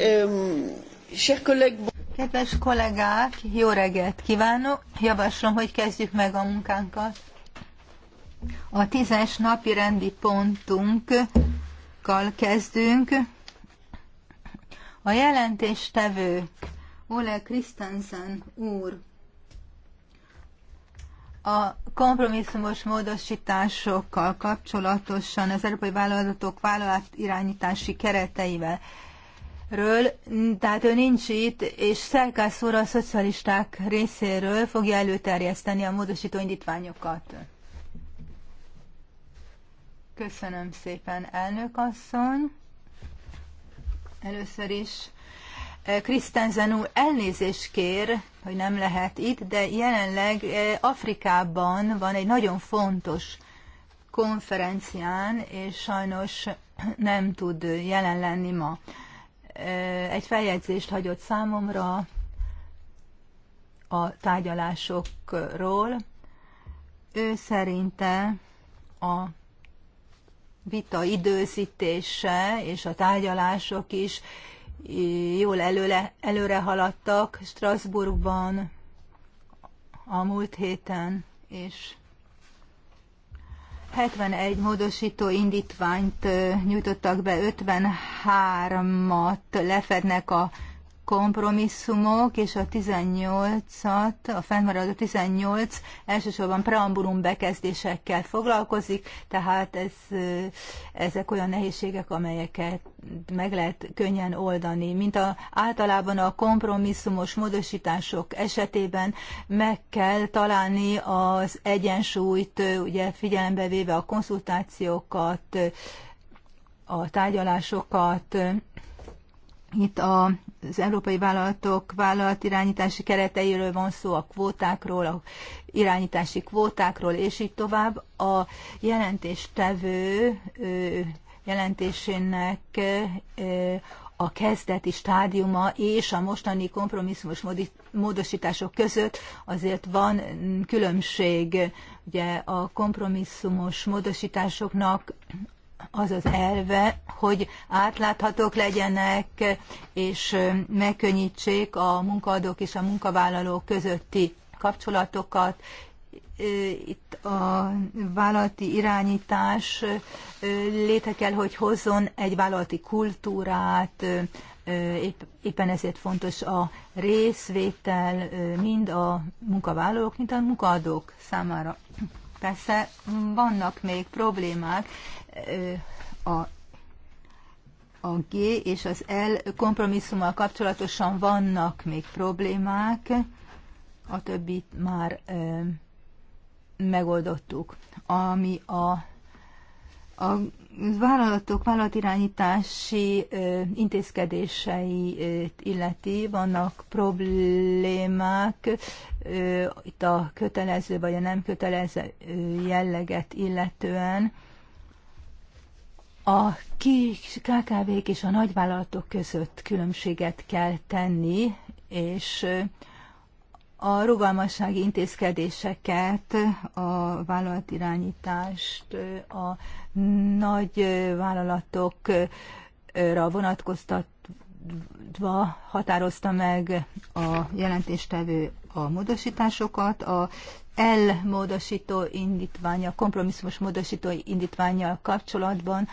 Euh, Kedves kollégák, jó reggelt kívánok! Javaslom, hogy kezdjük meg a munkánkat. A tízes napi rendi pontunkkal kezdünk. A jelentéstevők Ole Christensen úr a kompromisszumos módosításokkal kapcsolatosan az európai vállalatok vállalat irányítási kereteivel ről, tehát ő nincs itt, és Szerkász úr a szocialisták részéről fogja előterjeszteni a módosító indítványokat. Köszönöm szépen, elnök asszony. Először is eh, Krisztenzen úr elnézést kér, hogy nem lehet itt, de jelenleg eh, Afrikában van egy nagyon fontos konferencián, és sajnos nem tud jelen lenni ma egy feljegyzést hagyott számomra a tárgyalásokról. Ő szerinte a vita időzítése és a tárgyalások is jól előle, előre haladtak Strasbourgban a múlt héten, és 71 módosító indítványt nyújtottak be, 53-at lefednek a kompromisszumok és a 18-at, a fennmaradó 18 elsősorban preambulum bekezdésekkel foglalkozik, tehát ez, ezek olyan nehézségek, amelyeket meg lehet könnyen oldani. Mint a, általában a kompromisszumos módosítások esetében meg kell találni az egyensúlyt, ugye figyelembe véve a konszultációkat, a tárgyalásokat, itt az európai vállalatok vállalat irányítási kereteiről van szó, a kvótákról, a irányítási kvótákról, és így tovább. A jelentéstevő jelentésének a kezdeti stádiuma és a mostani kompromisszumos módosítások között azért van különbség. Ugye a kompromisszumos módosításoknak az az elve, hogy átláthatók legyenek, és megkönnyítsék a munkaadók és a munkavállalók közötti kapcsolatokat. Itt a vállalati irányítás léte kell, hogy hozzon egy vállalati kultúrát, éppen ezért fontos a részvétel mind a munkavállalók, mind a munkaadók számára. Persze vannak még problémák a a G és az L kompromisszummal kapcsolatosan vannak még problémák, a többit már megoldottuk. Ami a, a vállalatok vállalatirányítási intézkedéseit illeti, vannak problémák itt a kötelező vagy a nem kötelező jelleget illetően a kis KKV-k és a nagyvállalatok között különbséget kell tenni, és a rugalmassági intézkedéseket, a vállalatirányítást, a nagy vállalatokra vonatkoztatva határozta meg a jelentéstevő a módosításokat, a L módosító indítványa, kompromisszumos módosító indítványjal kapcsolatban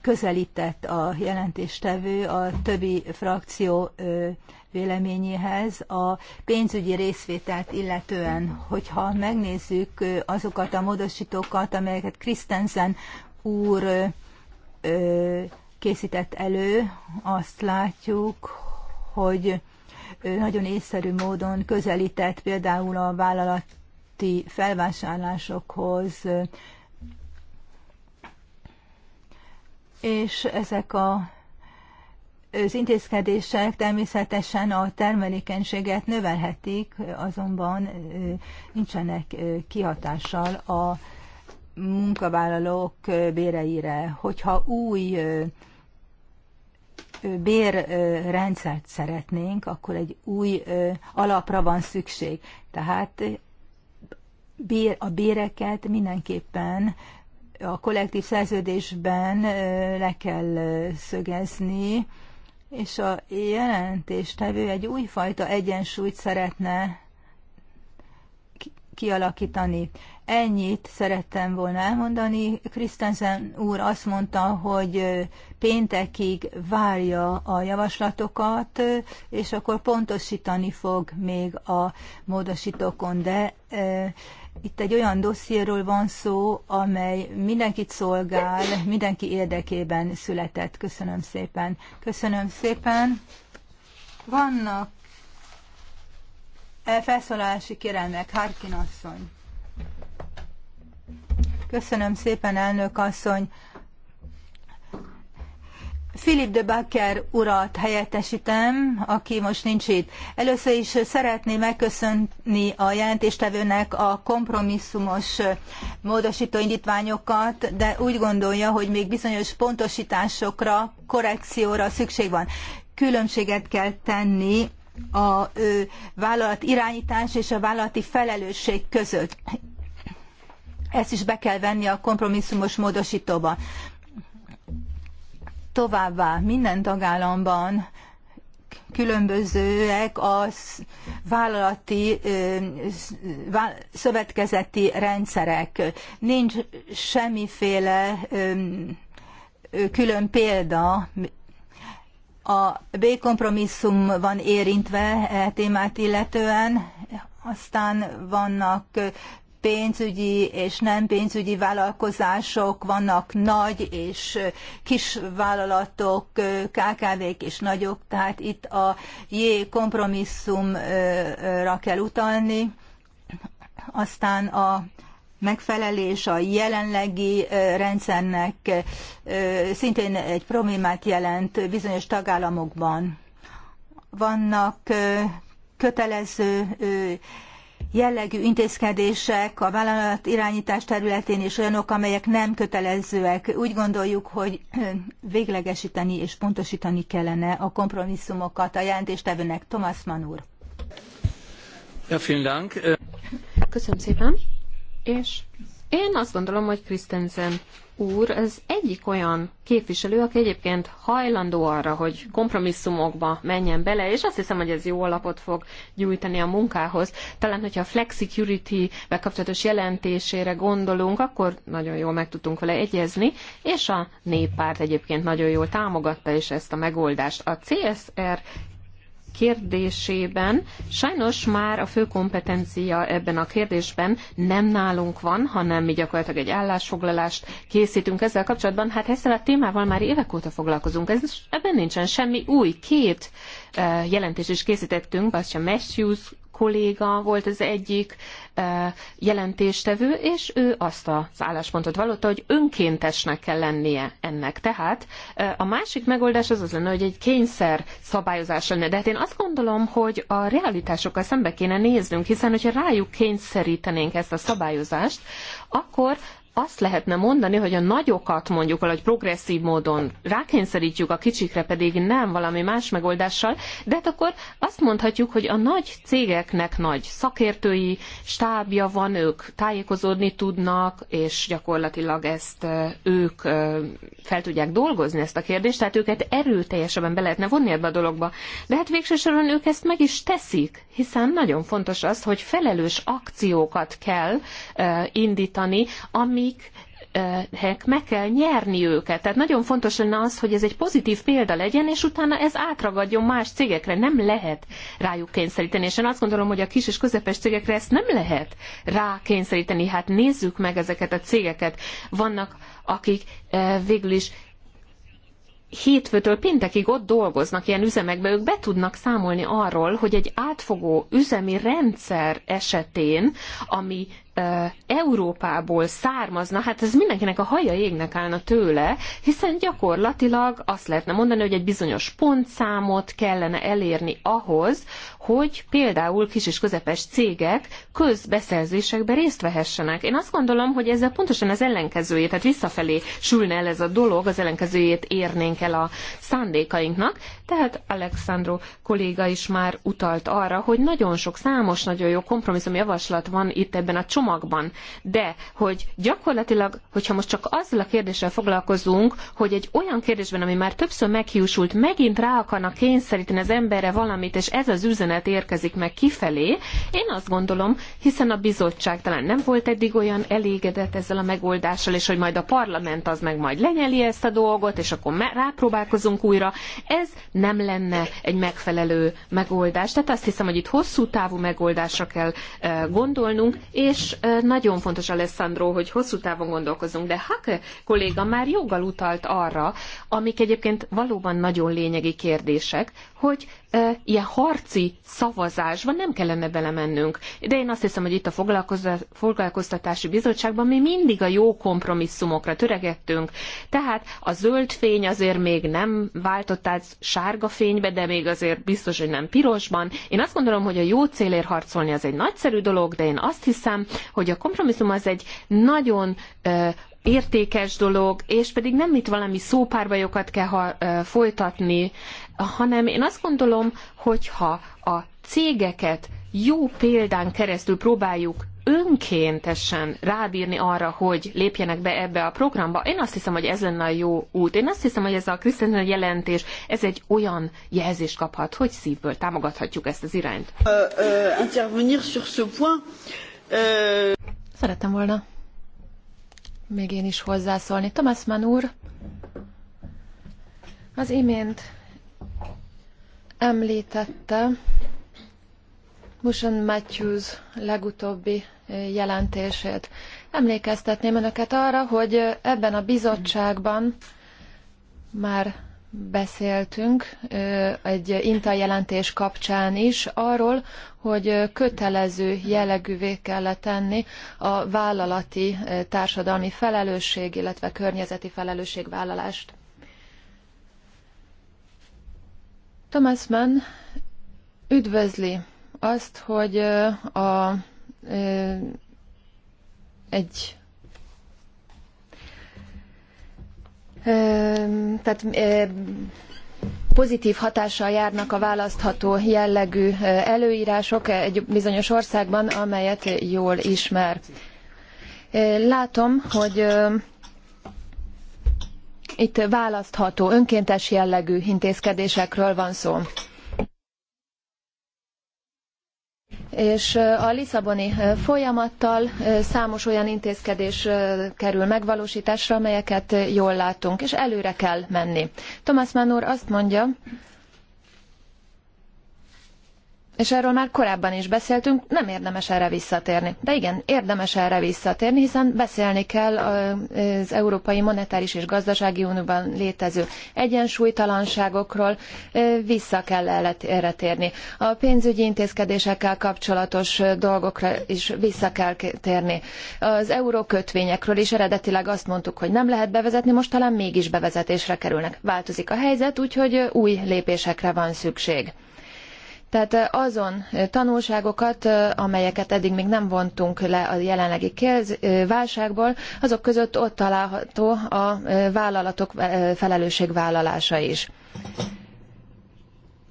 közelített a jelentéstevő a többi frakció véleményéhez a pénzügyi részvételt illetően. Hogyha megnézzük azokat a módosítókat, amelyeket Christensen úr készített elő, azt látjuk, hogy nagyon észszerű módon közelített például a vállalati felvásárlásokhoz, és ezek a az intézkedések természetesen a termelékenységet növelhetik, azonban nincsenek kihatással a munkavállalók béreire. Hogyha új bérrendszert szeretnénk, akkor egy új alapra van szükség. Tehát a béreket mindenképpen a kollektív szerződésben le kell szögezni, és a jelentéstevő egy újfajta egyensúlyt szeretne kialakítani. Ennyit szerettem volna elmondani. Krisztensen úr azt mondta, hogy péntekig várja a javaslatokat, és akkor pontosítani fog még a módosítókon, de itt egy olyan dossziéről van szó, amely mindenkit szolgál, mindenki érdekében született. Köszönöm szépen. Köszönöm szépen. Vannak eh, felszólalási kérelmek. Harkin asszony. Köszönöm szépen, elnök asszony. Philip de Bakker urat helyettesítem, aki most nincs itt. Először is szeretném megköszönni a jelentéstevőnek a kompromisszumos módosító indítványokat, de úgy gondolja, hogy még bizonyos pontosításokra, korrekcióra szükség van. Különbséget kell tenni a vállalat irányítás és a vállalati felelősség között. Ezt is be kell venni a kompromisszumos módosítóba. Továbbá minden tagállamban különbözőek a vállalati szövetkezeti rendszerek. Nincs semmiféle külön példa a B kompromisszum van érintve e témát illetően, aztán vannak pénzügyi és nem pénzügyi vállalkozások, vannak nagy és kis vállalatok, KKV-k és nagyok, tehát itt a J kompromisszumra kell utalni, aztán a megfelelés a jelenlegi rendszernek szintén egy problémát jelent bizonyos tagállamokban. Vannak kötelező jellegű intézkedések a vállalat irányítás területén is olyanok, amelyek nem kötelezőek. Úgy gondoljuk, hogy véglegesíteni és pontosítani kellene a kompromisszumokat a jelentéstevőnek. Thomas Mann úr. Ja, vielen Dank. Köszönöm szépen, és én azt gondolom, hogy krisztensen úr az egyik olyan képviselő, aki egyébként hajlandó arra, hogy kompromisszumokba menjen bele, és azt hiszem, hogy ez jó alapot fog gyújtani a munkához. Talán, hogyha a flexicurity bekapcsolatos jelentésére gondolunk, akkor nagyon jól meg tudtunk vele egyezni, és a néppárt egyébként nagyon jól támogatta is ezt a megoldást. A CSR kérdésében. Sajnos már a fő kompetencia ebben a kérdésben nem nálunk van, hanem mi gyakorlatilag egy állásfoglalást készítünk ezzel kapcsolatban. Hát ezzel a témával már évek óta foglalkozunk. Ez, ebben nincsen semmi új. Két eh, jelentést is készítettünk, Bastia Matthews kolléga volt az egyik e, jelentéstevő, és ő azt az álláspontot vallotta, hogy önkéntesnek kell lennie ennek. Tehát e, a másik megoldás az az lenne, hogy egy kényszer szabályozás lenne. De hát én azt gondolom, hogy a realitásokkal szembe kéne néznünk, hiszen hogyha rájuk kényszerítenénk ezt a szabályozást, akkor azt lehetne mondani, hogy a nagyokat mondjuk valahogy progresszív módon rákényszerítjük, a kicsikre pedig nem valami más megoldással, de hát akkor azt mondhatjuk, hogy a nagy cégeknek nagy szakértői stábja van, ők tájékozódni tudnak, és gyakorlatilag ezt ők fel tudják dolgozni ezt a kérdést, tehát őket erőteljesebben be lehetne vonni ebbe a dologba. De hát végsősorban ők ezt meg is teszik, hiszen nagyon fontos az, hogy felelős akciókat kell indítani, ami amik meg kell nyerni őket. Tehát nagyon fontos lenne az, hogy ez egy pozitív példa legyen, és utána ez átragadjon más cégekre. Nem lehet rájuk kényszeríteni. És én azt gondolom, hogy a kis és közepes cégekre ezt nem lehet rá kényszeríteni. Hát nézzük meg ezeket a cégeket. Vannak, akik eh, végül is hétfőtől péntekig ott dolgoznak ilyen üzemekben, ők be tudnak számolni arról, hogy egy átfogó üzemi rendszer esetén, ami Európából származna, hát ez mindenkinek a haja égnek állna tőle, hiszen gyakorlatilag azt lehetne mondani, hogy egy bizonyos pontszámot kellene elérni ahhoz, hogy például kis és közepes cégek közbeszerzésekbe részt vehessenek. Én azt gondolom, hogy ezzel pontosan az ellenkezőjét, tehát visszafelé sülne el ez a dolog, az ellenkezőjét érnénk el a szándékainknak. Tehát Alexandro kolléga is már utalt arra, hogy nagyon sok számos, nagyon jó kompromisszum javaslat van itt ebben a csomagban, de hogy gyakorlatilag, hogyha most csak azzal a kérdéssel foglalkozunk, hogy egy olyan kérdésben, ami már többször meghiúsult, megint rá akarnak kényszeríteni az emberre valamit, és ez az üzenet, üzenet érkezik meg kifelé. Én azt gondolom, hiszen a bizottság talán nem volt eddig olyan elégedett ezzel a megoldással, és hogy majd a parlament az meg majd lenyeli ezt a dolgot, és akkor rápróbálkozunk újra. Ez nem lenne egy megfelelő megoldás. Tehát azt hiszem, hogy itt hosszú távú megoldásra kell e, gondolnunk, és e, nagyon fontos, Alessandro, hogy hosszú távon gondolkozunk. De Hake kolléga már joggal utalt arra, amik egyébként valóban nagyon lényegi kérdések, hogy ilyen harci szavazásban nem kellene belemennünk. De én azt hiszem, hogy itt a foglalkoztatási bizottságban mi mindig a jó kompromisszumokra töregettünk. Tehát a zöld fény azért még nem váltott át sárga fénybe, de még azért biztos, hogy nem pirosban. Én azt gondolom, hogy a jó célért harcolni az egy nagyszerű dolog, de én azt hiszem, hogy a kompromisszum az egy nagyon értékes dolog, és pedig nem itt valami szópárbajokat kell folytatni, hanem én azt gondolom, hogy ha a cégeket jó példán keresztül próbáljuk önkéntesen rábírni arra, hogy lépjenek be ebbe a programba, én azt hiszem, hogy ez lenne a jó út. Én azt hiszem, hogy ez a Krisztina jelentés, ez egy olyan jelzést kaphat, hogy szívből támogathatjuk ezt az irányt. Uh, uh, intervenir sur ce point. Uh... volna még én is hozzászólni. Thomas Mann úr, az imént említette Mushan Matthews legutóbbi eh, jelentését. Emlékeztetném önöket arra, hogy eh, ebben a bizottságban már beszéltünk egy INTA jelentés kapcsán is arról, hogy kötelező jellegűvé kell tenni a vállalati társadalmi felelősség, illetve környezeti felelősségvállalást. Thomas Mann üdvözli azt, hogy a, egy tehát pozitív hatással járnak a választható jellegű előírások egy bizonyos országban, amelyet jól ismer. Látom, hogy itt választható, önkéntes jellegű intézkedésekről van szó. és a Lisszaboni folyamattal számos olyan intézkedés kerül megvalósításra, amelyeket jól látunk, és előre kell menni. Thomas Mann úr azt mondja, és erről már korábban is beszéltünk, nem érdemes erre visszatérni. De igen, érdemes erre visszatérni, hiszen beszélni kell az Európai Monetáris és Gazdasági Unióban létező egyensúlytalanságokról, vissza kell erre térni. A pénzügyi intézkedésekkel kapcsolatos dolgokra is vissza kell térni. Az eurókötvényekről is eredetileg azt mondtuk, hogy nem lehet bevezetni, most talán mégis bevezetésre kerülnek. Változik a helyzet, úgyhogy új lépésekre van szükség. Tehát azon tanulságokat, amelyeket eddig még nem vontunk le a jelenlegi válságból, azok között ott található a vállalatok felelősségvállalása is.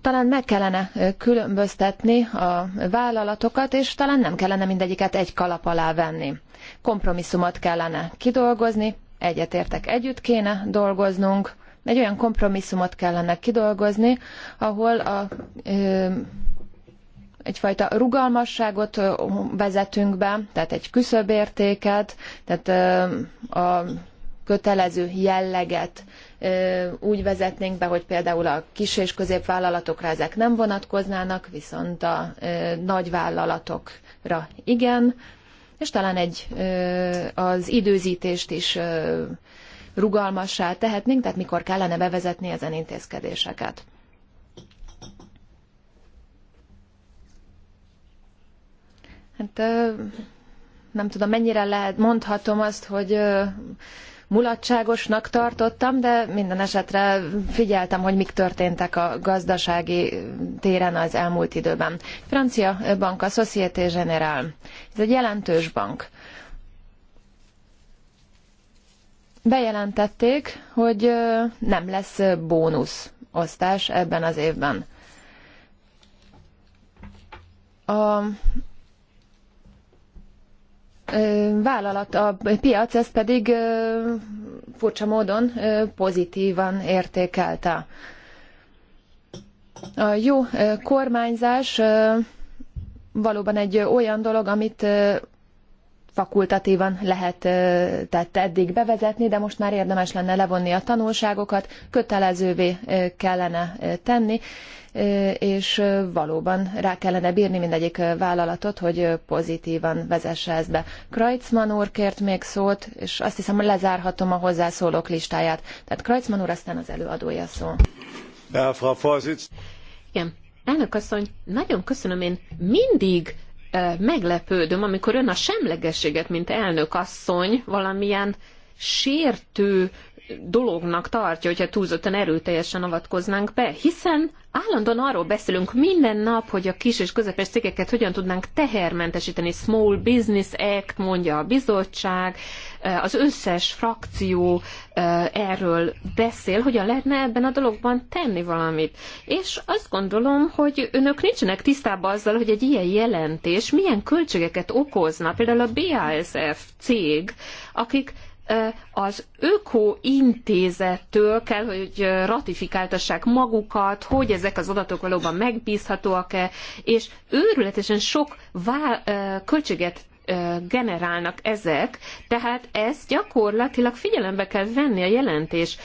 Talán meg kellene különböztetni a vállalatokat, és talán nem kellene mindegyiket egy kalap alá venni. Kompromisszumot kellene kidolgozni, egyetértek együtt kéne dolgoznunk, egy olyan kompromisszumot kellene kidolgozni, ahol a egyfajta rugalmasságot vezetünk be, tehát egy küszöbértéket, tehát a kötelező jelleget úgy vezetnénk be, hogy például a kis és középvállalatokra ezek nem vonatkoznának, viszont a nagyvállalatokra igen, és talán egy, az időzítést is rugalmassá tehetnénk, tehát mikor kellene bevezetni ezen intézkedéseket. Hát nem tudom, mennyire lehet, mondhatom azt, hogy mulatságosnak tartottam, de minden esetre figyeltem, hogy mik történtek a gazdasági téren az elmúlt időben. Francia bank, a Société Générale. Ez egy jelentős bank. bejelentették, hogy nem lesz bónusz osztás ebben az évben. A vállalat, a piac ezt pedig furcsa módon pozitívan értékelte. A jó kormányzás valóban egy olyan dolog, amit fakultatívan lehet tehát eddig bevezetni, de most már érdemes lenne levonni a tanulságokat, kötelezővé kellene tenni, és valóban rá kellene bírni mindegyik vállalatot, hogy pozitívan vezesse ezt be. Kreutzmann úr kért még szót, és azt hiszem, hogy lezárhatom a hozzászólók listáját. Tehát Kreitzmann úr, aztán az előadója szó. Ja, Frau Igen. Elnök asszony, nagyon köszönöm, én mindig meglepődöm, amikor ön a semlegességet, mint elnök asszony valamilyen sértő dolognak tartja, hogyha túlzottan erőteljesen avatkoznánk be, hiszen állandóan arról beszélünk minden nap, hogy a kis és közepes cégeket hogyan tudnánk tehermentesíteni. Small Business Act, mondja a bizottság, eh, az összes frakció eh, erről beszél, hogyan lehetne ebben a dologban tenni valamit. És azt gondolom, hogy önök nincsenek tisztában azzal, hogy egy ilyen jelentés milyen költségeket okozna, például a BASF cég, akik az Öko intézettől kell, hogy ratifikáltassák magukat, hogy ezek az adatok valóban megbízhatóak-e, és őrületesen sok vá- költséget generálnak ezek, tehát ezt gyakorlatilag figyelembe kell venni a jelentés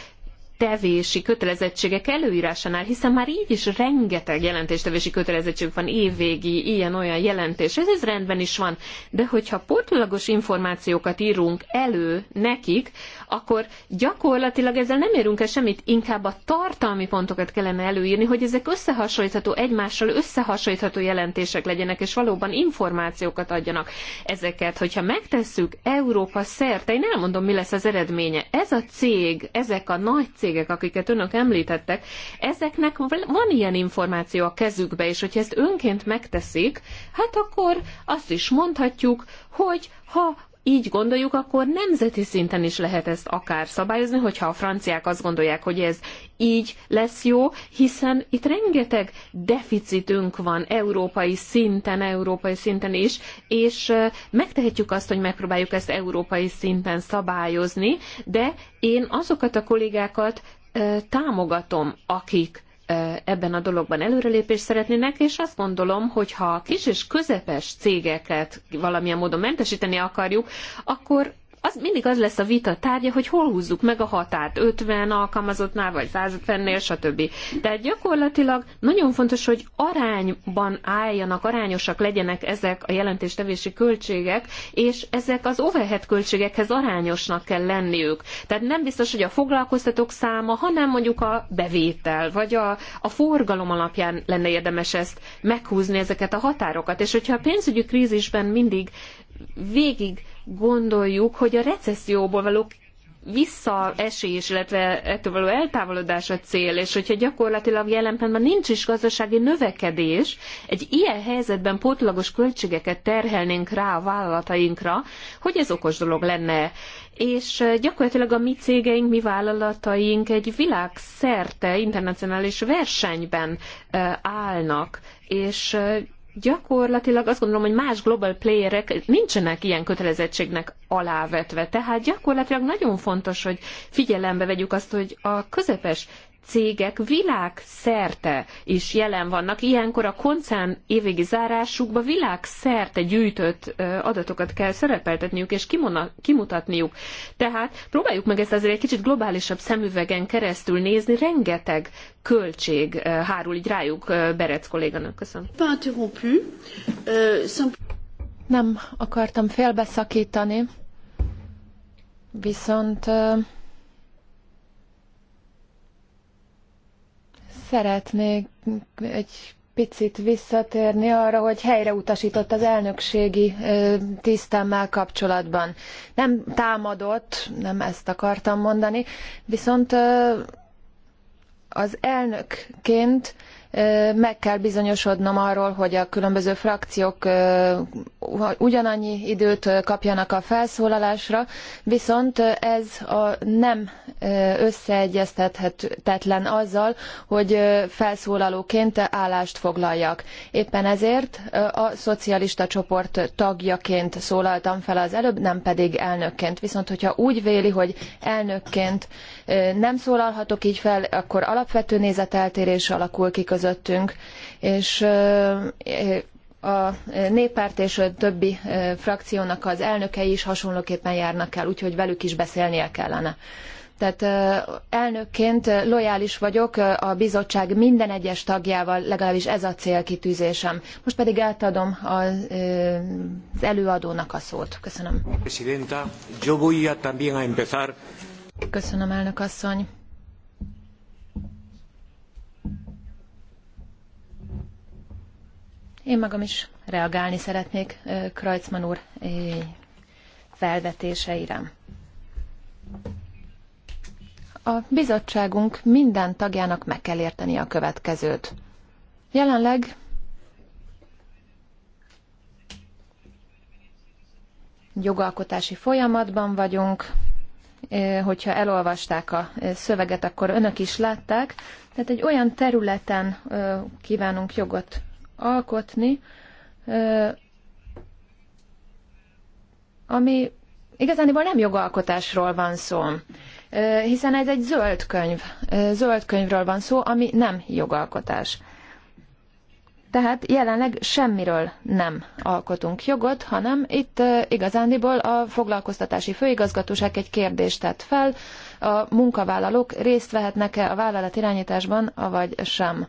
jelentéstevési kötelezettségek előírásánál, hiszen már így is rengeteg jelentéstevési kötelezettségük van évvégi, ilyen-olyan jelentés, ez, ez rendben is van, de hogyha portulagos információkat írunk elő nekik, akkor gyakorlatilag ezzel nem érünk el semmit, inkább a tartalmi pontokat kellene előírni, hogy ezek összehasonlítható, egymással összehasonlítható jelentések legyenek, és valóban információkat adjanak ezeket. Hogyha megtesszük Európa szerte, én elmondom, mi lesz az eredménye. Ez a cég, ezek a nagy cég cégek, akiket önök említettek, ezeknek van ilyen információ a kezükbe, és hogyha ezt önként megteszik, hát akkor azt is mondhatjuk, hogy ha így gondoljuk, akkor nemzeti szinten is lehet ezt akár szabályozni, hogyha a franciák azt gondolják, hogy ez így lesz jó, hiszen itt rengeteg deficitünk van európai szinten, európai szinten is, és megtehetjük azt, hogy megpróbáljuk ezt európai szinten szabályozni, de én azokat a kollégákat támogatom, akik ebben a dologban előrelépést szeretnének, és azt gondolom, hogy ha kis és közepes cégeket valamilyen módon mentesíteni akarjuk, akkor az mindig az lesz a vita tárgya, hogy hol húzzuk meg a határt, 50 alkalmazottnál, vagy 150-nél, stb. Tehát gyakorlatilag nagyon fontos, hogy arányban álljanak, arányosak legyenek ezek a jelentéstevési költségek, és ezek az overhead költségekhez arányosnak kell lenniük. Tehát nem biztos, hogy a foglalkoztatók száma, hanem mondjuk a bevétel, vagy a, a forgalom alapján lenne érdemes ezt meghúzni ezeket a határokat. És hogyha a pénzügyi krízisben mindig végig gondoljuk, hogy a recesszióból való visszaesés, illetve ettől való eltávolodás a cél, és hogyha gyakorlatilag jelen pillanatban nincs is gazdasági növekedés, egy ilyen helyzetben pótlagos költségeket terhelnénk rá a vállalatainkra, hogy ez okos dolog lenne. És gyakorlatilag a mi cégeink, mi vállalataink egy világszerte internacionális versenyben állnak, és gyakorlatilag azt gondolom, hogy más global playerek nincsenek ilyen kötelezettségnek alávetve. Tehát gyakorlatilag nagyon fontos, hogy figyelembe vegyük azt, hogy a közepes cégek világszerte is jelen vannak. Ilyenkor a koncern évvégi zárásukba világszerte gyűjtött adatokat kell szerepeltetniük és kimutatniuk. Tehát próbáljuk meg ezt azért egy kicsit globálisabb szemüvegen keresztül nézni. Rengeteg költség hárul így rájuk Berec kolléganak. Köszönöm. Euh, Nem akartam félbeszakítani, viszont Szeretnék egy picit visszatérni arra, hogy helyre utasított az elnökségi tisztemmel kapcsolatban. Nem támadott, nem ezt akartam mondani, viszont az elnökként meg kell bizonyosodnom arról, hogy a különböző frakciók ugyanannyi időt kapjanak a felszólalásra, viszont ez a nem összeegyeztethetetlen azzal, hogy felszólalóként állást foglaljak. Éppen ezért a szocialista csoport tagjaként szólaltam fel az előbb, nem pedig elnökként. Viszont, hogyha úgy véli, hogy elnökként nem szólalhatok így fel, akkor alapvető nézeteltérés alakul ki között közöttünk, és a néppárt és a többi frakciónak az elnökei is hasonlóképpen járnak el, úgyhogy velük is beszélnie kellene. Tehát elnökként lojális vagyok a bizottság minden egyes tagjával, legalábbis ez a célkitűzésem. Most pedig átadom az előadónak a szót. Köszönöm. Köszönöm, elnök asszony. Én magam is reagálni szeretnék Krajcman úr felvetéseire. A bizottságunk minden tagjának meg kell érteni a következőt. Jelenleg jogalkotási folyamatban vagyunk, hogyha elolvasták a szöveget, akkor önök is látták. Tehát egy olyan területen kívánunk jogot alkotni, ami igazániból nem jogalkotásról van szó, hiszen ez egy zöld könyv. Zöld könyvről van szó, ami nem jogalkotás. Tehát jelenleg semmiről nem alkotunk jogot, hanem itt igazándiból a foglalkoztatási főigazgatóság egy kérdést tett fel, a munkavállalók részt vehetnek-e a vállalat irányításban, avagy sem.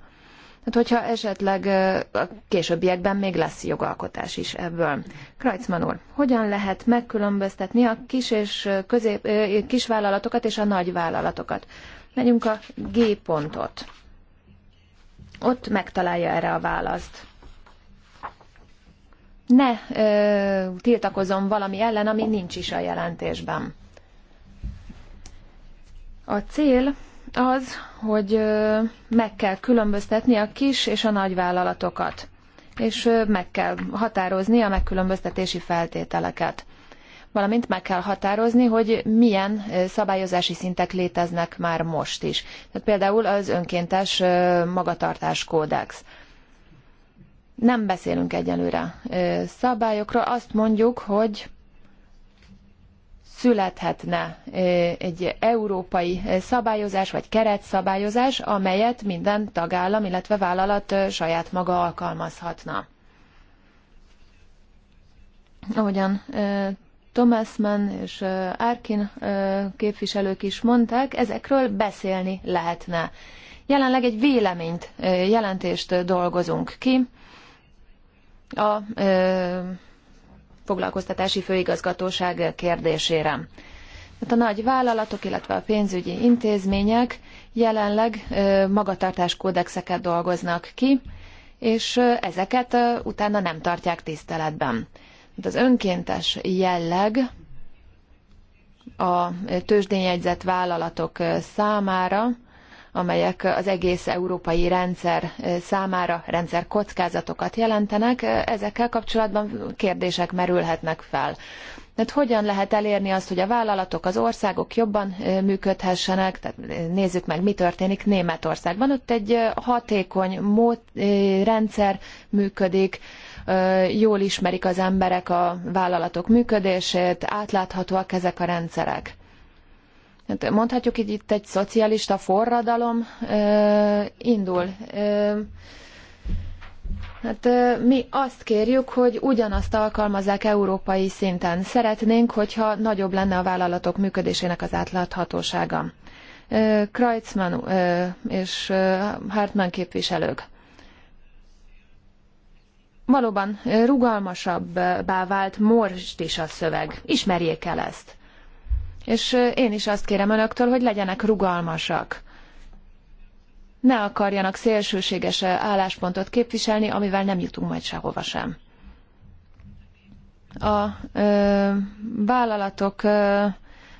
Hát hogyha esetleg a későbbiekben még lesz jogalkotás is ebből. Krajcman úr, hogyan lehet megkülönböztetni a kis és közép, kis vállalatokat és a nagy vállalatokat? Megyünk a G pontot. Ott megtalálja erre a választ. Ne ö, tiltakozom valami ellen, ami nincs is a jelentésben. A cél az, hogy meg kell különböztetni a kis és a nagy vállalatokat, és meg kell határozni a megkülönböztetési feltételeket valamint meg kell határozni, hogy milyen szabályozási szintek léteznek már most is. Tehát például az önkéntes magatartás kódex. Nem beszélünk egyenlőre szabályokról, azt mondjuk, hogy születhetne egy európai szabályozás vagy keretszabályozás, amelyet minden tagállam, illetve vállalat saját maga alkalmazhatna. Ahogyan Thomas Mann és Arkin képviselők is mondták, ezekről beszélni lehetne. Jelenleg egy véleményt, jelentést dolgozunk ki. A foglalkoztatási főigazgatóság kérdésére. Hát a nagy vállalatok, illetve a pénzügyi intézmények jelenleg magatartáskódexeket dolgoznak ki, és ezeket utána nem tartják tiszteletben. Hát az önkéntes jelleg a tőzsdényjegyzett vállalatok számára amelyek az egész európai rendszer számára rendszer kockázatokat jelentenek, ezekkel kapcsolatban kérdések merülhetnek fel. Tehát hogyan lehet elérni azt, hogy a vállalatok, az országok jobban működhessenek? Tehát nézzük meg, mi történik Németországban. Ott egy hatékony mód, rendszer működik, jól ismerik az emberek a vállalatok működését, átláthatóak ezek a rendszerek. Hát mondhatjuk, hogy itt egy szocialista forradalom indul. Hát mi azt kérjük, hogy ugyanazt alkalmazzák európai szinten. Szeretnénk, hogyha nagyobb lenne a vállalatok működésének az átláthatósága. Kreutzmann és Hartmann képviselők. Valóban rugalmasabbá vált morst is a szöveg. Ismerjék el ezt. És én is azt kérem önöktől, hogy legyenek rugalmasak. Ne akarjanak szélsőséges álláspontot képviselni, amivel nem jutunk majd sehova sem. A ö, vállalatok ö,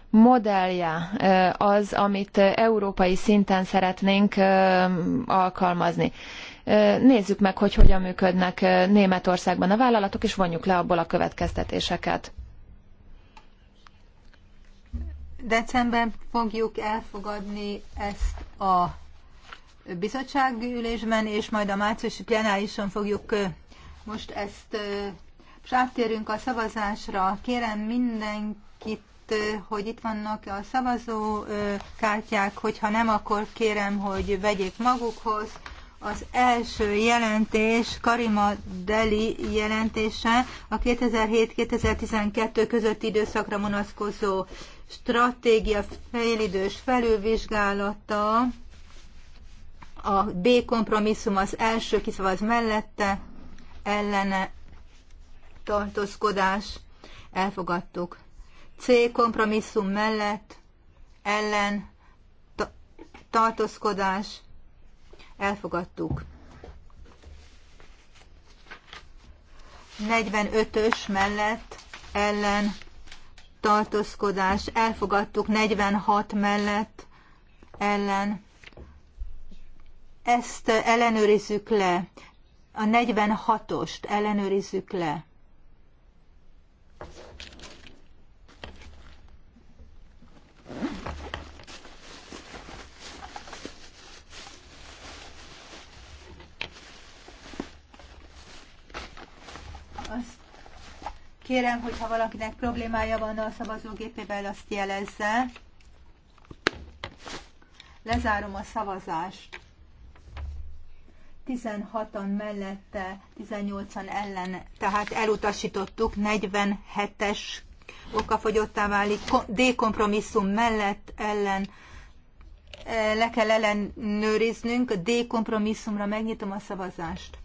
modellje az, amit európai szinten szeretnénk alkalmazni. Nézzük meg, hogy hogyan működnek Németországban a vállalatok, és vonjuk le abból a következtetéseket decemberben fogjuk elfogadni ezt a bizottságülésben, és majd a márciusi plenárison fogjuk most ezt, most áttérünk a szavazásra. Kérem mindenkit, hogy itt vannak a kártyák, hogyha nem, akkor kérem, hogy vegyék magukhoz. Az első jelentés Karima Deli jelentése a 2007-2012 közötti időszakra vonatkozó stratégia félidős felülvizsgálata, a B kompromisszum az első kiszavaz mellette, ellene tartózkodás, elfogadtuk. C kompromisszum mellett, ellen ta- tartózkodás, elfogadtuk. 45-ös mellett, ellen tartózkodás elfogadtuk 46 mellett ellen. Ezt ellenőrizzük le. A 46-ost ellenőrizzük le. Kérem, hogy ha valakinek problémája van a szavazógépével, azt jelezze. Lezárom a szavazást. 16-an mellette, 18-an ellen, tehát elutasítottuk, 47-es okafogyottá válik, D kompromisszum mellett ellen eh, le kell ellenőriznünk, a D kompromisszumra megnyitom a szavazást.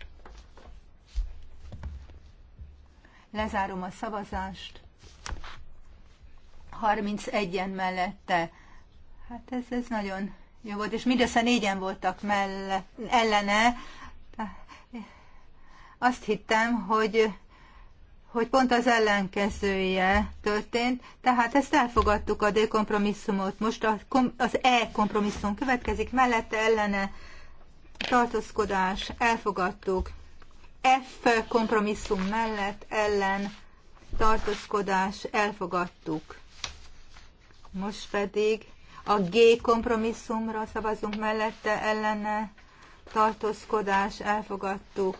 Lezárom a szavazást. 31-en mellette. Hát ez, ez nagyon jó volt, és mindössze négyen voltak melle, ellene. Azt hittem, hogy, hogy pont az ellenkezője történt, tehát ezt elfogadtuk a D kompromisszumot. Most a, az E kompromisszum következik, mellette ellene tartózkodás, elfogadtuk. F kompromisszum mellett ellen tartózkodás elfogadtuk. Most pedig a G kompromisszumra szavazunk mellette ellene tartózkodás elfogadtuk.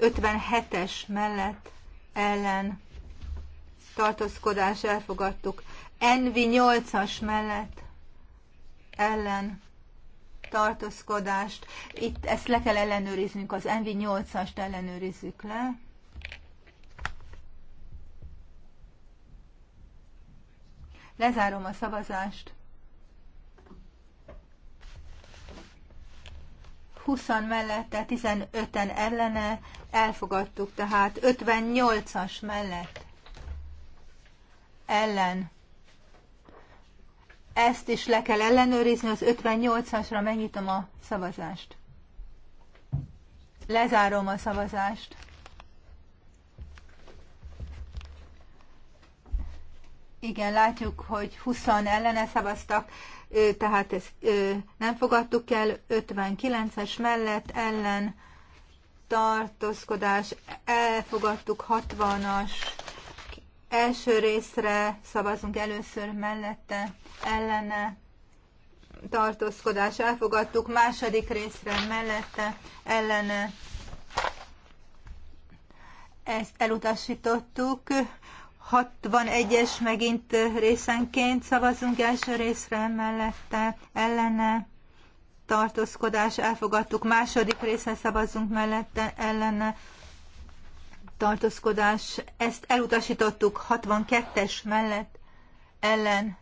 57-es mellett ellen tartózkodás elfogadtuk. NV 8-as mellett ellen tartózkodást. Itt ezt le kell ellenőriznünk, az NV8-ast ellenőrizzük le. Lezárom a szavazást. 20 mellette, 15-en ellene, elfogadtuk tehát 58-as mellett ellen ezt is le kell ellenőrizni, az 58-asra megnyitom a szavazást. Lezárom a szavazást. Igen, látjuk, hogy 20 ellene szavaztak, tehát ezt nem fogadtuk el, 59-es mellett ellen tartózkodás, elfogadtuk 60-as Első részre szavazunk először mellette, ellene, tartózkodás elfogadtuk, második részre mellette, ellene, ezt elutasítottuk. 61-es megint részenként szavazunk első részre mellette, ellene, tartózkodás elfogadtuk, második részre szavazunk mellette, ellene, tartózkodás, ezt elutasítottuk 62-es mellett ellen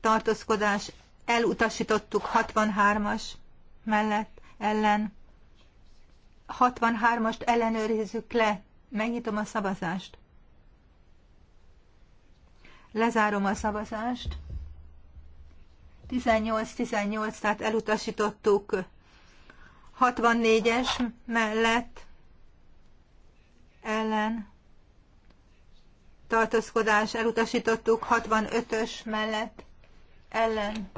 tartózkodás, elutasítottuk 63-as mellett ellen. 63-ast ellenőrizzük le, megnyitom a szavazást. Lezárom a szavazást. 18-18, tehát elutasítottuk 64-es mellett ellen tartózkodás elutasítottuk 65-ös mellett ellen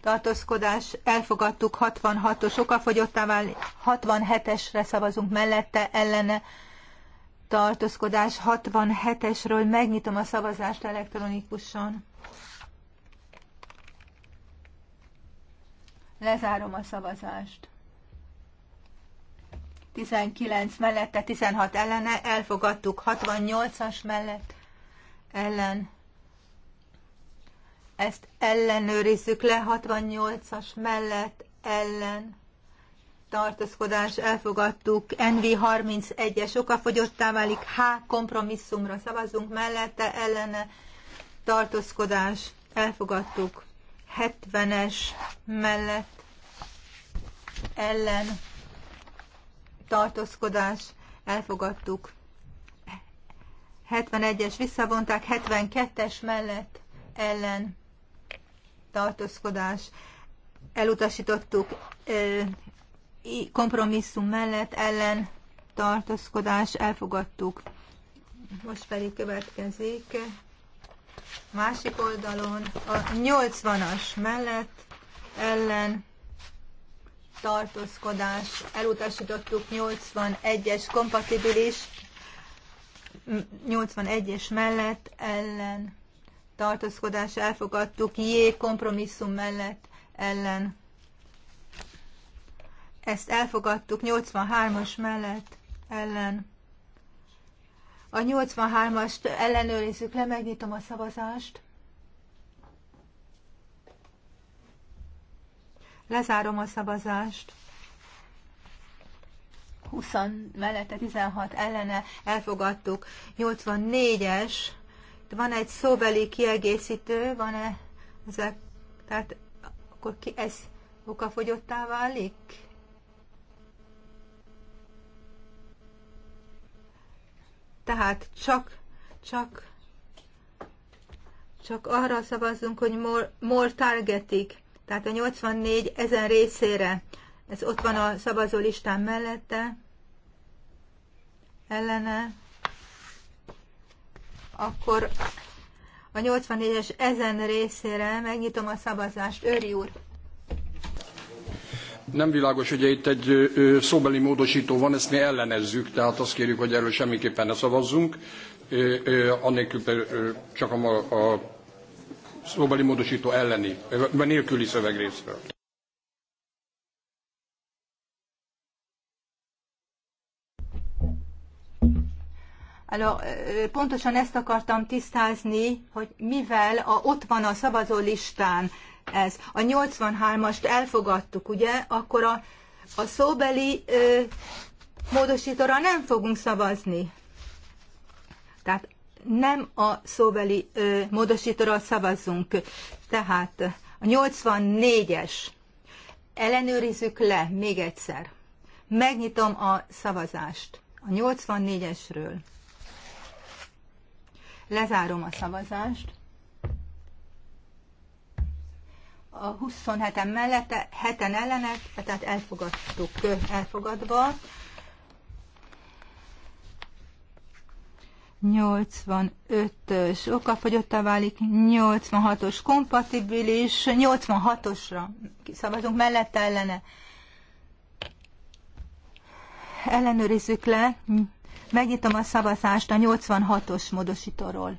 tartózkodás elfogadtuk 66-os okafogyottá vált 67-esre szavazunk mellette ellene tartózkodás 67-esről megnyitom a szavazást elektronikusan lezárom a szavazást 19 mellette, 16 ellene, elfogadtuk 68-as mellett ellen. Ezt ellenőrizzük le 68-as mellett ellen. Tartózkodás elfogadtuk, NV 31-es okafogyottá válik, H kompromisszumra szavazunk mellette, ellene tartózkodás elfogadtuk, 70-es mellett ellen tartózkodás, elfogadtuk. 71-es visszavonták, 72-es mellett ellen tartózkodás, elutasítottuk kompromisszum mellett ellen tartózkodás, elfogadtuk. Most pedig következik másik oldalon a 80-as mellett ellen tartózkodás, elutasítottuk 81-es kompatibilis, 81-es mellett ellen tartózkodás, elfogadtuk J kompromisszum mellett ellen. Ezt elfogadtuk 83-as mellett ellen. A 83-ast ellenőrizzük le, megnyitom a szavazást. Lezárom a szavazást. 20 mellette 16 ellene elfogadtuk. 84-es, van egy szóbeli kiegészítő, van-e ezek, tehát akkor ki, ez okafogyottá válik? Tehát csak, csak, csak arra szavazzunk, hogy more, more targeting tehát a 84 ezen részére, ez ott van a szavazó listán mellette, ellene, akkor a 84-es ezen részére megnyitom a szavazást. Őri úr! Nem világos, hogy itt egy szóbeli módosító van, ezt mi ellenezzük, tehát azt kérjük, hogy erről semmiképpen ne szavazzunk, annélkül csak a, a szóbeli módosító elleni, vagy nélküli szövegrészről. Alors, pontosan ezt akartam tisztázni, hogy mivel a, ott van a szavazó listán ez, a 83-ast elfogadtuk, ugye, akkor a, a szóbeli ö, módosítóra nem fogunk szavazni. Tehát nem a szóbeli módosítóra szavazzunk. Tehát a 84-es. Ellenőrizzük le még egyszer. Megnyitom a szavazást a 84-esről. Lezárom a szavazást. A 27-en mellette, 7 ellenek, tehát elfogadtuk, elfogadva. 85-ös okafogyottá válik, 86-os kompatibilis, 86-osra szavazunk mellette ellene. Ellenőrizzük le, megnyitom a szavazást a 86-os módosítóról.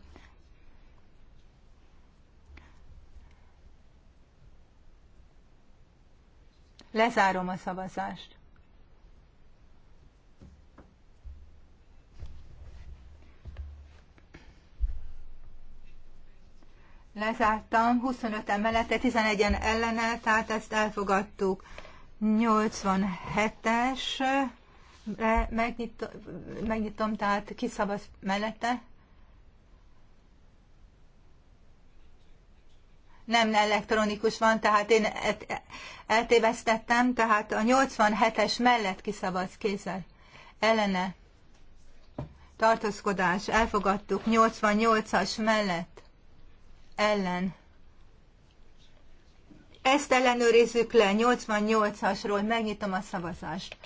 Lezárom a szavazást. Lezártam, 25 emelete, mellette, 11-en ellene, tehát ezt elfogadtuk. 87-es, megnyitom, megnyitom, tehát kiszavaz mellette. Nem elektronikus van, tehát én eltévesztettem, tehát a 87-es mellett kiszavaz kézzel. Ellene. Tartózkodás, elfogadtuk, 88-as mellett ellen. Ezt ellenőrizzük le, 88-asról megnyitom a szavazást.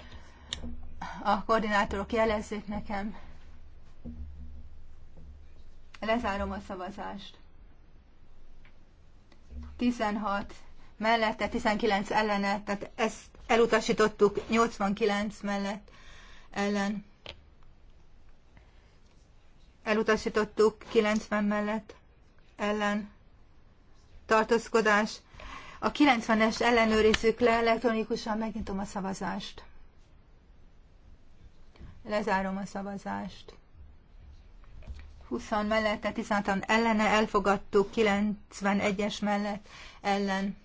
A koordinátorok jelezzék nekem. Lezárom a szavazást. 16 mellette, 19 ellene, tehát ezt elutasítottuk 89 mellett ellen. Elutasítottuk 90 mellett ellen tartózkodás. A 90-es ellenőrizzük le elektronikusan, megnyitom a szavazást. Lezárom a szavazást. 20 mellette, 16 ellene elfogadtuk, 91-es mellett ellen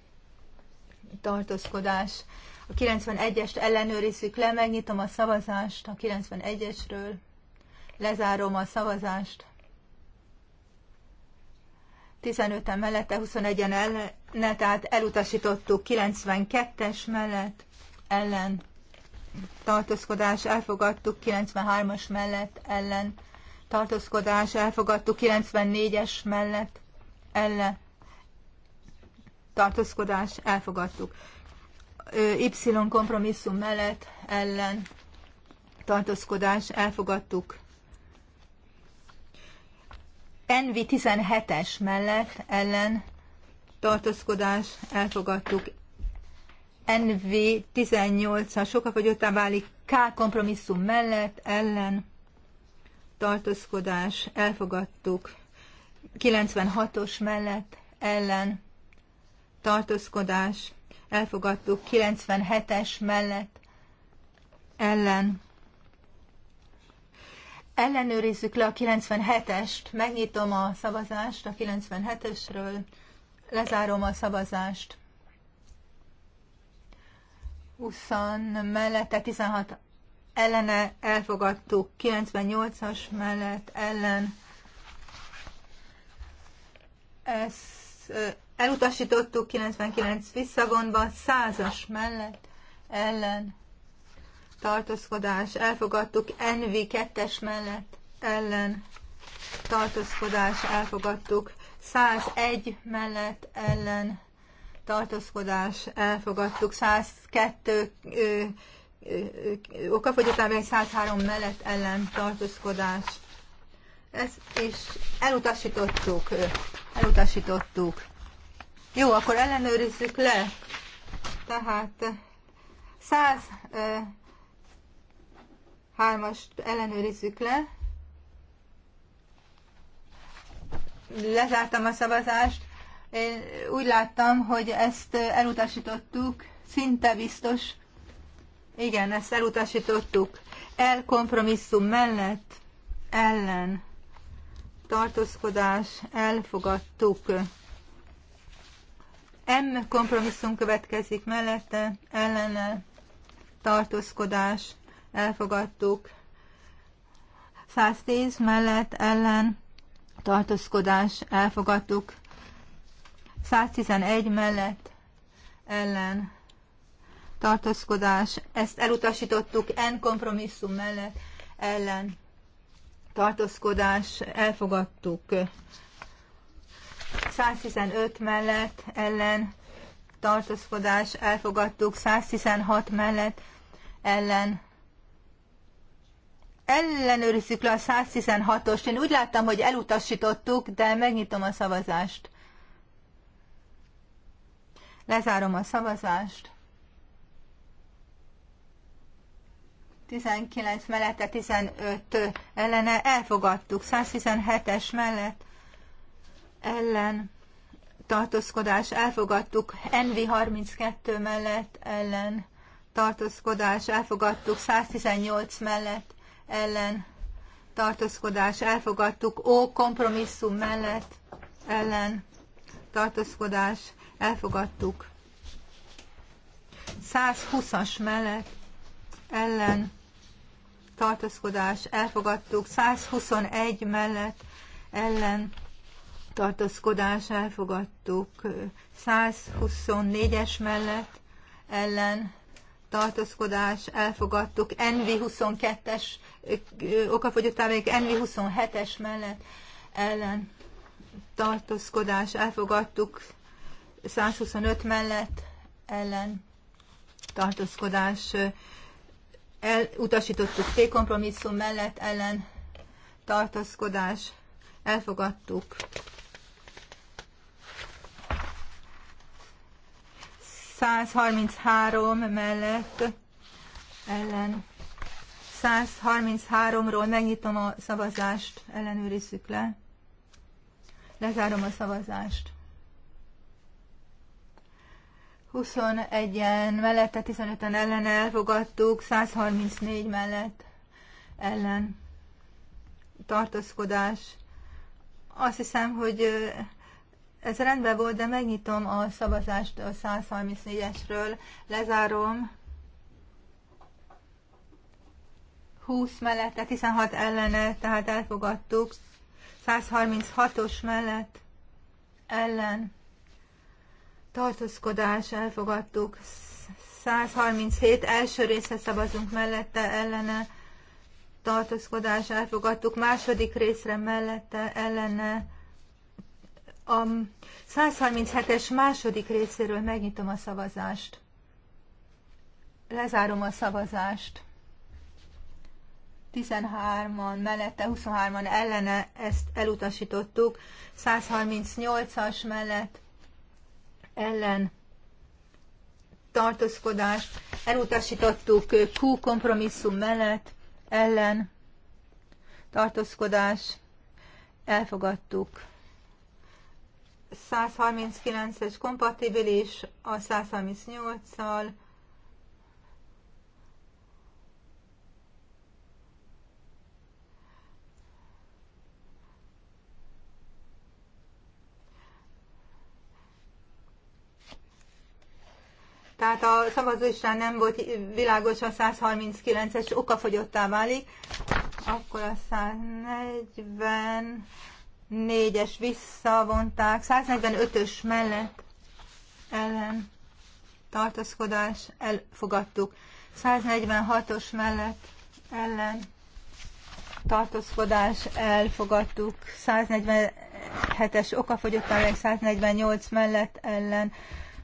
tartózkodás. A 91-est ellenőrizzük le, megnyitom a szavazást a 91-esről, lezárom a szavazást. 15-en mellette, 21-en ellene, tehát elutasítottuk 92-es mellett ellen tartózkodás, elfogadtuk 93-as mellett ellen tartózkodás, elfogadtuk 94-es mellett ellen tartózkodás, elfogadtuk. Y kompromisszum mellett ellen tartózkodás, elfogadtuk NV 17-es mellett ellen tartózkodás elfogadtuk. NV 18-as fogyottá válik K kompromisszum mellett ellen tartózkodás elfogadtuk. 96-os mellett ellen tartózkodás elfogadtuk. 97-es mellett ellen ellenőrizzük le a 97-est, megnyitom a szavazást a 97-esről, lezárom a szavazást. 20 mellette, 16 ellene elfogadtuk, 98-as mellett ellen. Ezt elutasítottuk 99 visszavonva, 100-as mellett ellen tartózkodás, elfogadtuk NV 2 mellett ellen tartózkodás, elfogadtuk 101 mellett ellen tartózkodás, elfogadtuk 102 ö, ö, okafogyatában 103 mellett ellen tartózkodás. Ez, és elutasítottuk, elutasítottuk. Jó, akkor ellenőrizzük le. Tehát 100 Hármast ellenőrizzük le. Lezártam a szavazást. Én úgy láttam, hogy ezt elutasítottuk, szinte biztos. Igen, ezt elutasítottuk. El kompromisszum mellett, ellen, tartózkodás, elfogadtuk. M kompromisszum következik mellette, ellene, tartózkodás, elfogadtuk. 110 mellett ellen tartózkodás elfogadtuk. 111 mellett ellen tartózkodás, ezt elutasítottuk en kompromisszum mellett ellen tartózkodás, elfogadtuk 115 mellett ellen tartózkodás, elfogadtuk 116 mellett ellen ellenőrizzük le a 116-ost. Én úgy láttam, hogy elutasítottuk, de megnyitom a szavazást. Lezárom a szavazást. 19 mellette, 15 ellene elfogadtuk. 117-es mellett ellen tartózkodás elfogadtuk. Envi 32 mellett ellen tartózkodás elfogadtuk. 118 mellett ellen tartózkodás elfogadtuk, ó kompromisszum mellett ellen tartózkodás elfogadtuk. 120-as mellett ellen tartózkodás elfogadtuk, 121 mellett ellen tartózkodás elfogadtuk, 124-es mellett ellen tartózkodás, elfogadtuk, NV22-es okafogyottá még NV27-es mellett ellen tartózkodás, elfogadtuk 125 mellett ellen tartózkodás, elutasítottuk T kompromisszum mellett ellen tartózkodás, elfogadtuk 133 mellett ellen. 133-ról megnyitom a szavazást, ellenőrizzük le. Lezárom a szavazást. 21-en mellette, 15-en ellen elfogadtuk, 134 mellett ellen tartózkodás. Azt hiszem, hogy ez rendben volt, de megnyitom a szavazást a 134-esről, lezárom. 20 mellette, 16 ellene, tehát elfogadtuk. 136-os mellett ellen tartózkodás, elfogadtuk. 137 első része szavazunk mellette, ellene tartózkodás, elfogadtuk. Második részre mellette, ellene a 137-es második részéről megnyitom a szavazást. Lezárom a szavazást. 13-an mellette, 23-an ellene ezt elutasítottuk. 138-as mellett ellen tartózkodást elutasítottuk Q kompromisszum mellett ellen tartózkodás elfogadtuk. 139-es kompatibilis a 138-szal, Tehát a szavazóistán nem volt világos, a 139-es okafogyottá válik, akkor a 140 négyes es visszavonták, 145-ös mellett ellen tartaszkodás elfogadtuk, 146-os mellett ellen tartózkodás elfogadtuk, 147-es okafogyott meg 148 mellett ellen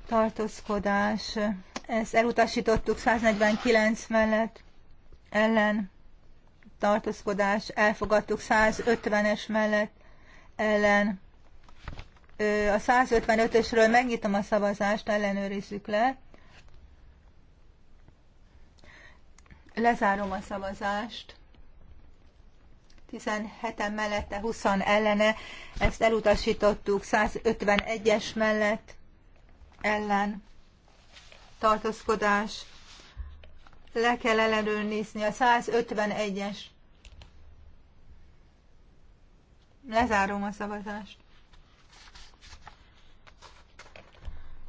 tartózkodás, ezt elutasítottuk 149 mellett ellen tartózkodás, elfogadtuk 150-es mellett ellen a 155-ösről megnyitom a szavazást, ellenőrizzük le. Lezárom a szavazást. 17-en mellette, 20 ellene, ezt elutasítottuk 151-es mellett ellen tartózkodás. Le kell ellenőrizni a 151 es Lezárom a szavazást.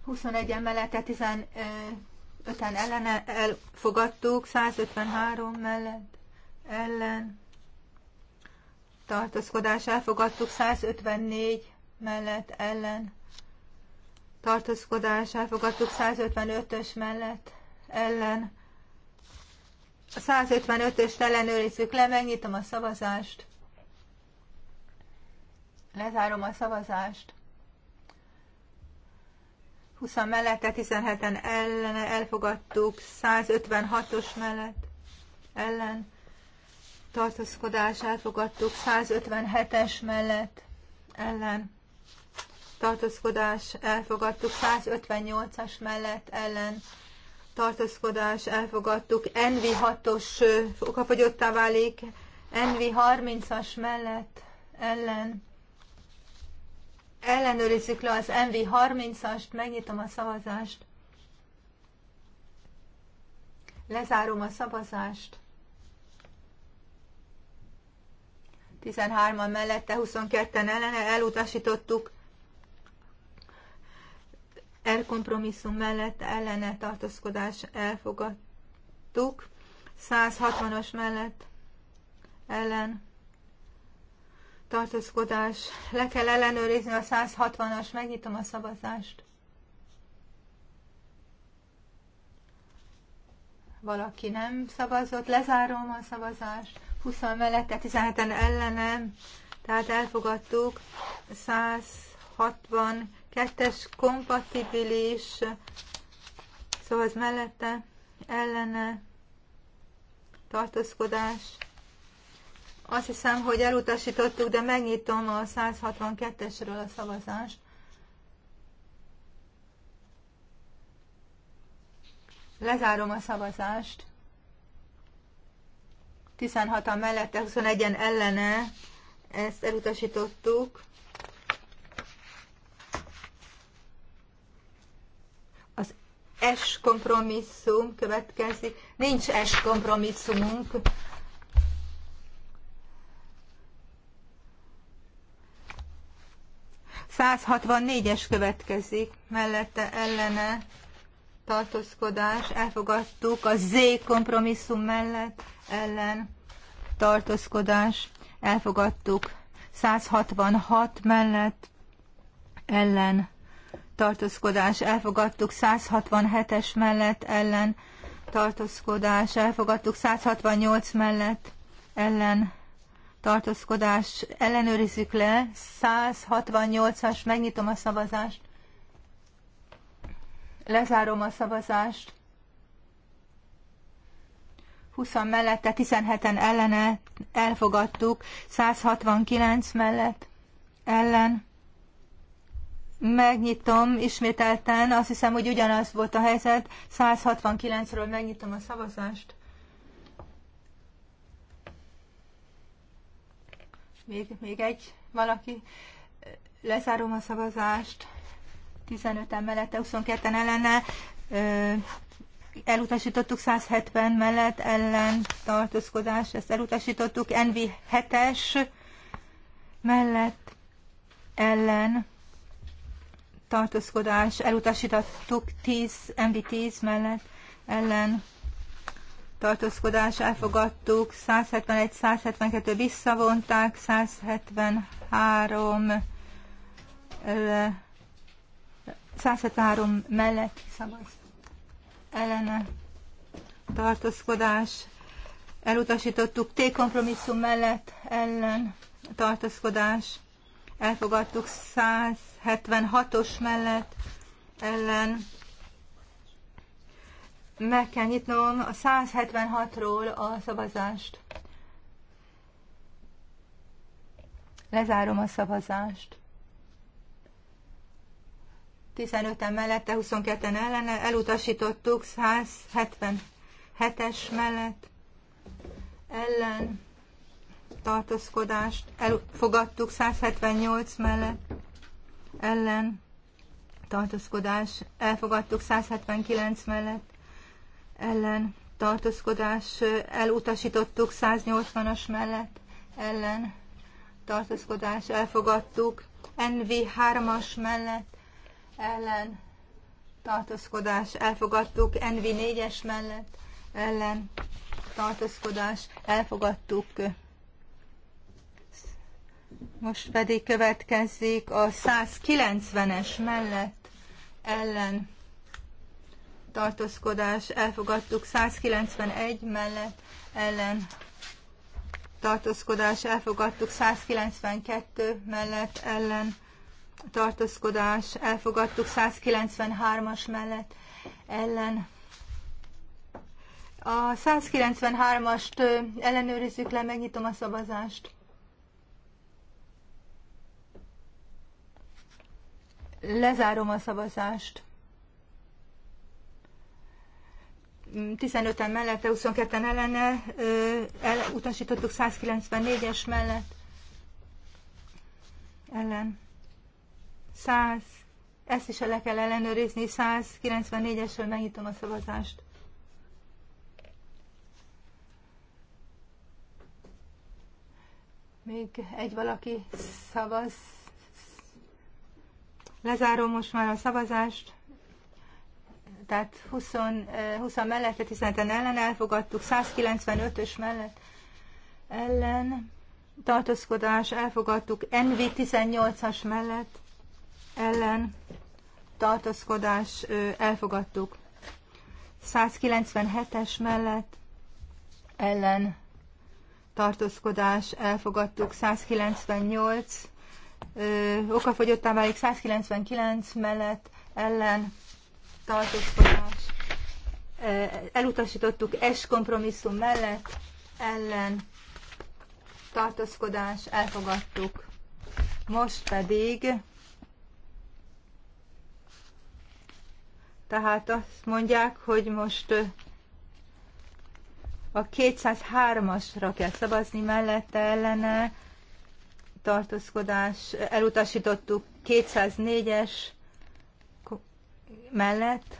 21 mellette 15-en ellen elfogadtuk, 153 mellett ellen tartózkodás elfogadtuk, 154 mellett ellen tartózkodás elfogadtuk, 155-ös mellett ellen. A 155-öst ellenőrizzük le, megnyitom a szavazást. Lezárom a szavazást. 20 mellette, 17-en ellene elfogadtuk, 156-os mellett ellen tartózkodás elfogadtuk, 157-es mellett ellen tartózkodás elfogadtuk, 158-as mellett ellen tartózkodás elfogadtuk, NV6-os okafogyottá válik, NV30-as mellett ellen ellenőrizzük le az MV30-ast, megnyitom a szavazást. Lezárom a szavazást. 13-an mellette, 22-en ellene elutasítottuk. Elkompromisszum mellett ellene tartózkodás elfogadtuk. 160-as mellett ellen tartózkodás. Le kell ellenőrizni a 160-as, megnyitom a szavazást. Valaki nem szavazott, lezárom a szavazást. 20 mellette, 17-en ellenem, tehát elfogadtuk. 162-es kompatibilis, szóval az mellette, ellene, tartózkodás azt hiszem, hogy elutasítottuk, de megnyitom a 162-esről a szavazást. Lezárom a szavazást. 16-an mellette, 21-en ellene. Ezt elutasítottuk. Az S kompromisszum következik. Nincs S kompromisszumunk. 164-es következik, mellette ellene tartózkodás, elfogadtuk a Z kompromisszum mellett ellen tartózkodás, elfogadtuk 166 mellett ellen tartózkodás, elfogadtuk 167-es mellett ellen tartózkodás, elfogadtuk 168 mellett ellen tartózkodás ellenőrizzük le. 168-as, megnyitom a szavazást. Lezárom a szavazást. 20 mellette, 17-en ellene elfogadtuk, 169 mellett ellen. Megnyitom ismételten, azt hiszem, hogy ugyanaz volt a helyzet, 169-ről megnyitom a szavazást. Még, még egy valaki. Lezárom a szavazást. 15 mellette, 22-en ellene. Elutasítottuk 170 mellett ellen tartózkodás, ezt elutasítottuk. NV 7-es mellett ellen tartózkodás, elutasítottuk 10, MV 10 mellett ellen tartózkodás elfogadtuk, 171-172 visszavonták, 173 173 mellett szavaz ellene tartózkodás, elutasítottuk T kompromisszum mellett ellen tartózkodás, elfogadtuk 176-os mellett ellen meg kell nyitnom a 176-ról a szavazást. Lezárom a szavazást. 15-en mellette, 22-en ellene, elutasítottuk 177-es mellett ellen tartózkodást, elfogadtuk 178 mellett ellen tartózkodás, elfogadtuk 179 mellett ellen tartózkodás elutasítottuk, 180-as mellett ellen tartózkodás elfogadtuk, NV3-as mellett ellen tartózkodás elfogadtuk, NV4-es mellett ellen tartózkodás elfogadtuk. Most pedig következik a 190-es mellett ellen tartózkodás elfogadtuk, 191 mellett ellen tartózkodás elfogadtuk, 192 mellett ellen tartózkodás elfogadtuk, 193-as mellett ellen a 193-ast ellenőrizzük le, megnyitom a szavazást. Lezárom a szavazást. 15-en mellette, 22-en ellene, elutasítottuk 194-es mellett, ellen, 100, ezt is le kell ellenőrizni, 194-esről megnyitom a szavazást. Még egy valaki szavaz. Lezárom most már a szavazást tehát 20, 20 eh, mellette, 15 ellen elfogadtuk, 195-ös mellett ellen tartózkodás elfogadtuk, NV 18-as mellett ellen tartózkodás elfogadtuk, 197-es mellett ellen tartózkodás elfogadtuk, 198 okafogyottá válik, 199 mellett ellen tartózkodás, elutasítottuk es kompromisszum mellett, ellen tartózkodás, elfogadtuk. Most pedig, tehát azt mondják, hogy most a 203-asra kell szavazni mellette ellene, tartózkodás, elutasítottuk 204-es mellett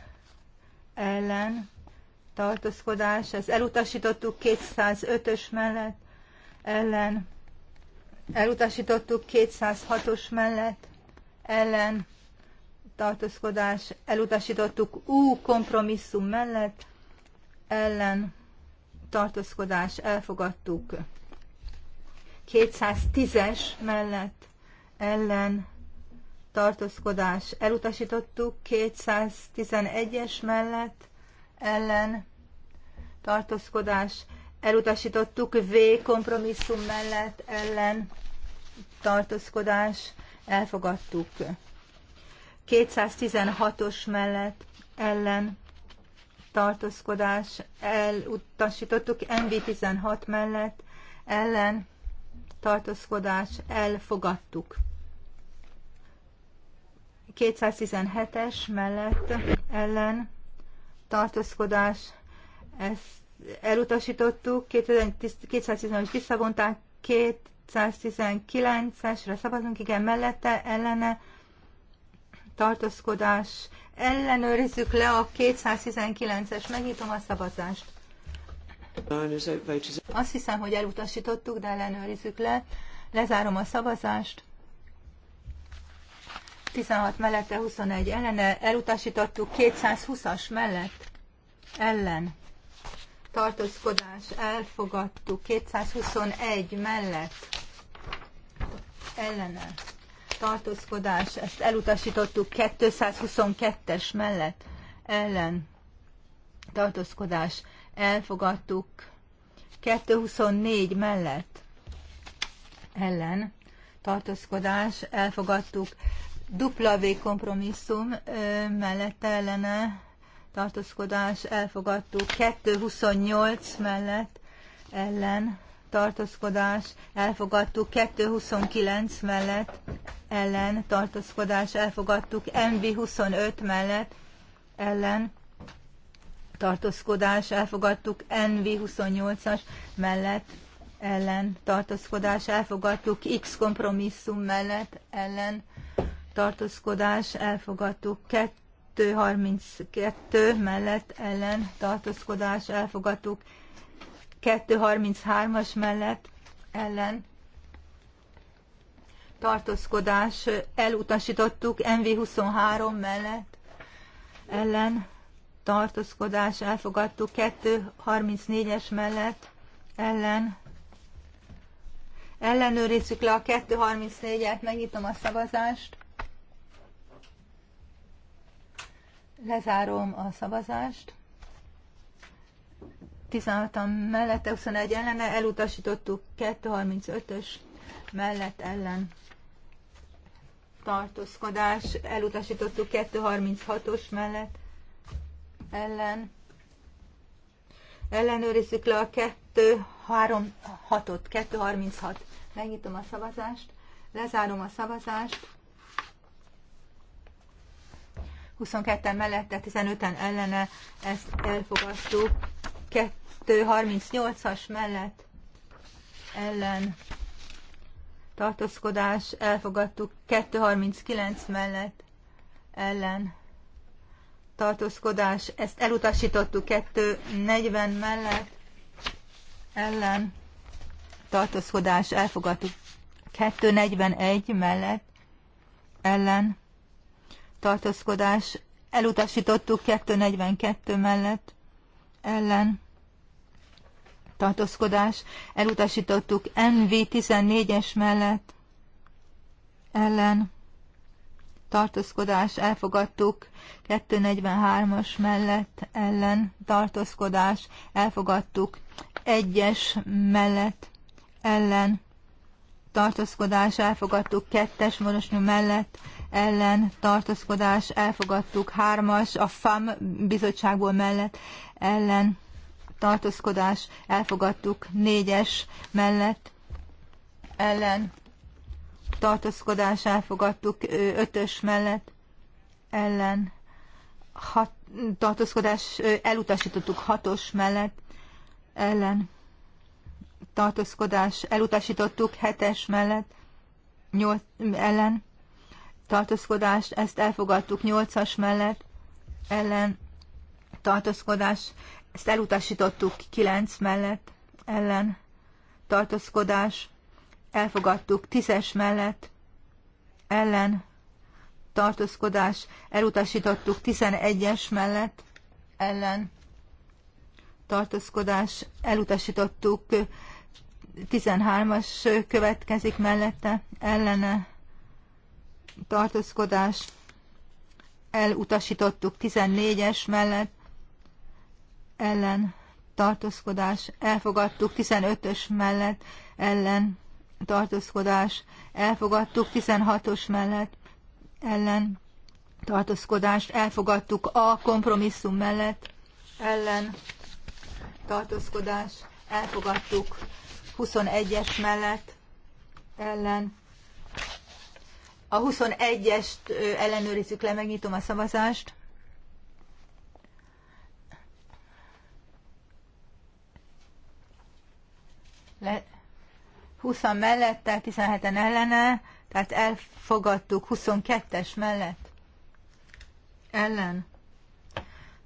ellen tartózkodás, ez elutasítottuk 205-ös mellett ellen, elutasítottuk 206-os mellett ellen tartózkodás, elutasítottuk U kompromisszum mellett ellen tartózkodás, elfogadtuk 210-es mellett ellen tartózkodás elutasítottuk, 211-es mellett ellen tartózkodás elutasítottuk, V kompromisszum mellett ellen tartózkodás elfogadtuk. 216-os mellett ellen tartózkodás elutasítottuk, MV16 mellett ellen tartózkodás elfogadtuk. 217-es mellett ellen tartózkodás, ezt elutasítottuk, 217-es visszavonták, 219-esre szavazunk, igen, mellette ellene tartózkodás, ellenőrizzük le a 219-es, megnyitom a szavazást. Azt hiszem, hogy elutasítottuk, de ellenőrizzük le. Lezárom a szavazást. 16 mellette, 21 ellene, elutasítottuk 220-as mellett, ellen, tartózkodás, elfogadtuk 221 mellett, ellene, tartózkodás, ezt elutasítottuk 222-es mellett, ellen, tartózkodás, elfogadtuk 224 mellett, ellen, tartózkodás, elfogadtuk dupla V kompromisszum mellett ellene tartózkodás elfogadtuk, 228 mellett ellen tartózkodás elfogadtuk, 229 mellett ellen tartózkodás elfogadtuk, MV25 mellett ellen tartózkodás elfogadtuk, NV28-as mellett ellen tartózkodás elfogadtuk, X kompromisszum mellett ellen tartózkodás elfogadtuk, 232 mellett ellen tartózkodás elfogadtuk, 233-as mellett ellen tartózkodás elutasítottuk, MV23 mellett ellen tartózkodás elfogadtuk, 234-es mellett ellen ellenőrizzük le a 234-et, megnyitom a szavazást. Lezárom a szavazást. 16 mellette, 21 ellene, elutasítottuk 235-ös mellett ellen tartózkodás, elutasítottuk 236-os mellett ellen. Ellenőrizzük le a 236-ot, 236. Megnyitom a szavazást, lezárom a szavazást. 22-en mellette, 15-en ellene, ezt elfogadtuk. 238-as mellett ellen tartózkodás, elfogadtuk. 239 mellett ellen tartózkodás, ezt elutasítottuk 240 mellett ellen tartózkodás, elfogadtuk 241 mellett ellen tartózkodás elutasítottuk 242 mellett ellen tartózkodás, elutasítottuk NV14-es mellett ellen tartózkodás, elfogadtuk 243-as mellett ellen tartózkodás, elfogadtuk 1-es mellett ellen tartózkodás, elfogadtuk 2-es mellett ellen tartózkodás elfogadtuk, hármas a FAM bizottságból mellett ellen tartózkodás elfogadtuk, négyes mellett ellen tartózkodás elfogadtuk, ötös mellett ellen hat, tartózkodás elutasítottuk hatos mellett ellen tartózkodás elutasítottuk hetes mellett nyolc ellen tartózkodást, ezt elfogadtuk 8-as mellett ellen tartózkodás, ezt elutasítottuk 9 mellett ellen tartózkodás, elfogadtuk 10-es mellett ellen tartózkodás, elutasítottuk 11-es mellett ellen tartózkodás, elutasítottuk 13-as következik mellette ellene tartózkodás elutasítottuk 14-es mellett ellen tartózkodás elfogadtuk 15-ös mellett ellen tartózkodás elfogadtuk 16-os mellett ellen tartózkodást elfogadtuk a kompromisszum mellett ellen tartózkodás elfogadtuk 21-es mellett ellen a 21-est ellenőrizzük le, megnyitom a szavazást. Le, 20 mellette, 17-en ellene, tehát elfogadtuk 22-es mellett. Ellen.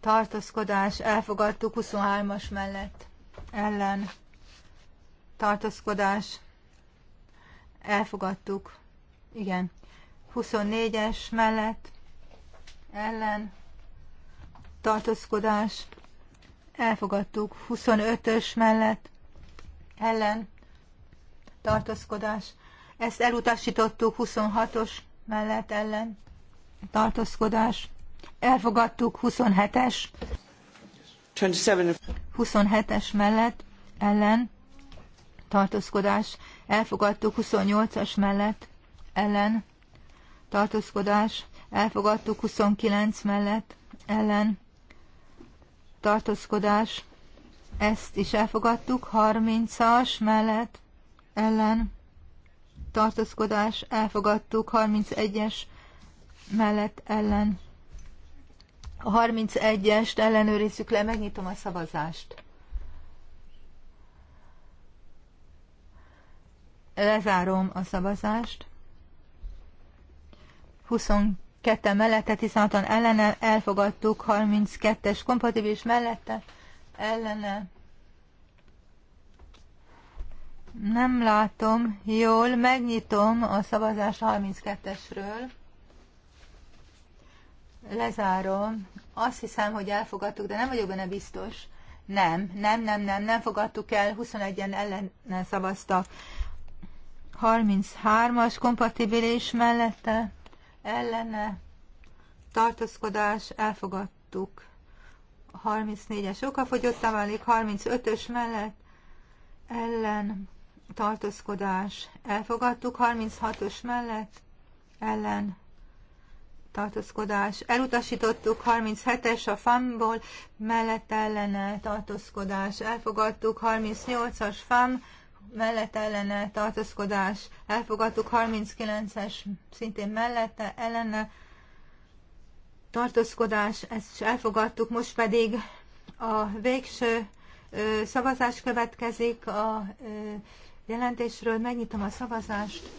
Tartózkodás, elfogadtuk 23-as mellett. Ellen. Tartózkodás, elfogadtuk. Igen. 24-es mellett ellen tartózkodás elfogadtuk. 25-ös mellett ellen tartózkodás. Ezt elutasítottuk 26-os mellett ellen tartózkodás. Elfogadtuk 27-es. 27-es mellett ellen tartózkodás. Elfogadtuk 28-as mellett ellen tartózkodás, elfogadtuk 29 mellett, ellen, tartózkodás, ezt is elfogadtuk, 30-as mellett, ellen, tartózkodás, elfogadtuk, 31-es mellett, ellen. A 31-est ellenőrizzük le, megnyitom a szavazást. Lezárom a szavazást. 22 mellette, 16-an ellene, elfogadtuk 32-es kompatibilis mellette, ellene. Nem látom jól, megnyitom a szavazás 32-esről. Lezárom. Azt hiszem, hogy elfogadtuk, de nem vagyok benne biztos. Nem, nem, nem, nem, nem fogadtuk el, 21-en ellene szavaztak. 33-as kompatibilis mellette ellene tartózkodás elfogadtuk. 34-es okafogyottá válik, 35-ös mellett ellen tartózkodás elfogadtuk, 36-os mellett ellen tartózkodás elutasítottuk, 37-es a fam mellett ellene tartózkodás elfogadtuk, 38-as FAM mellette ellene tartózkodás, elfogadtuk 39-es, szintén mellette ellene tartózkodás, ezt is elfogadtuk, most pedig a végső ö, szavazás következik a ö, jelentésről. Megnyitom a szavazást.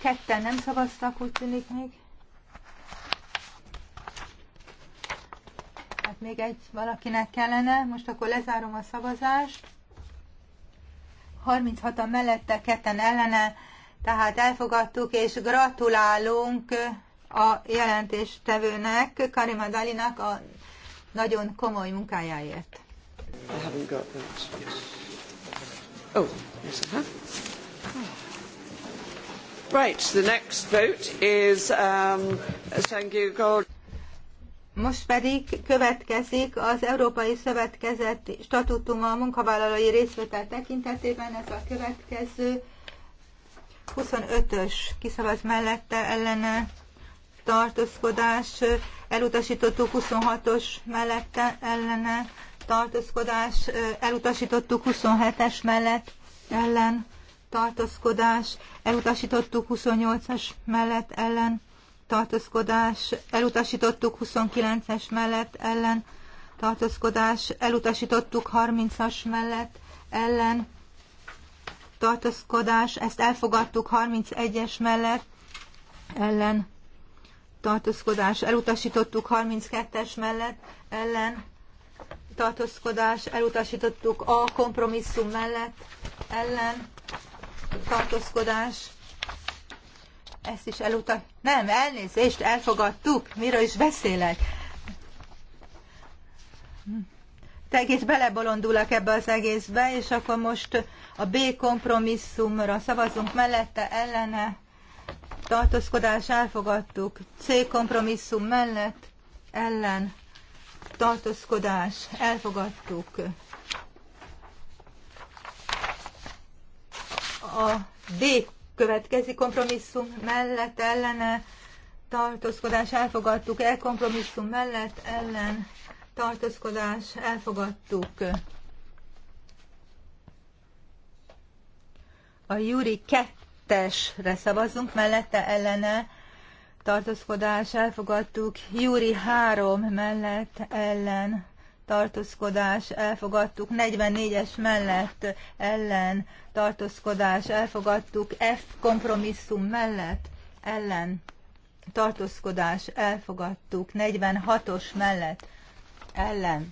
Ketten nem szavaztak, úgy tűnik még. Hát még egy valakinek kellene. Most akkor lezárom a szavazást. 36 a mellette, ketten ellene, tehát elfogadtuk, és gratulálunk a jelentéstevőnek, Karima Dalinak a nagyon komoly munkájáért. Oh, right, the next vote is um, thank Gold. Most pedig következik az Európai Szövetkezet statutuma a munkavállalói részvétel tekintetében, ez a következő 25-ös kiszavaz mellette ellene tartózkodás, elutasítottuk 26-os mellette ellene tartózkodás, elutasítottuk 27-es mellett ellen tartózkodás, elutasítottuk 28-as mellett ellen tartózkodás, elutasítottuk 29-es mellett ellen tartózkodás, elutasítottuk 30-as mellett ellen tartózkodás, ezt elfogadtuk 31-es mellett ellen tartózkodás, elutasítottuk 32-es mellett ellen tartózkodás, elutasítottuk a kompromisszum mellett ellen tartózkodás, ezt is elutat. Nem, elnézést, elfogadtuk. Miről is beszélek? Te egész belebolondulak ebbe az egészbe, és akkor most a B kompromisszumra szavazunk mellette, ellene, tartózkodás elfogadtuk. C kompromisszum mellett, ellen, tartózkodás elfogadtuk. A D következő kompromisszum mellett ellene tartózkodás elfogadtuk, e kompromisszum mellett ellen tartózkodás elfogadtuk. A Júri kettesre szavazunk mellette ellene tartózkodás elfogadtuk, Júri három mellett ellen tartózkodás elfogadtuk, 44-es mellett ellen tartózkodás elfogadtuk, F kompromisszum mellett ellen tartózkodás elfogadtuk, 46-os mellett ellen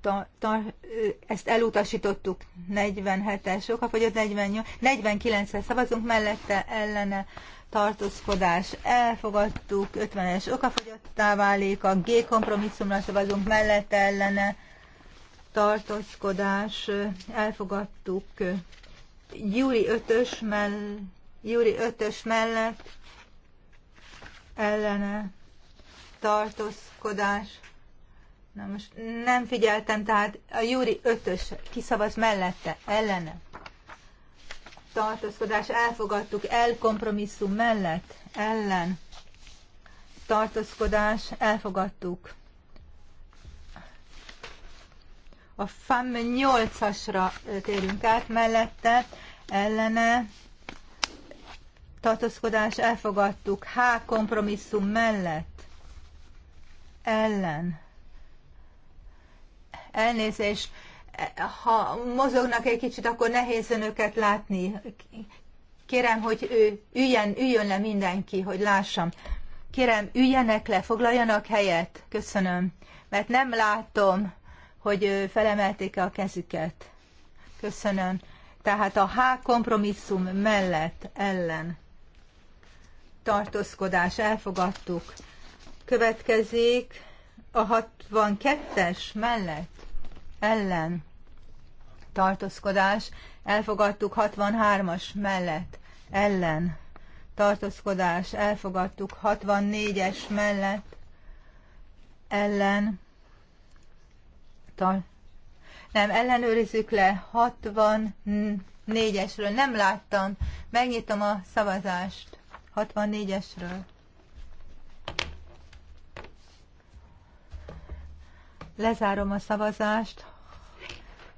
ta, ta, ezt elutasítottuk 47-es, sokkal okafogyott 48, 49 49-es szavazunk mellette ellene tartózkodás elfogadtuk, 50-es okafogyottá válik, a G kompromisszumra szavazunk mellette ellene, tartózkodás elfogadtuk, júli 5-ös mell- júli 5 mellett ellene tartózkodás. Na most nem figyeltem, tehát a júri 5-ös kiszavaz mellette, ellene tartózkodás elfogadtuk, el kompromisszum mellett, ellen tartózkodás elfogadtuk. A FAM 8-asra térünk át, mellette ellene tartózkodás elfogadtuk, H kompromisszum mellett ellen elnézést ha mozognak egy kicsit, akkor nehéz önöket látni. Kérem, hogy ő üljen, üljön le mindenki, hogy lássam. Kérem, üljenek le, foglaljanak helyet. Köszönöm. Mert nem látom, hogy felemelték-e a kezüket. Köszönöm. Tehát a H kompromisszum mellett, ellen. Tartózkodás, elfogadtuk. Következik a 62-es mellett ellen tartózkodás, elfogadtuk 63-as mellett ellen tartózkodás, elfogadtuk 64-es mellett ellen tar- nem, ellenőrizzük le 64-esről, nem láttam, megnyitom a szavazást 64-esről. Lezárom a szavazást. 64-es.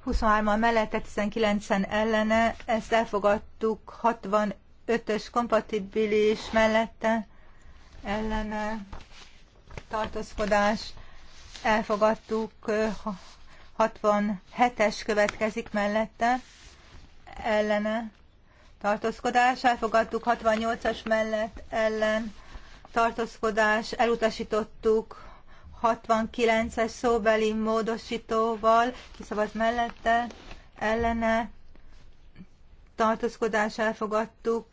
23-an mellette, 19-en ellene, ezt elfogadtuk 65-ös kompatibilis mellette, ellene, tartózkodás, elfogadtuk 67-es következik mellette, ellene, tartózkodás, elfogadtuk 68-as mellett, ellen, tartózkodás, elutasítottuk 69-es szóbeli módosítóval, kiszavaz mellette, ellene, tartózkodás elfogadtuk,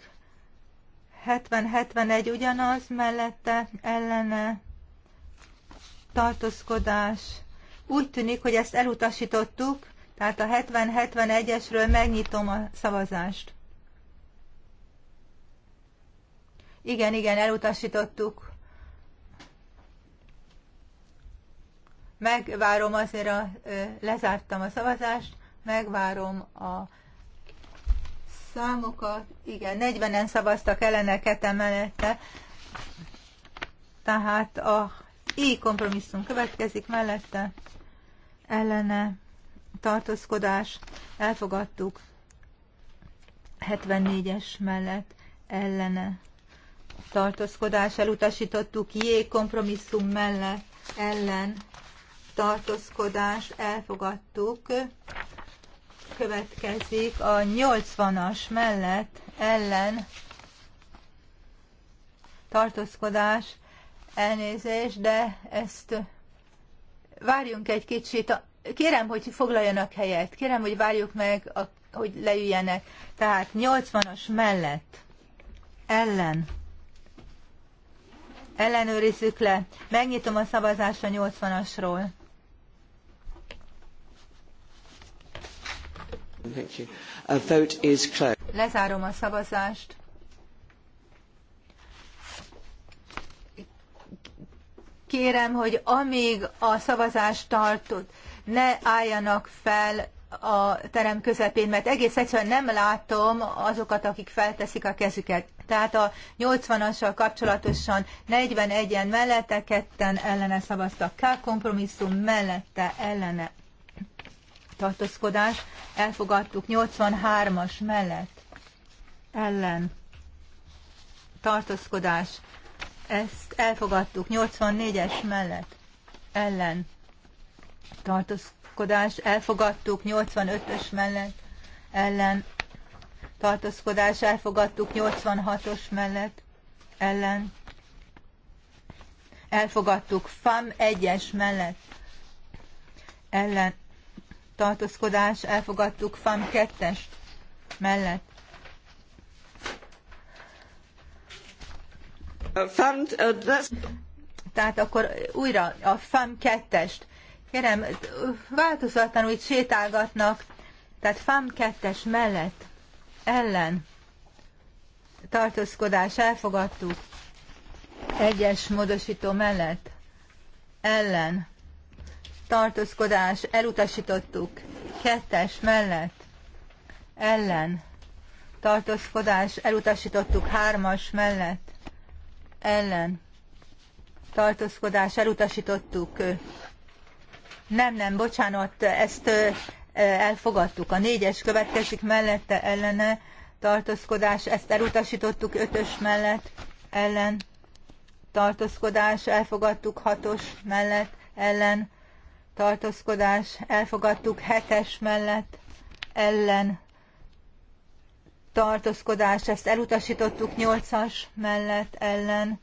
70-71 ugyanaz, mellette, ellene, tartózkodás. Úgy tűnik, hogy ezt elutasítottuk, tehát a 70-71-esről megnyitom a szavazást. Igen, igen, elutasítottuk. megvárom azért a, lezártam a szavazást, megvárom a számokat. Igen, 40-en szavaztak ellene, ketem mellette. Tehát a I kompromisszum következik mellette, ellene, tartózkodás, elfogadtuk. 74-es mellett ellene tartózkodás elutasítottuk, J kompromisszum mellett ellen tartózkodás elfogadtuk. Következik a 80-as mellett ellen tartózkodás elnézés, de ezt várjunk egy kicsit. Kérem, hogy foglaljanak helyet. Kérem, hogy várjuk meg, hogy leüljenek. Tehát 80-as mellett ellen ellenőrizzük le. Megnyitom a szavazást a 80-asról. A Lezárom a szavazást. Kérem, hogy amíg a szavazást tartott, ne álljanak fel a terem közepén, mert egész egyszerűen nem látom azokat, akik felteszik a kezüket. Tehát a 80-assal kapcsolatosan 41-en mellette, ketten ellene szavaztak K kompromisszum, mellette ellene tartózkodás, elfogadtuk 83-as mellett, ellen, tartózkodás, ezt elfogadtuk 84-es mellett, ellen, tartózkodás, elfogadtuk 85-ös mellett, ellen, tartózkodás, elfogadtuk 86-os mellett, ellen, elfogadtuk FAM 1-es mellett, ellen tartózkodás, elfogadtuk FAM 2-es mellett. Tehát akkor újra a FAM 2-est. Kérem, változatlan úgy sétálgatnak. Tehát FAM 2-es mellett, ellen, tartózkodás, elfogadtuk. Egyes módosító mellett, ellen, tartózkodás elutasítottuk. Kettes mellett ellen tartózkodás elutasítottuk. Hármas mellett ellen tartózkodás elutasítottuk. Nem, nem, bocsánat, ezt elfogadtuk. A négyes következik mellette ellene tartózkodás, ezt elutasítottuk ötös mellett ellen tartózkodás, elfogadtuk hatos mellett ellen tartózkodás, elfogadtuk hetes mellett ellen tartózkodás, ezt elutasítottuk nyolcas mellett ellen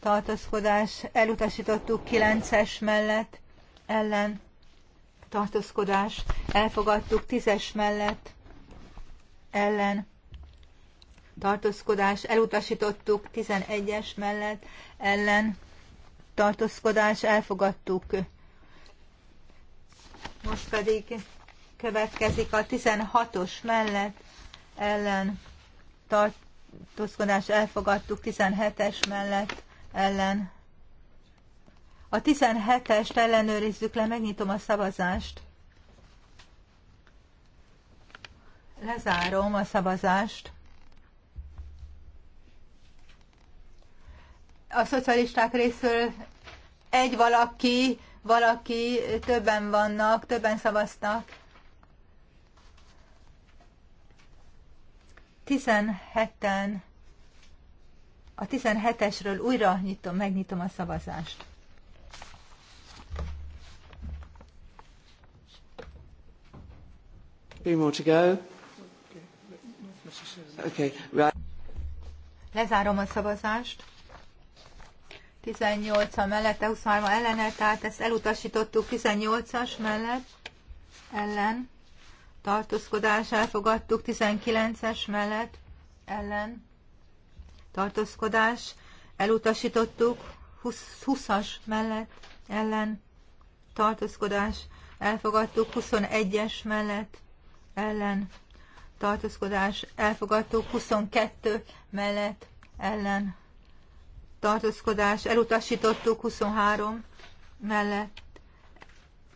tartózkodás, elutasítottuk kilences mellett ellen tartózkodás, elfogadtuk tízes mellett ellen tartózkodás, elutasítottuk 11-es mellett ellen tartózkodás, elfogadtuk most pedig következik a 16-os mellett ellen tartózkodás elfogadtuk, 17-es mellett ellen. A 17-est ellenőrizzük le, megnyitom a szavazást. Lezárom a szavazást. A szocialisták részről egy valaki valaki, többen vannak, többen szavaztak. 17-en, a 17-esről újra nyitom, megnyitom a szavazást. Three more to go. Okay. Right. Lezárom a szavazást. 18-a mellette, 23-a ellene, tehát ezt elutasítottuk 18-as mellett, ellen, tartózkodás elfogadtuk 19-es mellett, ellen, tartózkodás elutasítottuk 20-as mellett, ellen, tartózkodás elfogadtuk 21-es mellett, ellen, tartózkodás elfogadtuk 22 mellett, ellen, tartózkodás elutasítottuk 23 mellett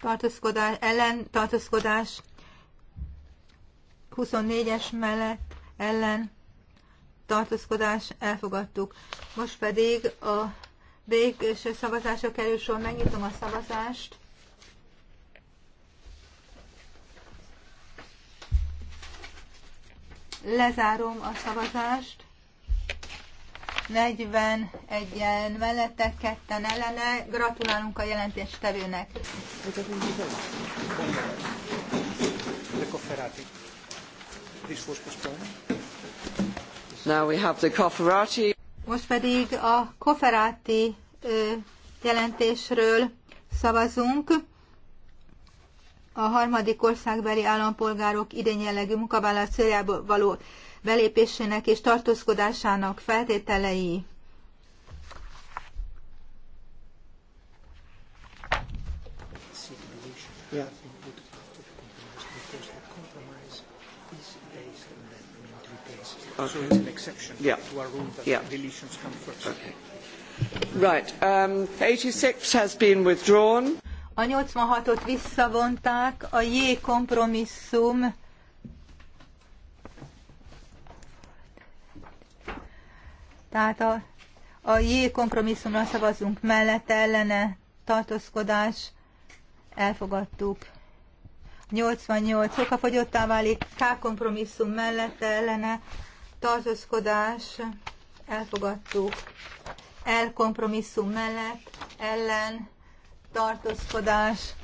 tartózkodás ellen tartózkodás 24-es mellett ellen tartózkodás elfogadtuk. Most pedig a végső szavazásra kerül sor, megnyitom a szavazást. Lezárom a szavazást. 41-en mellette, ketten ellene. Gratulálunk a jelentéstevőnek. Now we have the Kofferati. Most pedig a Kofferati jelentésről szavazunk. A harmadik országbeli állampolgárok jellegű munkavállalat céljából való belépésének és tartózkodásának feltételei. Yeah. Yeah. Yeah. Right. Um, 86 has been withdrawn. A 86-ot visszavonták, a J kompromisszum Tehát a, a J kompromisszumra szavazunk mellette, ellene tartózkodás, elfogadtuk. 88 fogyottá válik, K kompromisszum mellette, ellene tartózkodás, elfogadtuk. L kompromisszum mellett, ellen tartózkodás,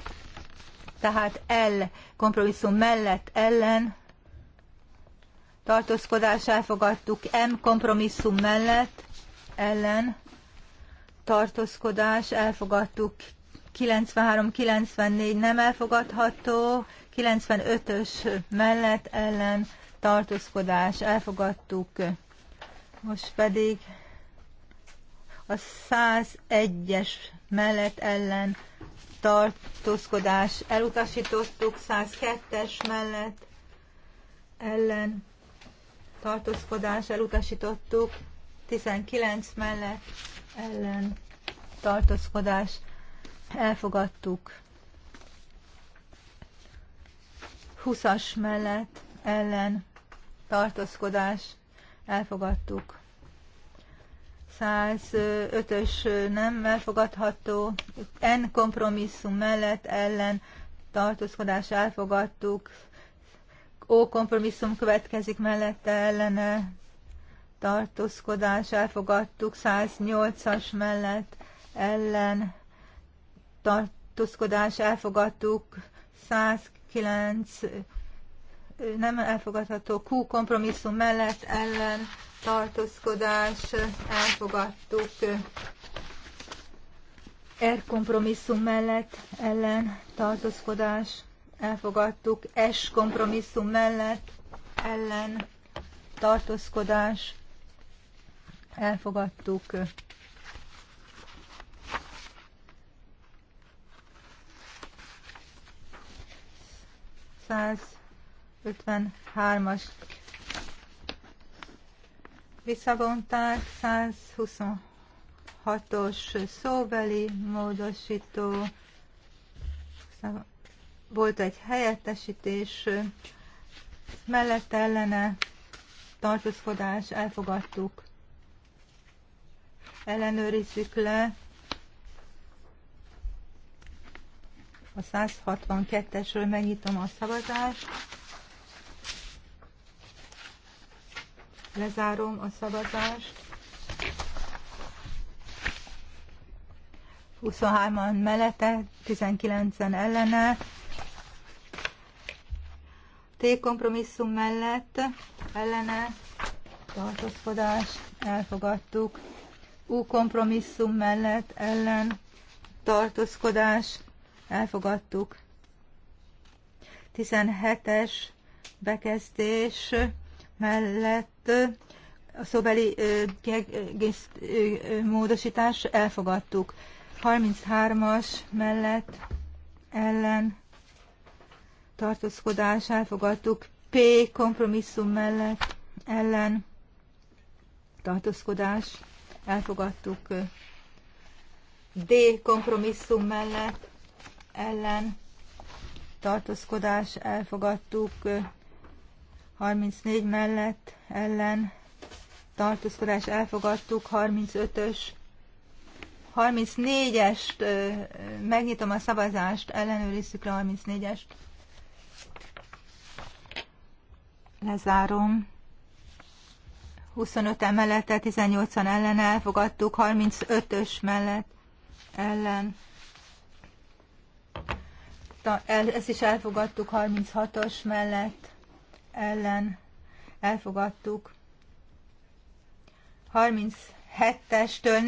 tehát L kompromisszum mellett, ellen tartózkodás elfogadtuk, M kompromisszum mellett ellen tartózkodás elfogadtuk, 93-94 nem elfogadható, 95-ös mellett ellen tartózkodás elfogadtuk. Most pedig a 101-es mellett ellen tartózkodás elutasítottuk, 102-es mellett ellen tartózkodás elutasítottuk, 19 mellett ellen tartózkodás elfogadtuk. 20-as mellett ellen tartózkodás elfogadtuk. 105-ös nem elfogadható, N kompromisszum mellett ellen tartózkodás elfogadtuk, Ó kompromisszum következik mellette ellene tartózkodás, elfogadtuk 108-as mellett ellen tartózkodás, elfogadtuk 109 nem elfogadható Q kompromisszum mellett ellen tartózkodás, elfogadtuk R kompromisszum mellett ellen tartózkodás, elfogadtuk, es kompromisszum mellett ellen tartózkodás, elfogadtuk. Száz 53-as visszavonták, 126-os szóbeli módosító, volt egy helyettesítés, mellett ellene tartózkodás, elfogadtuk. Ellenőrizzük le a 162-esről, megnyitom a szavazást. Lezárom a szavazást. 23-an mellette, 19-en ellene, T kompromisszum mellett ellene tartózkodás elfogadtuk. U kompromisszum mellett ellen tartózkodás elfogadtuk. 17-es bekezdés mellett a szóbeli módosítás elfogadtuk. 33-as mellett ellen tartózkodás elfogadtuk, P kompromisszum mellett ellen tartózkodás elfogadtuk, D kompromisszum mellett ellen tartózkodás elfogadtuk, 34 mellett ellen tartózkodás elfogadtuk, 35-ös 34-est, megnyitom a szavazást, ellenőrizzük le 34-est. Lezárom. 25 mellette, 18-an ellen elfogadtuk, 35-ös mellett ellen. Ezt is elfogadtuk, 36-os mellett ellen elfogadtuk. 37-estől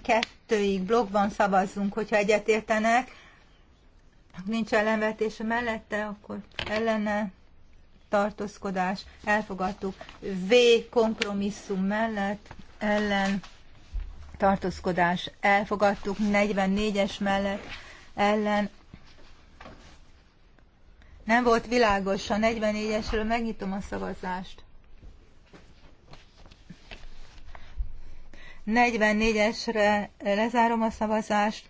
42-ig blogban szavazzunk, hogyha egyetértenek. Nincs ellenvetés mellette, akkor ellene tartózkodás, elfogadtuk. V kompromisszum mellett, ellen tartózkodás, elfogadtuk. 44-es mellett, ellen nem volt világos a 44-esről, megnyitom a szavazást. 44-esre lezárom a szavazást,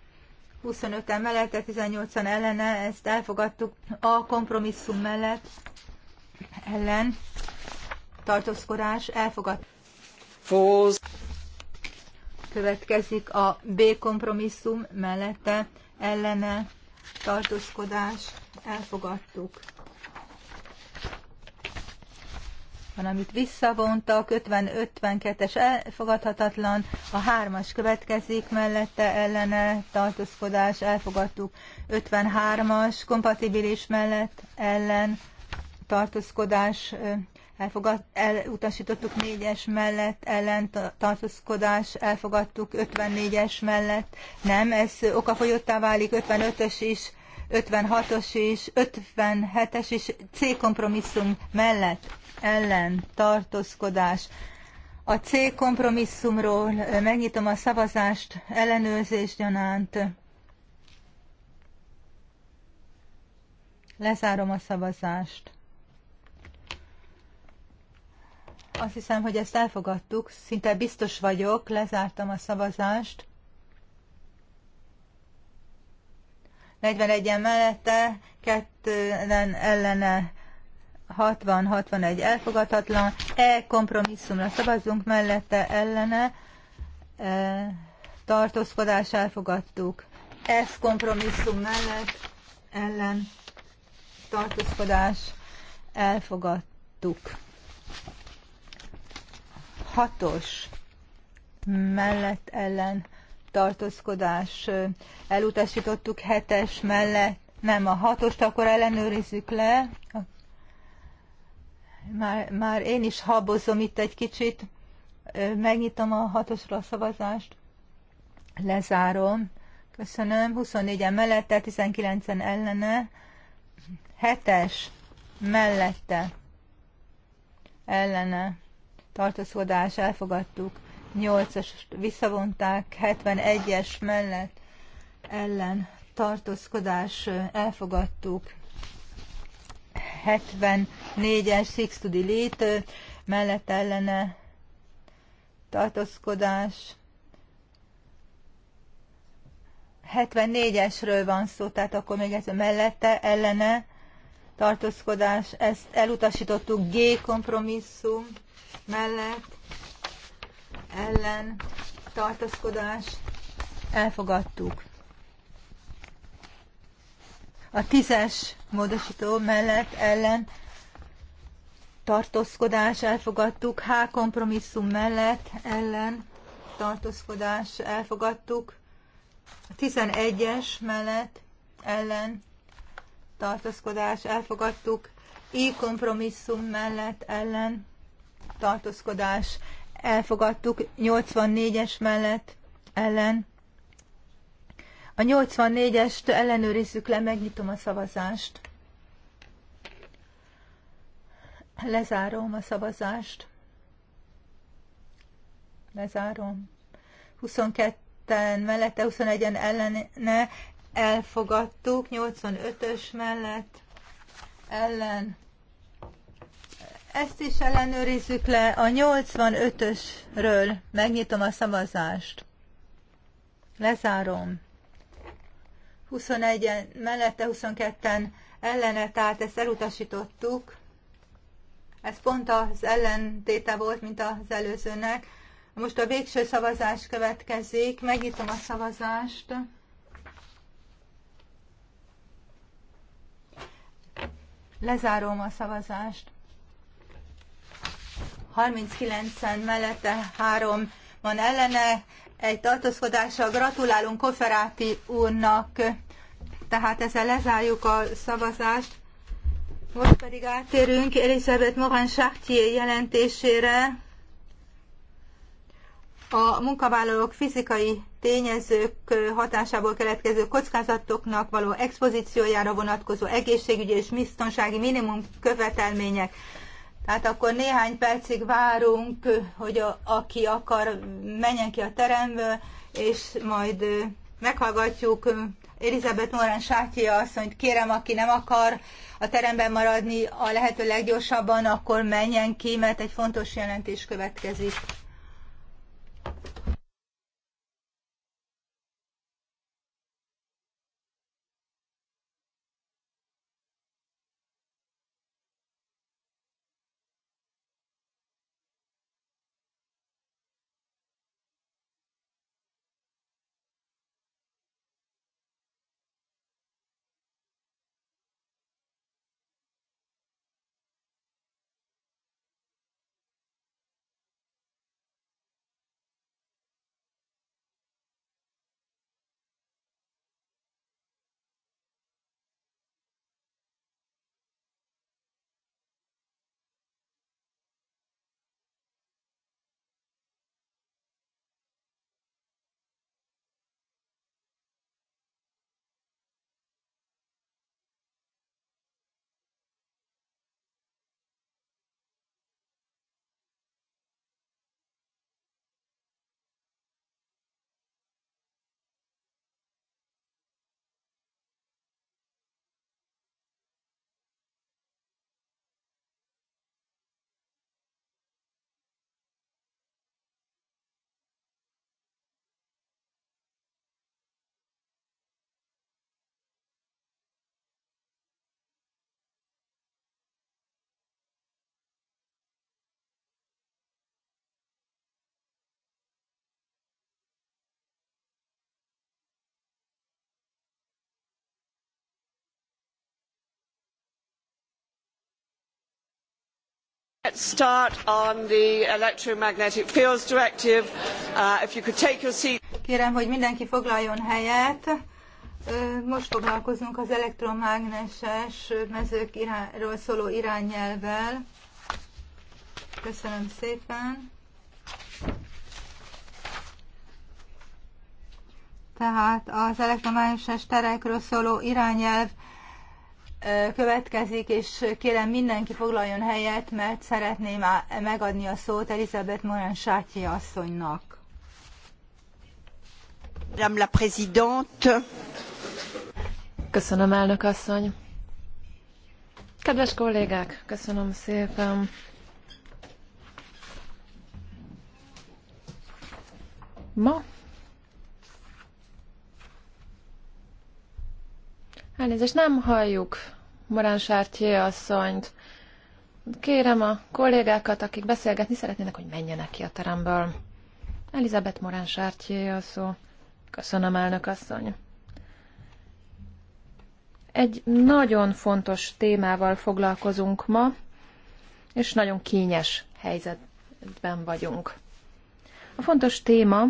25-en mellette, 18-an ellene, ezt elfogadtuk a kompromisszum mellett, ellen tartózkodás elfogad. Fóz. Következik a B kompromisszum mellette ellene tartózkodás elfogadtuk. Van, amit visszavontak, 50-52-es elfogadhatatlan, a hármas következik mellette ellene tartózkodás elfogadtuk, 53-as kompatibilis mellett ellen tartózkodás elfogad, elutasítottuk 4-es mellett, ellen tartózkodás elfogadtuk 54-es mellett, nem, ez okafogyottá válik 55-ös is, 56-os is, 57-es is, C kompromisszum mellett, ellen tartózkodás. A C kompromisszumról megnyitom a szavazást, ellenőrzés gyanánt. Lezárom a szavazást. Azt hiszem, hogy ezt elfogadtuk. Szinte biztos vagyok, lezártam a szavazást. 41-en mellette, kettően ellene 60-61 elfogadhatlan. E kompromisszumra szavazzunk mellette, ellene e, tartózkodás elfogadtuk. F kompromisszum mellett, ellen tartózkodás elfogadtuk hatos mellett ellen tartózkodás elutasítottuk, hetes mellett, nem a hatost, akkor ellenőrizzük le. Már, már én is habozom itt egy kicsit, megnyitom a hatosra a szavazást, lezárom. Köszönöm. 24-en mellette, 19-en ellene. 7-es mellette ellene tartózkodás elfogadtuk, 8-as visszavonták, 71-es mellett ellen tartózkodás elfogadtuk, 74-es Six to Delete mellett ellene tartózkodás. 74-esről van szó, tehát akkor még ez mellette ellene tartózkodás, ezt elutasítottuk G kompromisszum mellett ellen tartaszkodás elfogadtuk. A tízes módosító mellett ellen tartózkodás elfogadtuk, H kompromisszum mellett ellen tartózkodás elfogadtuk, a 11-es mellett ellen tartózkodás elfogadtuk, I kompromisszum mellett ellen tartózkodás elfogadtuk, 84-es mellett ellen. A 84-est ellenőrizzük le, megnyitom a szavazást. Lezárom a szavazást. Lezárom. 22-en mellette, 21-en ellene elfogadtuk, 85-ös mellett ellen ezt is ellenőrizzük le a 85-ösről. Megnyitom a szavazást. Lezárom. 21-en, mellette 22-en ellene, tehát ezt elutasítottuk. Ez pont az ellentéte volt, mint az előzőnek. Most a végső szavazás következik. Megnyitom a szavazást. Lezárom a szavazást. 39-en mellette, 3 van ellene, egy tartózkodással gratulálunk Koferáti úrnak. Tehát ezzel lezárjuk a szavazást. Most pedig átérünk Elisabeth Morin Chartier jelentésére. A munkavállalók fizikai tényezők hatásából keletkező kockázatoknak való expozíciójára vonatkozó egészségügyi és biztonsági minimum követelmények. Tehát akkor néhány percig várunk, hogy a, aki akar, menjen ki a teremből, és majd meghallgatjuk Elizabeth Morán azt asszonyt, kérem, aki nem akar a teremben maradni a lehető leggyorsabban, akkor menjen ki, mert egy fontos jelentés következik. let's start on the electromagnetic fields directive. Uh, if you could take your seat. Kérem, hogy mindenki foglaljon helyet. Most foglalkozunk az elektromágneses mezők irányról szóló irányelvvel. Köszönöm szépen. Tehát az elektromágneses terekről szóló irányelv következik, és kérem mindenki foglaljon helyet, mert szeretném megadni a szót Elizabeth Moran Sátyi asszonynak. Madame la Présidente. Köszönöm, elnök asszony. Kedves kollégák, köszönöm szépen. Ma Elnézést, nem halljuk Morán Sártyé asszonyt. Kérem a kollégákat, akik beszélgetni szeretnének, hogy menjenek ki a teremből. Elizabeth Morán Sártyé a szó. Köszönöm, elnök asszony. Egy nagyon fontos témával foglalkozunk ma, és nagyon kényes helyzetben vagyunk. A fontos téma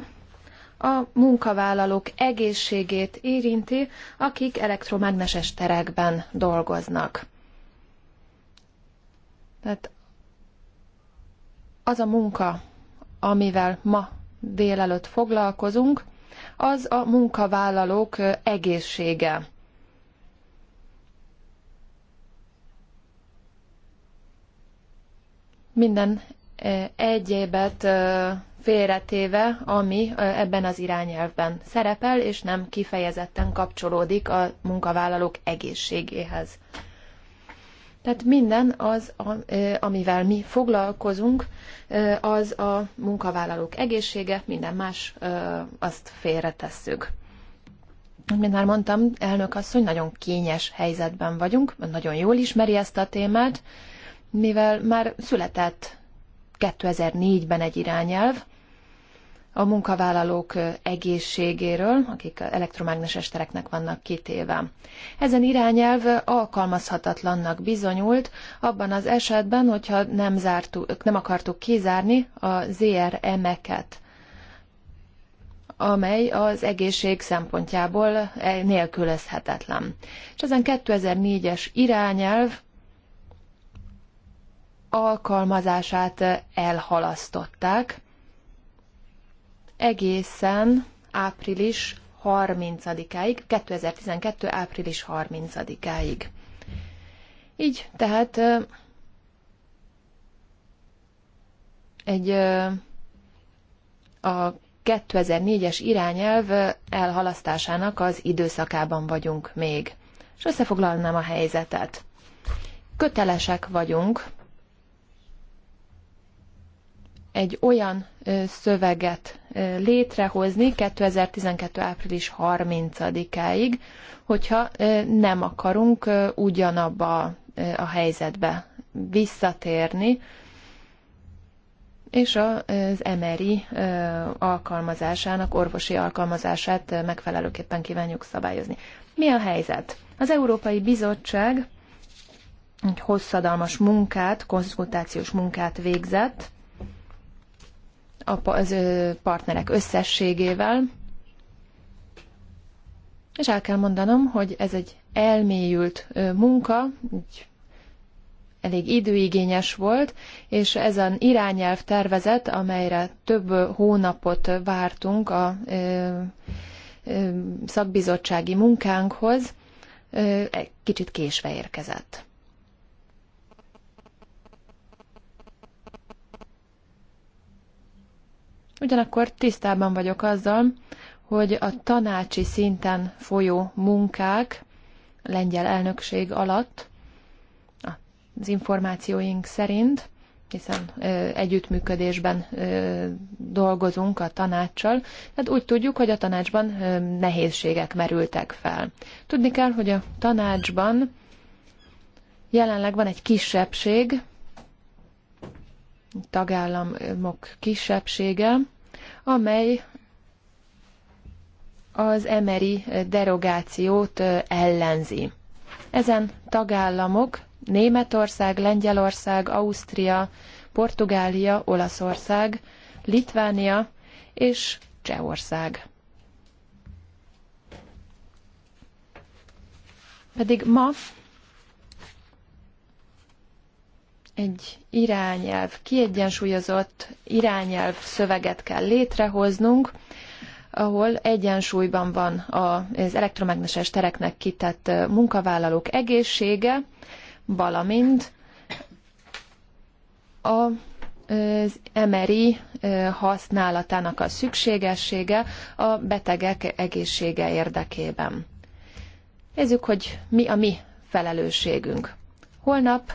a munkavállalók egészségét érinti, akik elektromágneses terekben dolgoznak. Tehát az a munka, amivel ma délelőtt foglalkozunk, az a munkavállalók egészsége. Minden egyébet félretéve, ami ebben az irányelvben szerepel, és nem kifejezetten kapcsolódik a munkavállalók egészségéhez. Tehát minden az, amivel mi foglalkozunk, az a munkavállalók egészsége, minden más azt félretesszük. Mint már mondtam, elnök asszony, nagyon kényes helyzetben vagyunk, nagyon jól ismeri ezt a témát, mivel már született 2004-ben egy irányelv a munkavállalók egészségéről, akik elektromágneses tereknek vannak kitéve. Ezen irányelv alkalmazhatatlannak bizonyult abban az esetben, hogyha nem, zártuk, nem akartuk kizárni a ZRM-eket amely az egészség szempontjából nélkülözhetetlen. És ezen 2004-es irányelv alkalmazását elhalasztották egészen április 30-áig, 2012. április 30-áig. Így tehát egy a 2004-es irányelv elhalasztásának az időszakában vagyunk még. És összefoglalnám a helyzetet. Kötelesek vagyunk egy olyan szöveget létrehozni 2012. április 30-áig, hogyha nem akarunk ugyanabba a helyzetbe visszatérni, és az MRI alkalmazásának, orvosi alkalmazását megfelelőképpen kívánjuk szabályozni. Mi a helyzet? Az Európai Bizottság egy hosszadalmas munkát, konzultációs munkát végzett, a partnerek összességével, és el kell mondanom, hogy ez egy elmélyült munka, egy elég időigényes volt, és ez az irányelv tervezet, amelyre több hónapot vártunk a szakbizottsági munkánkhoz, egy kicsit késve érkezett. Ugyanakkor tisztában vagyok azzal, hogy a tanácsi szinten folyó munkák a lengyel elnökség alatt az információink szerint, hiszen ö, együttműködésben ö, dolgozunk a tanácssal, tehát úgy tudjuk, hogy a tanácsban ö, nehézségek merültek fel. Tudni kell, hogy a tanácsban jelenleg van egy kisebbség, tagállamok kisebbsége, amely az emeri derogációt ellenzi. Ezen tagállamok Németország, Lengyelország, Ausztria, Portugália, Olaszország, Litvánia és Csehország. Pedig ma egy irányelv, kiegyensúlyozott irányelv szöveget kell létrehoznunk, ahol egyensúlyban van az elektromágneses tereknek kitett munkavállalók egészsége, valamint az MRI használatának a szükségessége a betegek egészsége érdekében. Nézzük, hogy mi a mi felelősségünk. Holnap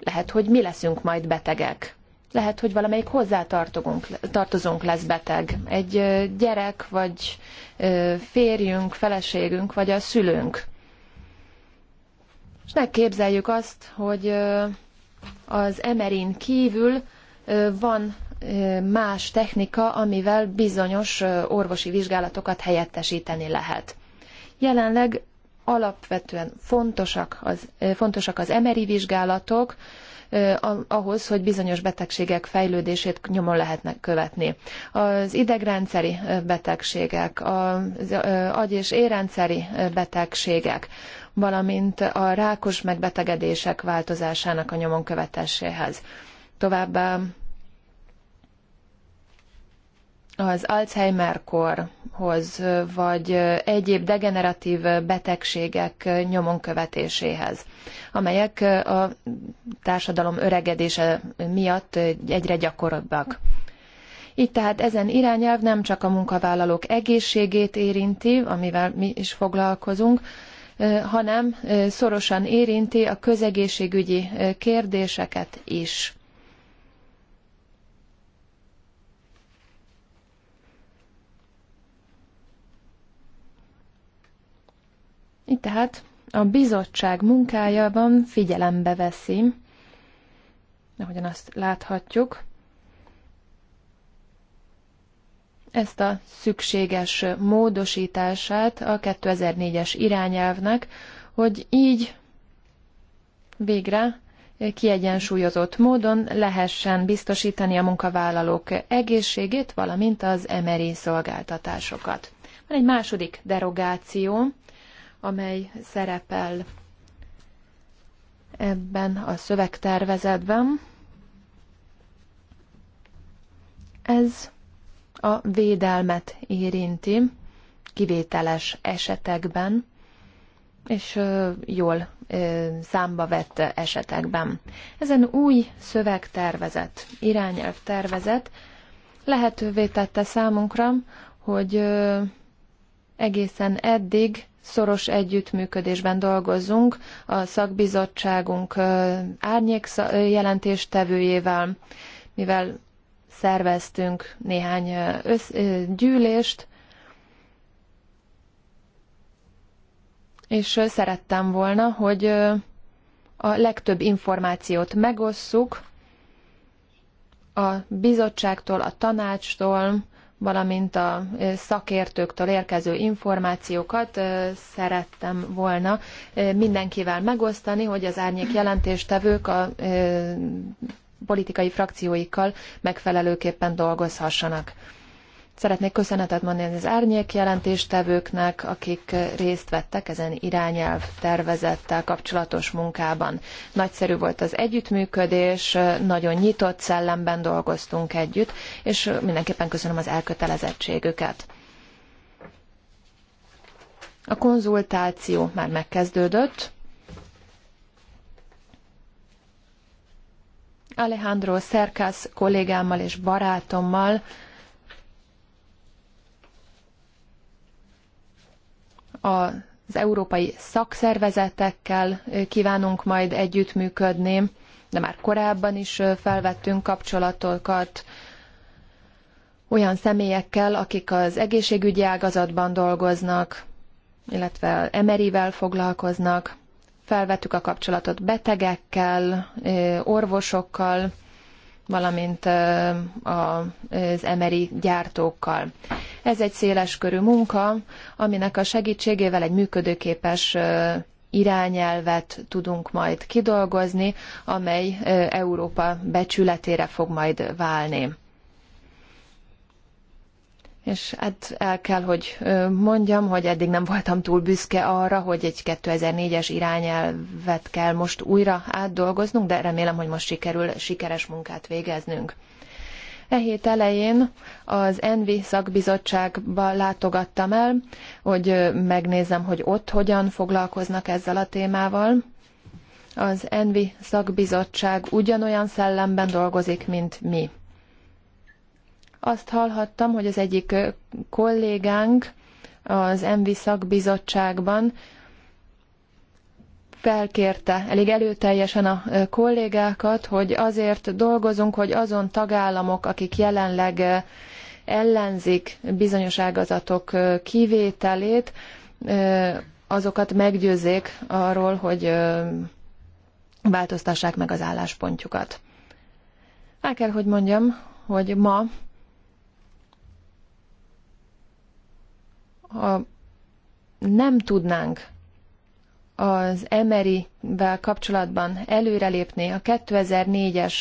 lehet, hogy mi leszünk majd betegek. Lehet, hogy valamelyik hozzátartozónk lesz beteg. Egy gyerek, vagy férjünk, feleségünk, vagy a szülőnk. És megképzeljük azt, hogy az emerin kívül van más technika, amivel bizonyos orvosi vizsgálatokat helyettesíteni lehet. Jelenleg alapvetően fontosak az, fontosak az emeri vizsgálatok, ahhoz, hogy bizonyos betegségek fejlődését nyomon lehetnek követni. Az idegrendszeri betegségek, az agy- és érrendszeri betegségek, valamint a rákos megbetegedések változásának a nyomon követéséhez. Továbbá az Alzheimer-korhoz, vagy egyéb degeneratív betegségek nyomon követéséhez, amelyek a társadalom öregedése miatt egyre gyakoribbak. Így tehát ezen irányelv nem csak a munkavállalók egészségét érinti, amivel mi is foglalkozunk, hanem szorosan érinti a közegészségügyi kérdéseket is. Itt tehát a bizottság munkájában figyelembe veszi, ahogyan azt láthatjuk, ezt a szükséges módosítását a 2004-es irányelvnek, hogy így végre kiegyensúlyozott módon lehessen biztosítani a munkavállalók egészségét, valamint az emeri szolgáltatásokat. Van egy második derogáció, amely szerepel ebben a szövegtervezetben. Ez a védelmet érinti kivételes esetekben, és jól számba vett esetekben. Ezen új szövegtervezet, irányelvtervezet lehetővé tette számunkra, hogy egészen eddig szoros együttműködésben dolgozunk a szakbizottságunk árnyék jelentéstevőjével, mivel szerveztünk néhány gyűlést, és szerettem volna, hogy a legtöbb információt megosszuk a bizottságtól, a tanácstól, valamint a szakértőktől érkező információkat szerettem volna mindenkivel megosztani, hogy az árnyék jelentéstevők a politikai frakcióikkal megfelelőképpen dolgozhassanak. Szeretnék köszönetet mondani az árnyék jelentéstevőknek, akik részt vettek ezen irányelv tervezettel kapcsolatos munkában. Nagyszerű volt az együttműködés, nagyon nyitott szellemben dolgoztunk együtt, és mindenképpen köszönöm az elkötelezettségüket. A konzultáció már megkezdődött. Alejandro Szerkász kollégámmal és barátommal az európai szakszervezetekkel kívánunk majd együttműködni, de már korábban is felvettünk kapcsolatokat olyan személyekkel, akik az egészségügyi ágazatban dolgoznak, illetve emerivel foglalkoznak, felvettük a kapcsolatot betegekkel, orvosokkal, valamint az emeri gyártókkal. Ez egy széleskörű munka, aminek a segítségével egy működőképes irányelvet tudunk majd kidolgozni, amely Európa becsületére fog majd válni. És hát el kell, hogy mondjam, hogy eddig nem voltam túl büszke arra, hogy egy 2004-es irányelvet kell most újra átdolgoznunk, de remélem, hogy most sikerül sikeres munkát végeznünk. E hét elején az Envi szakbizottságba látogattam el, hogy megnézem, hogy ott hogyan foglalkoznak ezzel a témával. Az Envi szakbizottság ugyanolyan szellemben dolgozik, mint mi. Azt hallhattam, hogy az egyik kollégánk az MV szakbizottságban felkérte elég előteljesen a kollégákat, hogy azért dolgozunk, hogy azon tagállamok, akik jelenleg ellenzik bizonyos ágazatok kivételét, azokat meggyőzzék arról, hogy változtassák meg az álláspontjukat. El kell, hogy mondjam, hogy ma ha nem tudnánk az Emerivel kapcsolatban előrelépni a 2004-es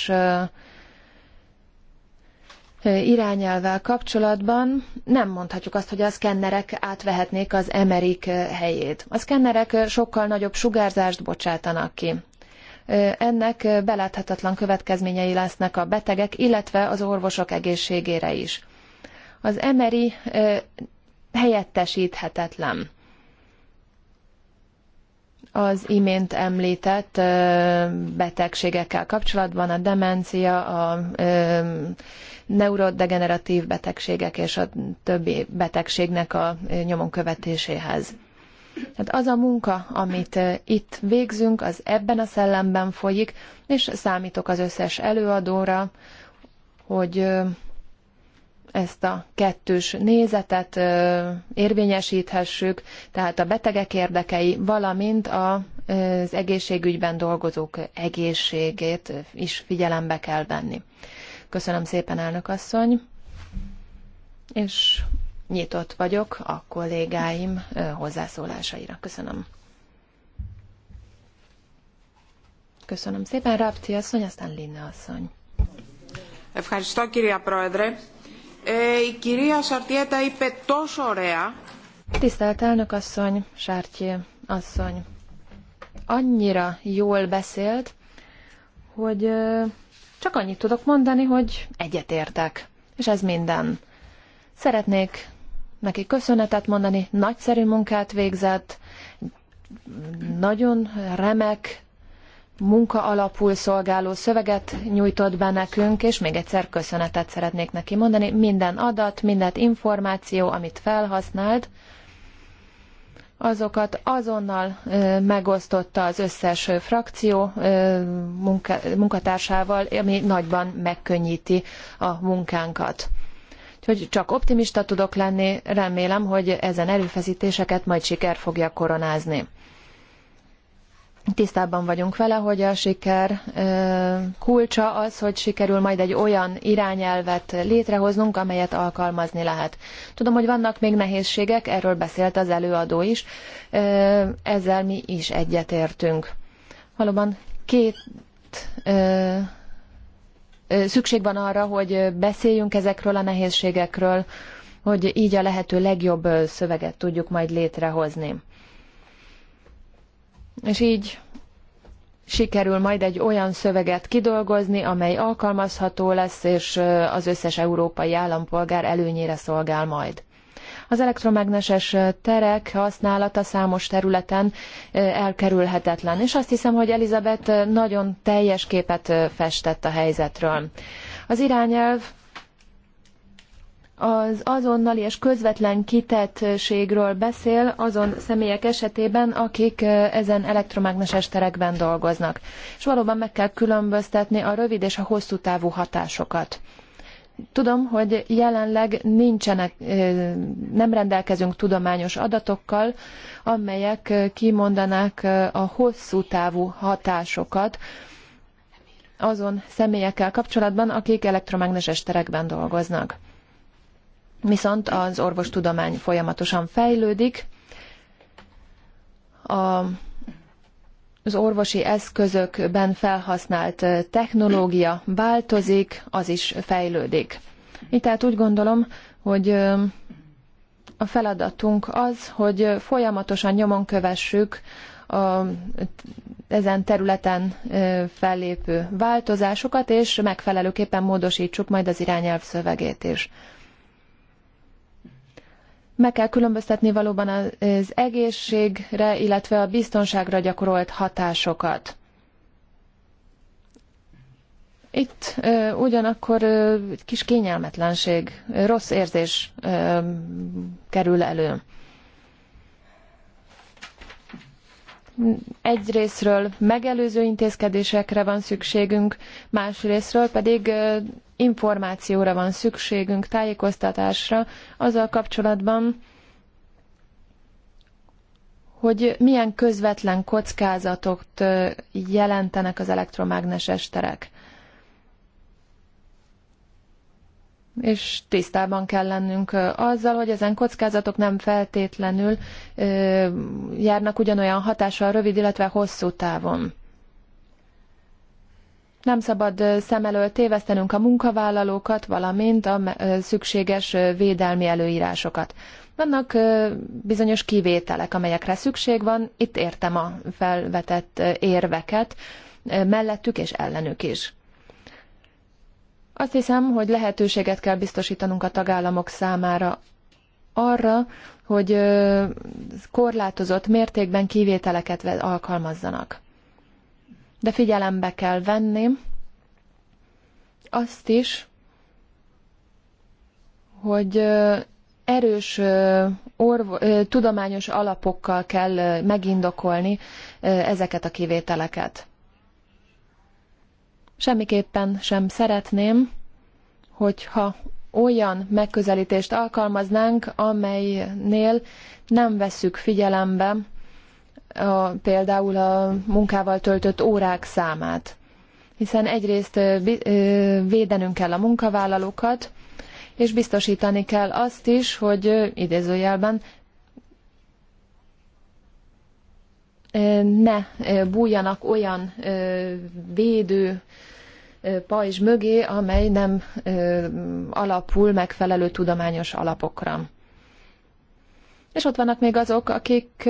irányelvvel kapcsolatban nem mondhatjuk azt, hogy a szkennerek átvehetnék az emerik helyét. A szkennerek sokkal nagyobb sugárzást bocsátanak ki. Ennek beláthatatlan következményei lesznek a betegek, illetve az orvosok egészségére is. Az emeri helyettesíthetetlen. Az imént említett betegségekkel kapcsolatban a demencia, a neurodegeneratív betegségek és a többi betegségnek a nyomon követéséhez. Tehát az a munka, amit itt végzünk, az ebben a szellemben folyik, és számítok az összes előadóra, hogy ezt a kettős nézetet érvényesíthessük, tehát a betegek érdekei, valamint az egészségügyben dolgozók egészségét is figyelembe kell venni. Köszönöm szépen, elnök asszony, és nyitott vagyok a kollégáim hozzászólásaira. Köszönöm. Köszönöm szépen, Rapti asszony, aztán Linne asszony. Ευχαριστώ, κυρία η κυρία Σαρτιέ τα είπε τόσο ωραία. Tisztelt elnök asszony, Sártyé asszony, annyira jól beszélt, hogy csak annyit tudok mondani, hogy egyetértek, és ez minden. Szeretnék neki köszönetet mondani, nagyszerű munkát végzett, nagyon remek munka alapú szolgáló szöveget nyújtott be nekünk, és még egyszer köszönetet szeretnék neki mondani. Minden adat, minden információ, amit felhasznált, azokat azonnal megosztotta az összes frakció munka, munkatársával, ami nagyban megkönnyíti a munkánkat. Úgyhogy csak optimista tudok lenni, remélem, hogy ezen erőfeszítéseket majd siker fogja koronázni tisztában vagyunk vele, hogy a siker kulcsa az, hogy sikerül majd egy olyan irányelvet létrehoznunk, amelyet alkalmazni lehet. Tudom, hogy vannak még nehézségek, erről beszélt az előadó is, ezzel mi is egyetértünk. Valóban két szükség van arra, hogy beszéljünk ezekről a nehézségekről, hogy így a lehető legjobb szöveget tudjuk majd létrehozni és így sikerül majd egy olyan szöveget kidolgozni, amely alkalmazható lesz, és az összes európai állampolgár előnyére szolgál majd. Az elektromágneses terek használata számos területen elkerülhetetlen, és azt hiszem, hogy Elizabeth nagyon teljes képet festett a helyzetről. Az irányelv az azonnali és közvetlen kitettségről beszél azon személyek esetében, akik ezen elektromágneses terekben dolgoznak. És valóban meg kell különböztetni a rövid és a hosszú távú hatásokat. Tudom, hogy jelenleg nincsenek, nem rendelkezünk tudományos adatokkal, amelyek kimondanák a hosszú távú hatásokat azon személyekkel kapcsolatban, akik elektromágneses terekben dolgoznak. Viszont az orvostudomány folyamatosan fejlődik. A az orvosi eszközökben felhasznált technológia változik, az is fejlődik. Itt tehát úgy gondolom, hogy a feladatunk az, hogy folyamatosan nyomon kövessük a, ezen területen fellépő változásokat, és megfelelőképpen módosítsuk majd az irányelv szövegét is. Meg kell különböztetni valóban az egészségre, illetve a biztonságra gyakorolt hatásokat. Itt ö, ugyanakkor ö, kis kényelmetlenség, ö, rossz érzés ö, kerül elő. egyrésztről megelőző intézkedésekre van szükségünk, másrésztről pedig információra van szükségünk, tájékoztatásra azzal kapcsolatban, hogy milyen közvetlen kockázatot jelentenek az elektromágneses terek. és tisztában kell lennünk azzal, hogy ezen kockázatok nem feltétlenül járnak ugyanolyan hatással rövid, illetve hosszú távon. Nem szabad szem elől tévesztenünk a munkavállalókat, valamint a szükséges védelmi előírásokat. Vannak bizonyos kivételek, amelyekre szükség van, itt értem a felvetett érveket mellettük és ellenük is. Azt hiszem, hogy lehetőséget kell biztosítanunk a tagállamok számára arra, hogy korlátozott mértékben kivételeket alkalmazzanak. De figyelembe kell venni azt is, hogy erős orvo, tudományos alapokkal kell megindokolni ezeket a kivételeket. Semmiképpen sem szeretném, hogyha olyan megközelítést alkalmaznánk, amelynél nem vesszük figyelembe a, például a munkával töltött órák számát. Hiszen egyrészt védenünk kell a munkavállalókat, és biztosítani kell azt is, hogy idézőjelben ne bújjanak olyan védő pajzs mögé, amely nem alapul megfelelő tudományos alapokra. És ott vannak még azok, akik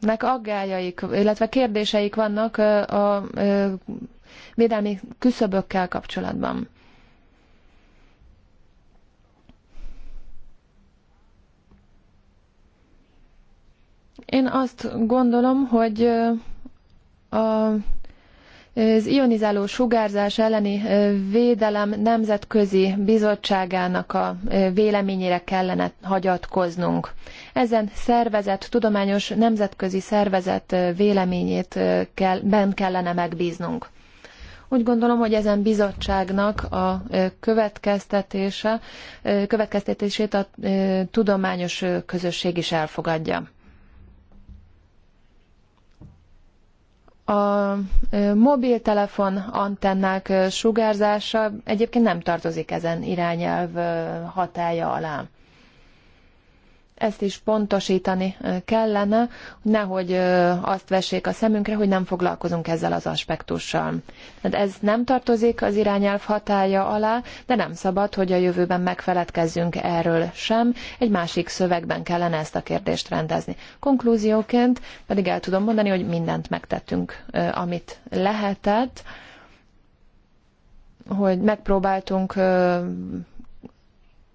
nek aggájaik, illetve kérdéseik vannak a védelmi küszöbökkel kapcsolatban. Én azt gondolom, hogy a az ionizáló sugárzás elleni védelem nemzetközi bizottságának a véleményére kellene hagyatkoznunk. Ezen szervezet, tudományos nemzetközi szervezet véleményét kell, ben kellene megbíznunk. Úgy gondolom, hogy ezen bizottságnak a következtetése, következtetését a tudományos közösség is elfogadja. A mobiltelefon antennák sugárzása egyébként nem tartozik ezen irányelv hatája alá. Ezt is pontosítani kellene, nehogy azt vessék a szemünkre, hogy nem foglalkozunk ezzel az aspektussal. Hát ez nem tartozik az irányelv hatája alá, de nem szabad, hogy a jövőben megfeledkezzünk erről sem. Egy másik szövegben kellene ezt a kérdést rendezni. Konklúzióként pedig el tudom mondani, hogy mindent megtettünk, amit lehetett hogy megpróbáltunk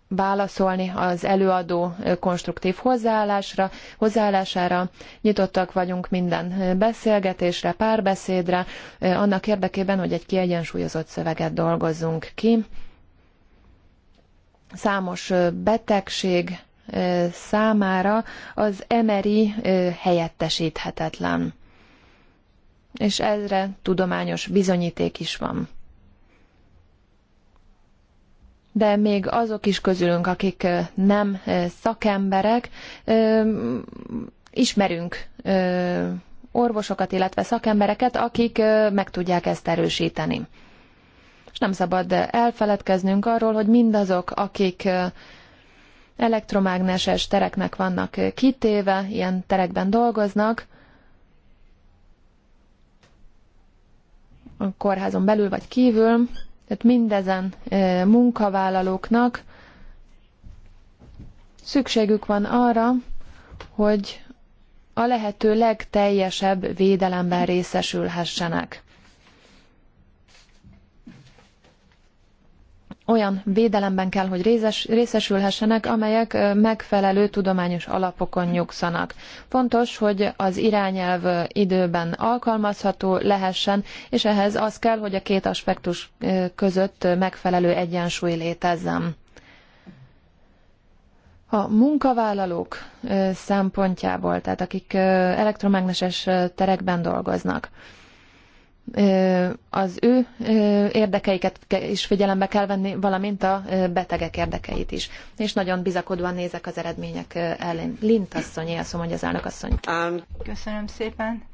válaszolni az előadó konstruktív hozzáállásra, hozzáállására. Nyitottak vagyunk minden beszélgetésre, párbeszédre, annak érdekében, hogy egy kiegyensúlyozott szöveget dolgozzunk ki. Számos betegség számára az emeri helyettesíthetetlen. És ezre tudományos bizonyíték is van de még azok is közülünk, akik nem szakemberek, ismerünk orvosokat, illetve szakembereket, akik meg tudják ezt erősíteni. És nem szabad elfeledkeznünk arról, hogy mindazok, akik elektromágneses tereknek vannak kitéve, ilyen terekben dolgoznak, a kórházon belül vagy kívül, tehát mindezen munkavállalóknak szükségük van arra, hogy a lehető legteljesebb védelemben részesülhessenek. olyan védelemben kell, hogy részes, részesülhessenek, amelyek megfelelő tudományos alapokon nyugszanak. Fontos, hogy az irányelv időben alkalmazható lehessen, és ehhez az kell, hogy a két aspektus között megfelelő egyensúly létezzen. A munkavállalók szempontjából, tehát akik elektromágneses terekben dolgoznak, az ő érdekeiket is figyelembe kell venni, valamint a betegek érdekeit is. És nagyon bizakodóan nézek az eredmények ellen. Lint asszony, azt mondja az elnök asszony. Um, Köszönöm szépen.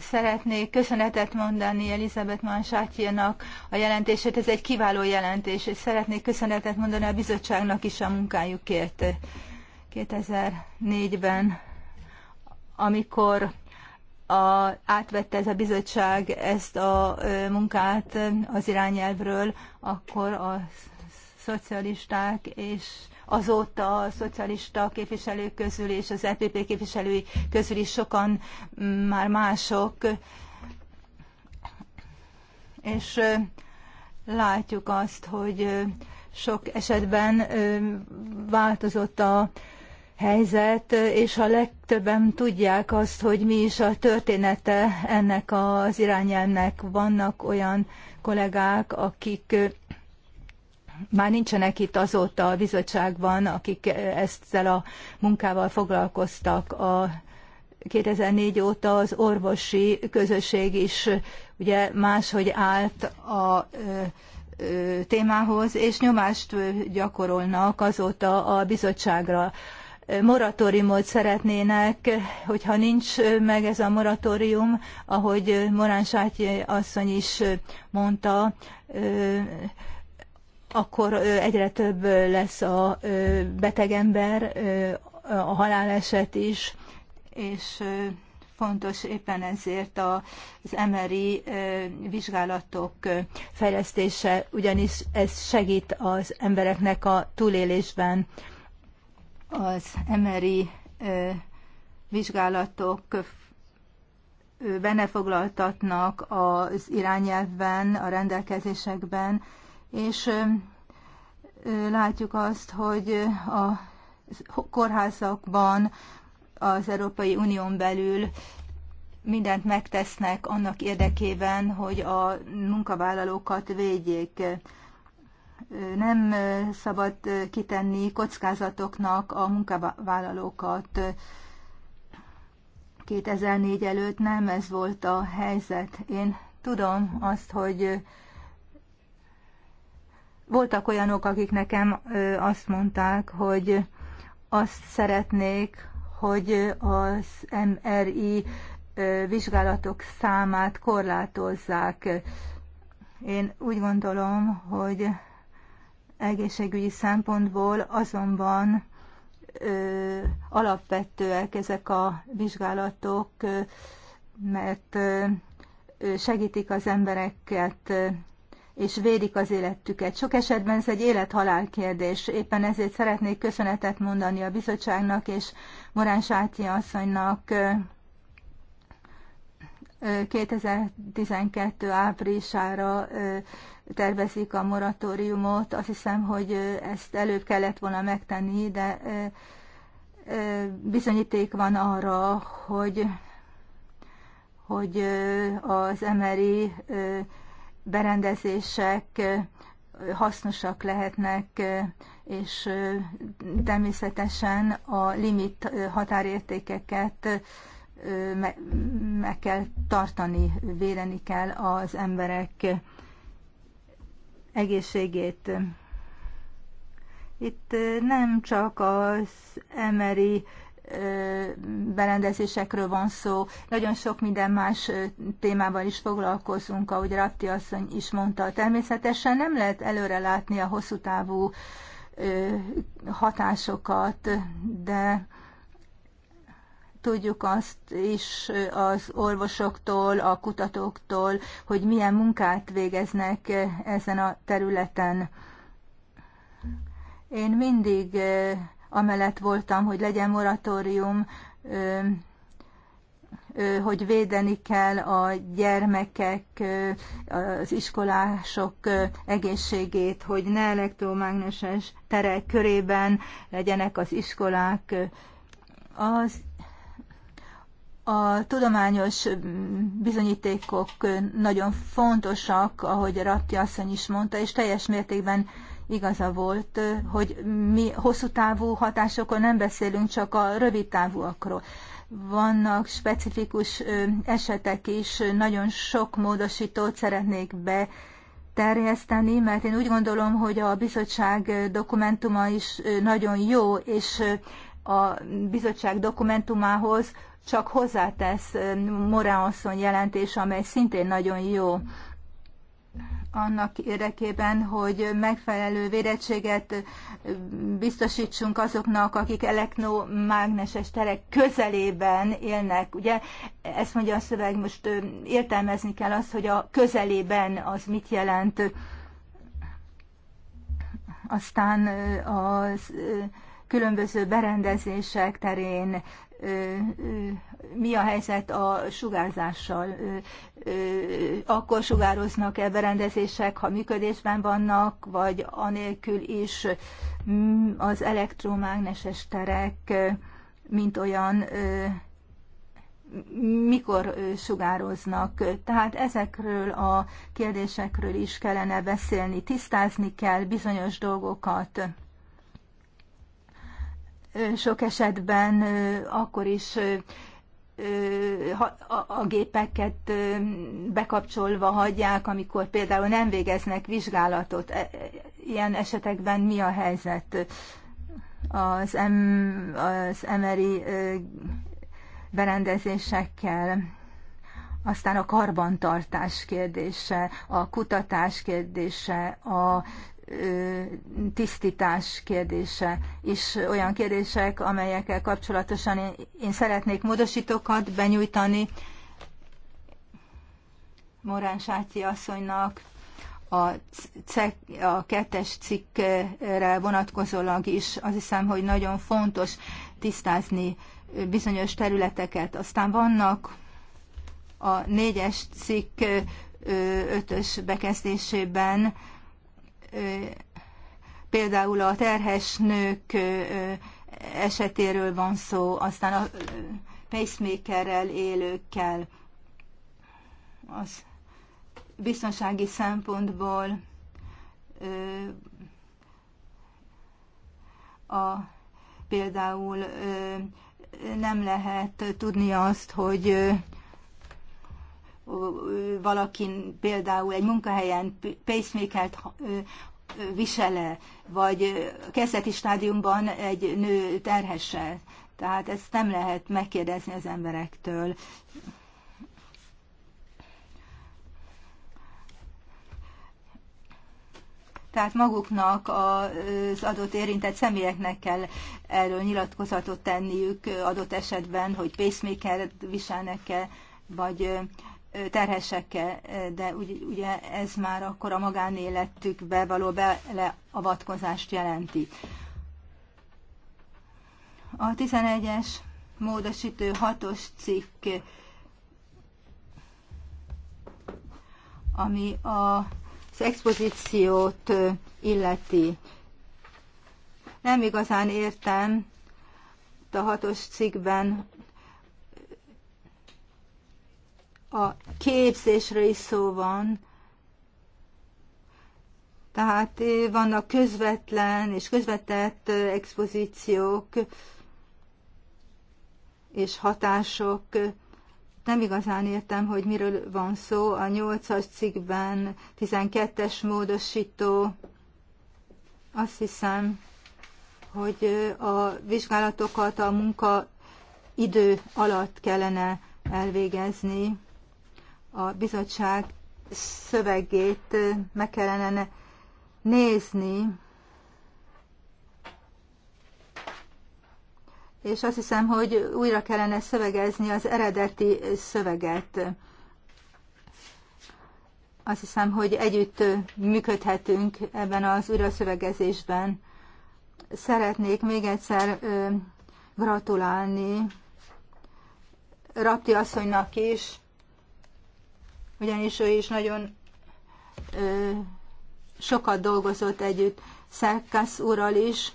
Szeretnék köszönetet mondani Elizabeth Mansátjénak a jelentését. Ez egy kiváló jelentés, és szeretnék köszönetet mondani a bizottságnak is a munkájukért. 2004-ben, amikor a, átvette ez a bizottság ezt a munkát az irányelvről, akkor a szocialisták és azóta a szocialista képviselők közül és az EPP képviselői közül is sokan már mások, és látjuk azt, hogy sok esetben változott a helyzet, és a legtöbben tudják azt, hogy mi is a története ennek az irányelvnek. Vannak olyan kollégák, akik már nincsenek itt azóta a bizottságban, akik ezzel a munkával foglalkoztak. A 2004 óta az orvosi közösség is ugye máshogy állt a témához, és nyomást gyakorolnak azóta a bizottságra moratóriumot szeretnének, hogyha nincs meg ez a moratórium, ahogy Morán Sátyi asszony is mondta, akkor egyre több lesz a beteg ember, a haláleset is, és fontos éppen ezért az MRI vizsgálatok fejlesztése, ugyanis ez segít az embereknek a túlélésben az emeri vizsgálatok benne foglaltatnak az irányelvben, a rendelkezésekben, és látjuk azt, hogy a kórházakban az Európai Unión belül mindent megtesznek annak érdekében, hogy a munkavállalókat védjék nem szabad kitenni kockázatoknak a munkavállalókat. 2004 előtt nem ez volt a helyzet. Én tudom azt, hogy voltak olyanok, akik nekem azt mondták, hogy azt szeretnék, hogy az MRI vizsgálatok számát korlátozzák. Én úgy gondolom, hogy egészségügyi szempontból azonban ö, alapvetőek ezek a vizsgálatok, ö, mert ö, segítik az embereket, ö, és védik az életüket. Sok esetben ez egy élethalál kérdés. Éppen ezért szeretnék köszönetet mondani a bizottságnak és Morán Sáti asszonynak 2012 áprilisára tervezik a moratóriumot. Azt hiszem, hogy ezt előbb kellett volna megtenni, de bizonyíték van arra, hogy, hogy az emeri berendezések hasznosak lehetnek, és természetesen a limit határértékeket meg kell tartani, védeni kell az emberek egészségét. Itt nem csak az emeri berendezésekről van szó, nagyon sok minden más témával is foglalkozunk, ahogy Ratti asszony is mondta. Természetesen nem lehet előre látni a hosszú távú hatásokat, de Tudjuk azt is az orvosoktól, a kutatóktól, hogy milyen munkát végeznek ezen a területen. Én mindig amellett voltam, hogy legyen moratórium, hogy védeni kell a gyermekek, az iskolások egészségét, hogy ne elektromágneses terek körében legyenek az iskolák. Az a tudományos bizonyítékok nagyon fontosak, ahogy Ratti asszony is mondta, és teljes mértékben igaza volt, hogy mi hosszú távú hatásokról nem beszélünk, csak a rövid távúakról. Vannak specifikus esetek is, nagyon sok módosítót szeretnék be terjeszteni, mert én úgy gondolom, hogy a bizottság dokumentuma is nagyon jó, és a bizottság dokumentumához csak hozzátesz Morán asszony jelentés, amely szintén nagyon jó annak érdekében, hogy megfelelő védettséget biztosítsunk azoknak, akik elektromágneses terek közelében élnek. Ugye ezt mondja a szöveg, most értelmezni kell azt, hogy a közelében az mit jelent. Aztán a különböző berendezések terén mi a helyzet a sugárzással. Akkor sugároznak-e berendezések, ha működésben vannak, vagy anélkül is mm, az elektromágneses terek, mint olyan, mikor sugároznak. Tehát ezekről a kérdésekről is kellene beszélni, tisztázni kell bizonyos dolgokat sok esetben akkor is a gépeket bekapcsolva hagyják, amikor például nem végeznek vizsgálatot. E, e, ilyen esetekben mi a helyzet? Az, M- az emeri berendezésekkel, aztán a karbantartás kérdése, a kutatás kérdése, a tisztítás kérdése és olyan kérdések, amelyekkel kapcsolatosan én, én szeretnék módosítókat benyújtani Morán Sáci asszonynak a, cek, a kettes cikkre vonatkozólag is. Azt hiszem, hogy nagyon fontos tisztázni bizonyos területeket. Aztán vannak a négyes cikk ötös bekezdésében például a terhes nők esetéről van szó, aztán a pacemakerrel élőkkel, az biztonsági szempontból a, például nem lehet tudni azt, hogy valakin például egy munkahelyen pacemakert visele, vagy kezdeti stádiumban egy nő terhese. Tehát ezt nem lehet megkérdezni az emberektől. Tehát maguknak az adott érintett személyeknek kell erről nyilatkozatot tenniük adott esetben, hogy pacemaker viselnek-e, vagy terhesekkel, de ugye ez már akkor a magánéletükbe való beleavatkozást jelenti. A 11-es módosítő 6-os cikk, ami az expozíciót illeti. Nem igazán értem a hatos cikkben a képzésről is szó van, tehát eh, vannak közvetlen és közvetett eh, expozíciók és hatások. Nem igazán értem, hogy miről van szó. A 8-as cikkben 12-es módosító. Azt hiszem, hogy eh, a vizsgálatokat a munka idő alatt kellene elvégezni a bizottság szövegét meg kellene nézni, és azt hiszem, hogy újra kellene szövegezni az eredeti szöveget. Azt hiszem, hogy együtt működhetünk ebben az újraszövegezésben. Szeretnék még egyszer gratulálni Rapti asszonynak is, ugyanis ő is nagyon ö, sokat dolgozott együtt Szekkász úrral is,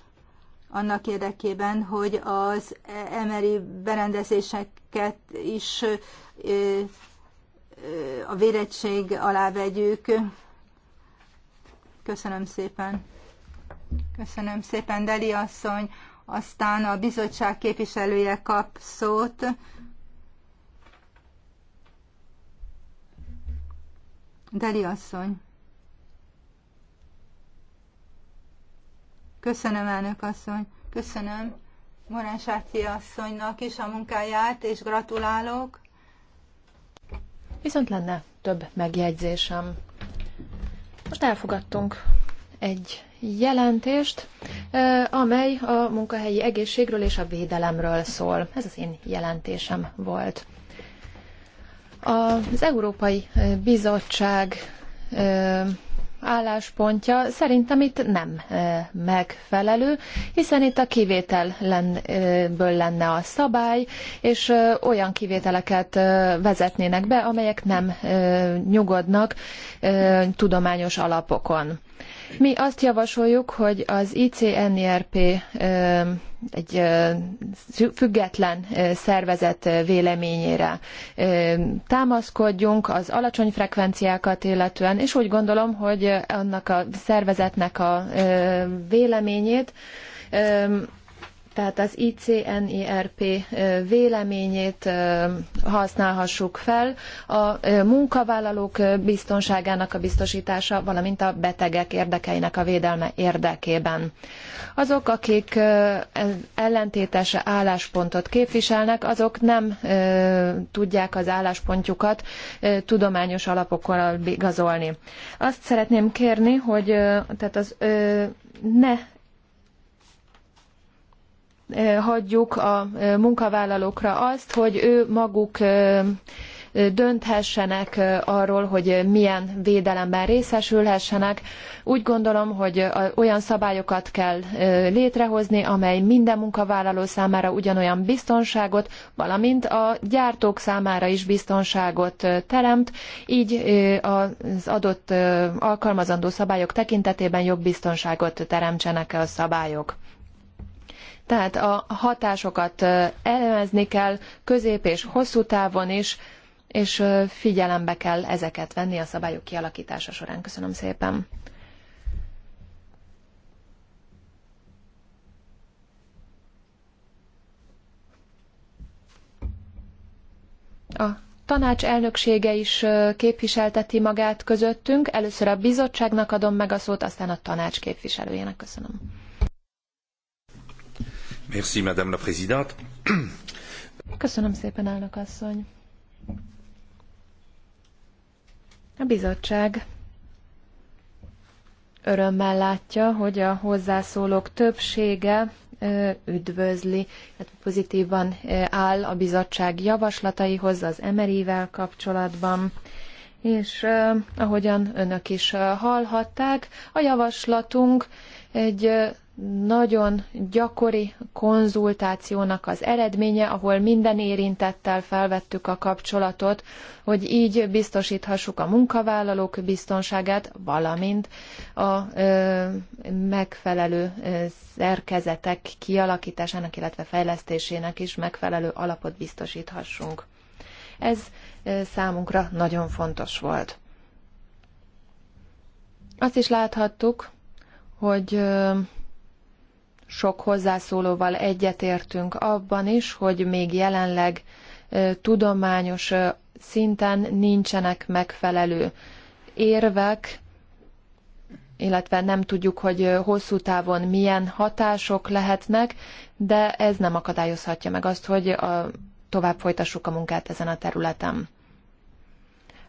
annak érdekében, hogy az emeri berendezéseket is ö, ö, a védettség alá vegyük. Köszönöm szépen. Köszönöm szépen, Deli asszony. Aztán a bizottság képviselője kap szót. Deli asszony. Köszönöm, elnök asszony. Köszönöm Morán Sáti asszonynak is a munkáját, és gratulálok. Viszont lenne több megjegyzésem. Most elfogadtunk egy jelentést, amely a munkahelyi egészségről és a védelemről szól. Ez az én jelentésem volt. Az Európai Bizottság álláspontja szerintem itt nem megfelelő, hiszen itt a kivételből lenne a szabály, és olyan kivételeket vezetnének be, amelyek nem nyugodnak tudományos alapokon. Mi azt javasoljuk, hogy az ICNRP egy független szervezet véleményére támaszkodjunk az alacsony frekvenciákat illetően, és úgy gondolom, hogy annak a szervezetnek a véleményét tehát az ICNIRP e véleményét használhassuk fel a munkavállalók biztonságának a biztosítása, valamint a betegek érdekeinek a védelme érdekében. Azok, akik ellentétes álláspontot képviselnek, azok nem tudják az álláspontjukat tudományos alapokkal igazolni. Azt szeretném kérni, hogy tehát az ne hagyjuk a munkavállalókra azt, hogy ő maguk dönthessenek arról, hogy milyen védelemben részesülhessenek. Úgy gondolom, hogy olyan szabályokat kell létrehozni, amely minden munkavállaló számára ugyanolyan biztonságot, valamint a gyártók számára is biztonságot teremt, így az adott alkalmazandó szabályok tekintetében jobb biztonságot teremtsenek a szabályok. Tehát a hatásokat elemezni kell közép és hosszú távon is, és figyelembe kell ezeket venni a szabályok kialakítása során. Köszönöm szépen. A tanács elnöksége is képviselteti magát közöttünk. Először a bizottságnak adom meg a szót, aztán a tanács képviselőjének. Köszönöm. Merci, Madame la Présidente. Köszönöm szépen, elnök asszony. A bizottság örömmel látja, hogy a hozzászólók többsége üdvözli, tehát pozitívan áll a bizottság javaslataihoz az MRI-vel kapcsolatban. És ahogyan önök is hallhatták, a javaslatunk egy nagyon gyakori konzultációnak az eredménye, ahol minden érintettel felvettük a kapcsolatot, hogy így biztosíthassuk a munkavállalók biztonságát, valamint a ö, megfelelő szerkezetek kialakításának, illetve fejlesztésének is megfelelő alapot biztosíthassunk. Ez számunkra nagyon fontos volt. Azt is láthattuk, hogy sok hozzászólóval egyetértünk abban is, hogy még jelenleg tudományos szinten nincsenek megfelelő érvek, illetve nem tudjuk, hogy hosszú távon milyen hatások lehetnek, de ez nem akadályozhatja meg azt, hogy a, tovább folytassuk a munkát ezen a területen.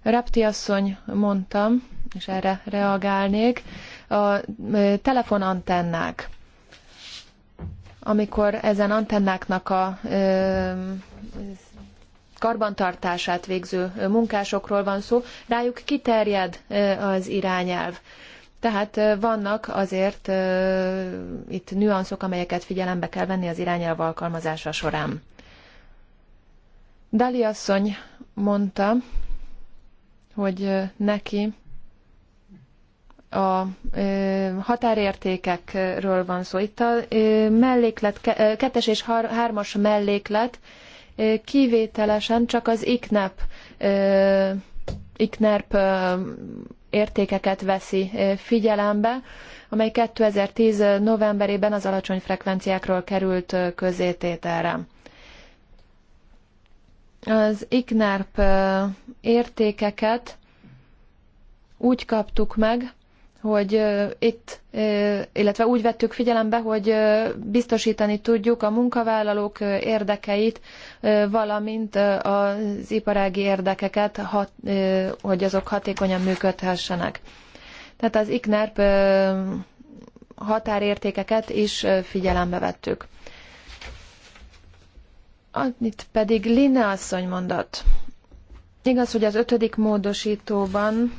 Repti asszony mondtam, és erre reagálnék, a telefonantennák amikor ezen antennáknak a karbantartását végző munkásokról van szó, rájuk kiterjed az irányelv. Tehát vannak azért itt nüanszok, amelyeket figyelembe kell venni az irányelv alkalmazása során. Dali asszony mondta, hogy neki a határértékekről van szó. Itt a melléklet, kettes és hármas melléklet kivételesen csak az IKNEP, IKNERP értékeket veszi figyelembe, amely 2010. novemberében az alacsony frekvenciákról került közétételre. Az IKNERP értékeket úgy kaptuk meg, hogy itt, illetve úgy vettük figyelembe, hogy biztosítani tudjuk a munkavállalók érdekeit, valamint az iparági érdekeket, hogy azok hatékonyan működhessenek. Tehát az IKNERP határértékeket is figyelembe vettük. Annyit pedig Linne asszony mondott. Igaz, hogy az ötödik módosítóban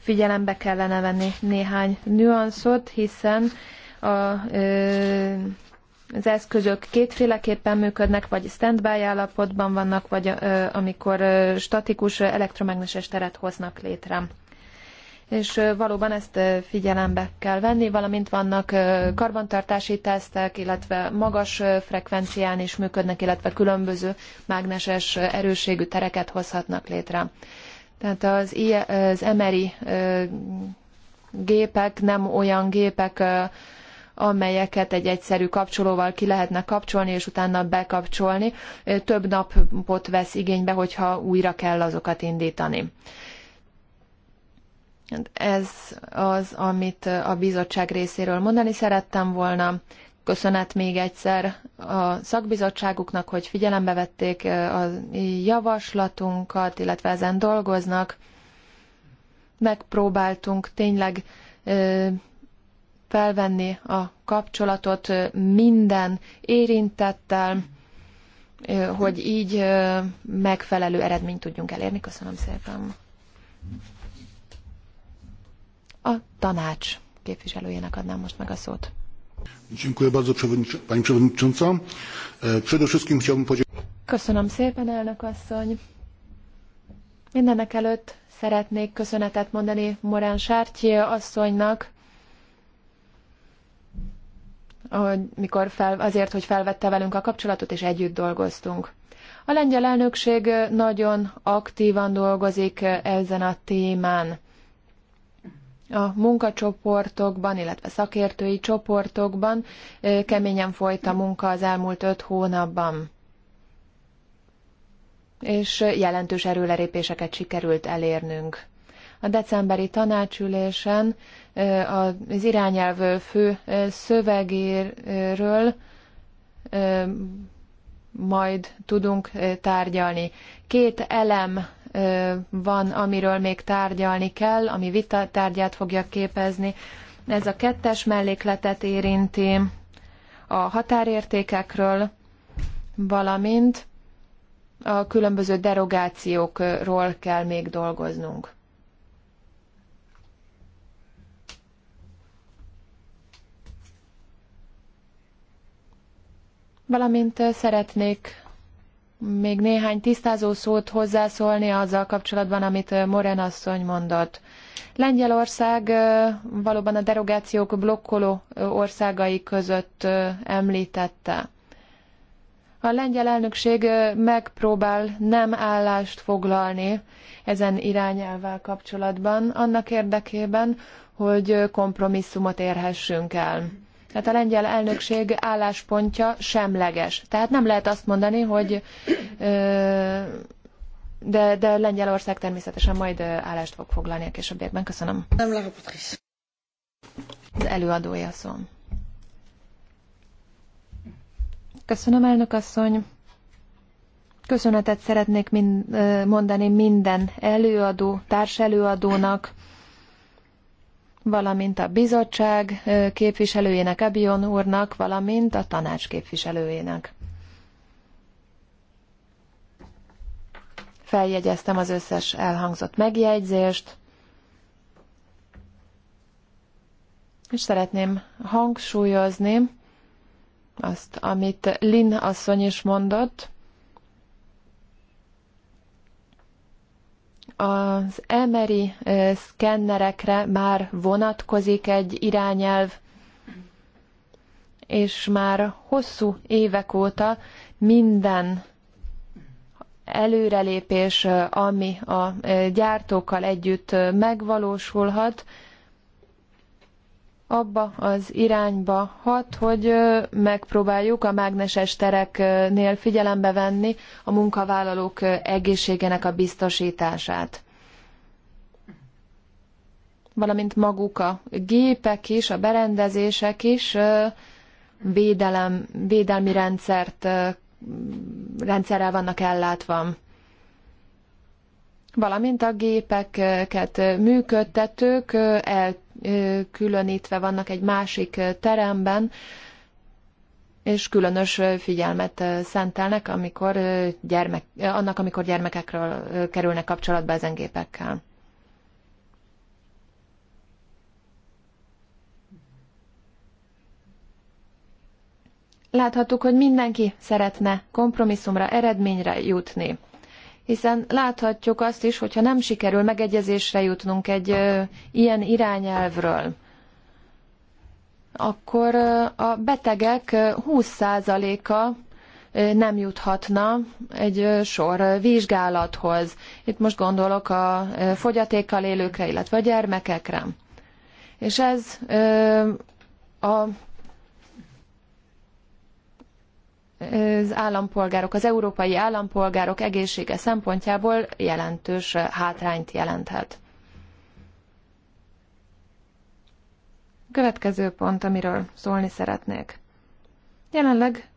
figyelembe kellene venni néhány nüanszot, hiszen a, ö, az eszközök kétféleképpen működnek, vagy standby állapotban vannak, vagy ö, amikor ö, statikus elektromágneses teret hoznak létre. És ö, valóban ezt ö, figyelembe kell venni, valamint vannak ö, karbantartási tesztek, illetve magas ö, frekvencián is működnek, illetve különböző mágneses erősségű tereket hozhatnak létre. Tehát az, az emeri gépek nem olyan gépek, amelyeket egy egyszerű kapcsolóval ki lehetne kapcsolni, és utána bekapcsolni. Több napot vesz igénybe, hogyha újra kell azokat indítani. Ez az, amit a bizottság részéről mondani szerettem volna. Köszönet még egyszer a szakbizottságuknak, hogy figyelembe vették a javaslatunkat, illetve ezen dolgoznak. Megpróbáltunk tényleg felvenni a kapcsolatot minden érintettel, hogy így megfelelő eredményt tudjunk elérni. Köszönöm szépen. A tanács képviselőjének adnám most meg a szót. Dziękuję bardzo, Pani Przewodnicząca. E, przede wszystkim chciałbym podziękować. Köszönöm szépen, elnök asszony. Mindenek előtt szeretnék köszönetet mondani Morán Sártyé asszonynak, mikor fel, azért, hogy felvette velünk a kapcsolatot, és együtt dolgoztunk. A lengyel elnökség nagyon aktívan dolgozik ezen a témán a munkacsoportokban, illetve szakértői csoportokban keményen folyt a munka az elmúlt öt hónapban. És jelentős erőlerépéseket sikerült elérnünk. A decemberi tanácsülésen az irányelv fő szövegéről majd tudunk tárgyalni. Két elem van, amiről még tárgyalni kell, ami vita tárgyát fogja képezni. Ez a kettes mellékletet érinti a határértékekről, valamint a különböző derogációkról kell még dolgoznunk. Valamint szeretnék még néhány tisztázó szót hozzászólni azzal kapcsolatban, amit Moren asszony mondott. Lengyelország valóban a derogációk blokkoló országai között említette. A lengyel elnökség megpróbál nem állást foglalni ezen irányelvvel kapcsolatban, annak érdekében, hogy kompromisszumot érhessünk el. Tehát a lengyel elnökség álláspontja semleges. Tehát nem lehet azt mondani, hogy de, de Lengyelország természetesen majd állást fog foglalni a későbbiekben. Köszönöm. Nem la Az előadója szó. Köszönöm, elnök asszony. Köszönetet szeretnék mind, mondani minden előadó, társelőadónak, valamint a bizottság képviselőjének, Ebion úrnak, valamint a tanács képviselőjének. Feljegyeztem az összes elhangzott megjegyzést, és szeretném hangsúlyozni azt, amit Lin asszony is mondott, Az emeri szkennerekre már vonatkozik egy irányelv, és már hosszú évek óta minden előrelépés, ami a gyártókkal együtt megvalósulhat, abba az irányba hat, hogy megpróbáljuk a mágneses tereknél figyelembe venni a munkavállalók egészségének a biztosítását. Valamint maguk a gépek is, a berendezések is védelem, védelmi rendszert, rendszerrel vannak ellátva valamint a gépeket működtetők el Különítve vannak egy másik teremben, és különös figyelmet szentelnek, amikor gyermek, annak, amikor gyermekekről kerülnek kapcsolatba ezen gépekkel. Láthattuk, hogy mindenki szeretne kompromisszumra, eredményre jutni hiszen láthatjuk azt is, hogyha nem sikerül megegyezésre jutnunk egy ilyen irányelvről, akkor a betegek 20%-a nem juthatna egy sor vizsgálathoz. Itt most gondolok a fogyatékkal élőkre, illetve a gyermekekre. És ez a az állampolgárok, az európai állampolgárok egészsége szempontjából jelentős hátrányt jelenthet. Következő pont, amiről szólni szeretnék. Jelenleg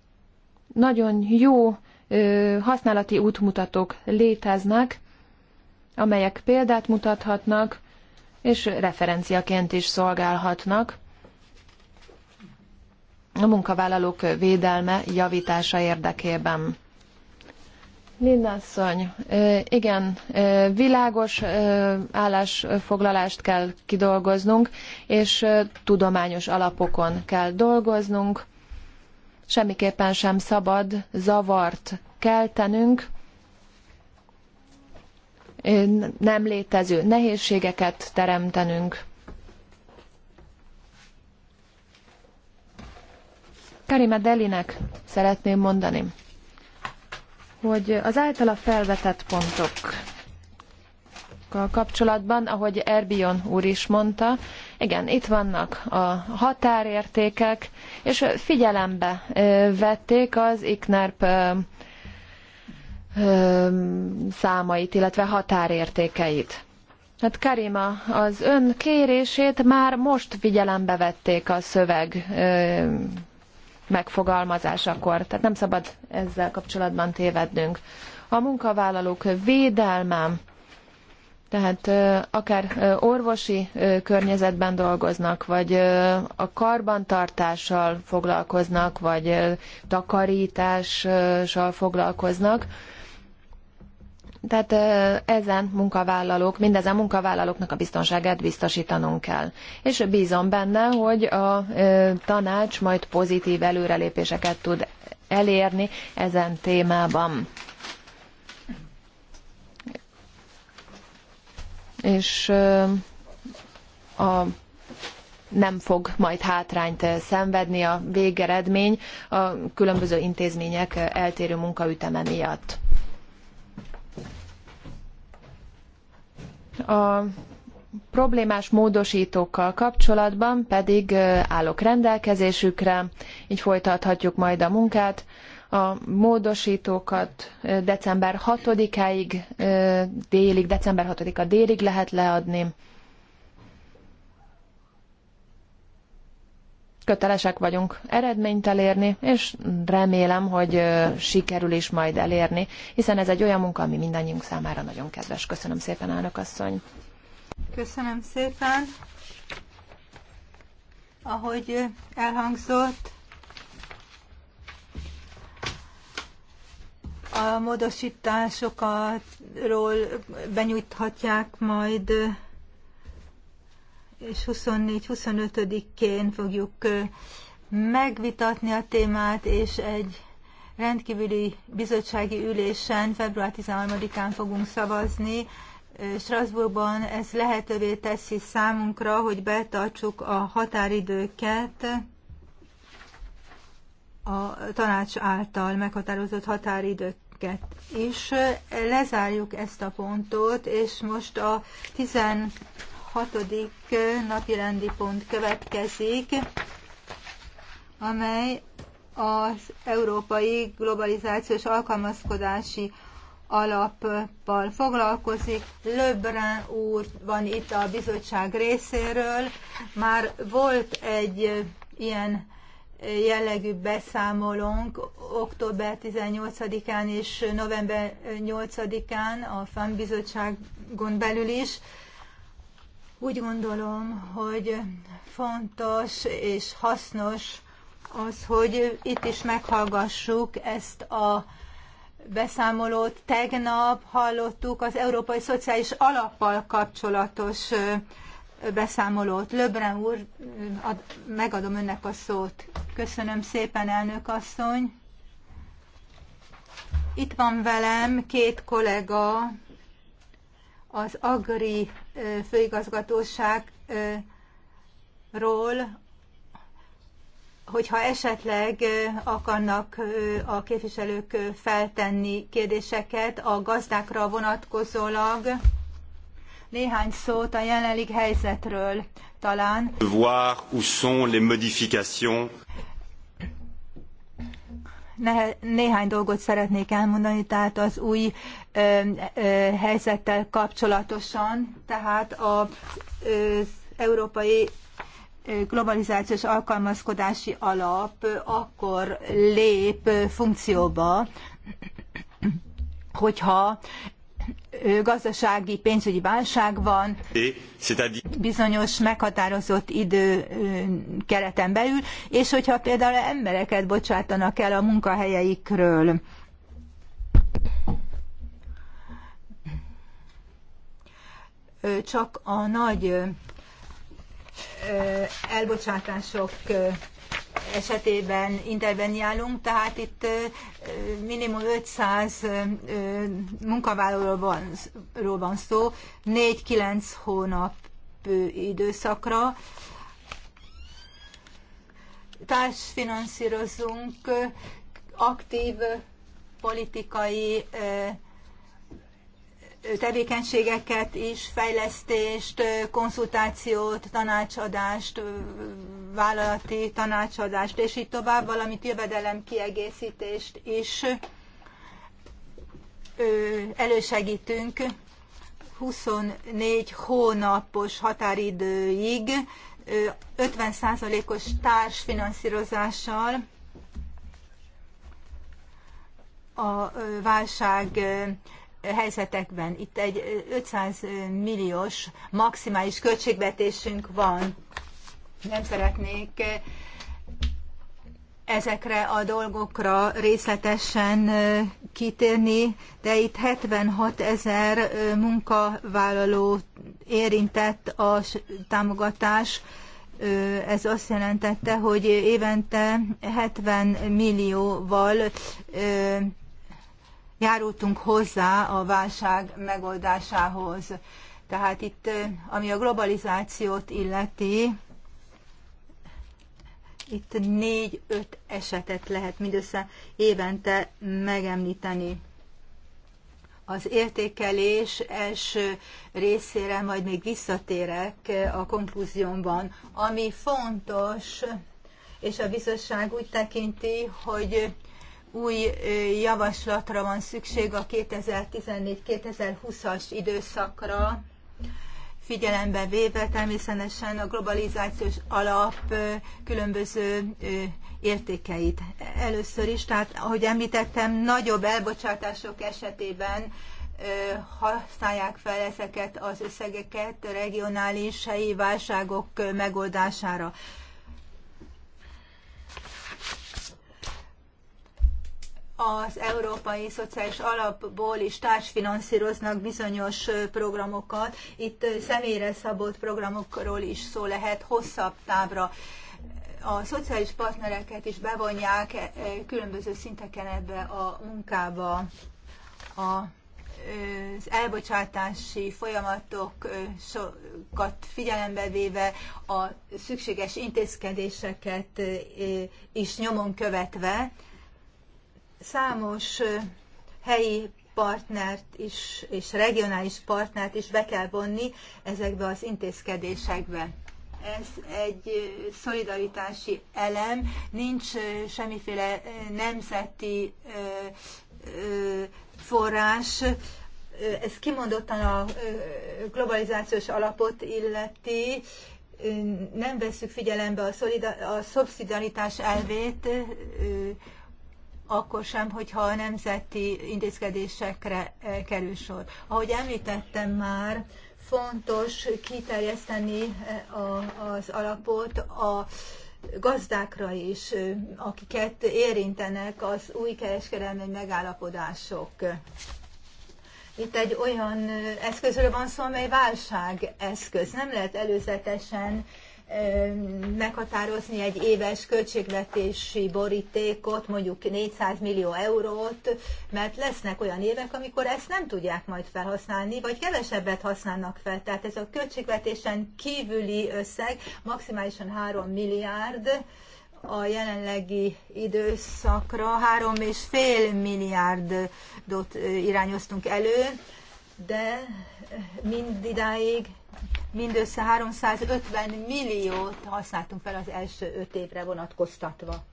nagyon jó ö, használati útmutatók léteznek, amelyek példát mutathatnak, és referenciaként is szolgálhatnak a munkavállalók védelme javítása érdekében. asszony, igen, világos állásfoglalást kell kidolgoznunk, és tudományos alapokon kell dolgoznunk. Semmiképpen sem szabad zavart keltenünk, nem létező nehézségeket teremtenünk. Karima Delinek szeretném mondani, hogy az általa felvetett pontok kapcsolatban, ahogy Erbion úr is mondta, igen, itt vannak a határértékek, és figyelembe vették az IKNERP számait, illetve határértékeit. Hát Karima, az ön kérését már most figyelembe vették a szöveg megfogalmazásakor. Tehát nem szabad ezzel kapcsolatban tévednünk. A munkavállalók védelme, tehát akár orvosi környezetben dolgoznak, vagy a karbantartással foglalkoznak, vagy takarítással foglalkoznak, tehát ezen munkavállalók, mindezen munkavállalóknak a biztonságát biztosítanunk kell. És bízom benne, hogy a tanács majd pozitív előrelépéseket tud elérni ezen témában. És a nem fog majd hátrányt szenvedni a végeredmény a különböző intézmények eltérő munkaüteme miatt. A problémás módosítókkal kapcsolatban pedig állok rendelkezésükre, így folytathatjuk majd a munkát. A módosítókat december 6-áig délig, december 6-a délig lehet leadni. kötelesek vagyunk eredményt elérni, és remélem, hogy sikerül is majd elérni, hiszen ez egy olyan munka, ami mindannyiunk számára nagyon kedves. Köszönöm szépen, elnök asszony! Köszönöm szépen! Ahogy elhangzott, a módosításokról benyújthatják majd és 24-25-én fogjuk megvitatni a témát, és egy rendkívüli bizottsági ülésen február 13-án fogunk szavazni. Strasbourgban ez lehetővé teszi számunkra, hogy betartsuk a határidőket a tanács által meghatározott határidőket is. Lezárjuk ezt a pontot, és most a 10 hatodik napirendi pont következik, amely az Európai Globalizációs Alkalmazkodási Alappal foglalkozik. Löbren úr van itt a bizottság részéről. Már volt egy ilyen jellegű beszámolónk október 18-án és november 8-án a FAN bizottságon belül is. Úgy gondolom, hogy fontos és hasznos az, hogy itt is meghallgassuk ezt a beszámolót. Tegnap hallottuk az Európai Szociális Alappal kapcsolatos beszámolót. Löbren úr, ad, megadom önnek a szót. Köszönöm szépen, elnök asszony. Itt van velem két kollega, az Agri főigazgatóságról, hogyha esetleg akarnak a képviselők feltenni kérdéseket a gazdákra vonatkozólag, néhány szót a jelenleg helyzetről talán. Voir où sont les modifications néhány dolgot szeretnék elmondani, tehát az új ö, ö, helyzettel kapcsolatosan, tehát az Európai Globalizációs Alkalmazkodási Alap akkor lép funkcióba, hogyha gazdasági, pénzügyi válság van, bizonyos meghatározott idő kereten belül, és hogyha például embereket bocsátanak el a munkahelyeikről, csak a nagy elbocsátások esetében interveniálunk, tehát itt minimum 500 munkavállalóról van szó, 4-9 hónap időszakra. Társfinanszírozunk aktív politikai tevékenységeket is, fejlesztést, konzultációt, tanácsadást, vállalati tanácsadást, és így tovább, valamint jövedelem kiegészítést is elősegítünk 24 hónapos határidőig 50%-os társfinanszírozással a válság helyzetekben. Itt egy 500 milliós maximális költségvetésünk van. Nem szeretnék ezekre a dolgokra részletesen kitérni, de itt 76 ezer munkavállaló érintett a támogatás. Ez azt jelentette, hogy évente 70 millióval járultunk hozzá a válság megoldásához. Tehát itt, ami a globalizációt illeti, itt négy-öt esetet lehet mindössze évente megemlíteni. Az értékelés első részére majd még visszatérek a konklúziómban. Ami fontos, és a bizottság úgy tekinti, hogy új javaslatra van szükség a 2014-2020-as időszakra, figyelembe véve természetesen a globalizációs alap különböző értékeit. Először is, tehát ahogy említettem, nagyobb elbocsátások esetében használják fel ezeket az összegeket regionális helyi válságok megoldására. az Európai Szociális Alapból is társfinanszíroznak bizonyos programokat. Itt személyre szabott programokról is szó lehet hosszabb távra. A szociális partnereket is bevonják e, e, különböző szinteken ebbe a munkába. A az elbocsátási folyamatokat figyelembe véve a szükséges intézkedéseket is nyomon követve számos helyi partnert is, és regionális partnert is be kell vonni ezekbe az intézkedésekbe. Ez egy szolidaritási elem, nincs semmiféle nemzeti forrás, ez kimondottan a globalizációs alapot illeti, nem veszük figyelembe a, szolida- a szubszidaritás elvét, akkor sem, hogyha a nemzeti intézkedésekre eh, kerül sor. Ahogy említettem már, fontos kiterjeszteni eh, az alapot a gazdákra is, eh, akiket érintenek az új kereskedelmi megállapodások. Itt egy olyan eszközről van szó, amely eszköz. Nem lehet előzetesen meghatározni egy éves költségvetési borítékot, mondjuk 400 millió eurót, mert lesznek olyan évek, amikor ezt nem tudják majd felhasználni, vagy kevesebbet használnak fel. Tehát ez a költségvetésen kívüli összeg maximálisan 3 milliárd, a jelenlegi időszakra 3,5 milliárdot irányoztunk elő, de mindidáig mindössze 350 milliót használtunk fel az első öt évre vonatkoztatva.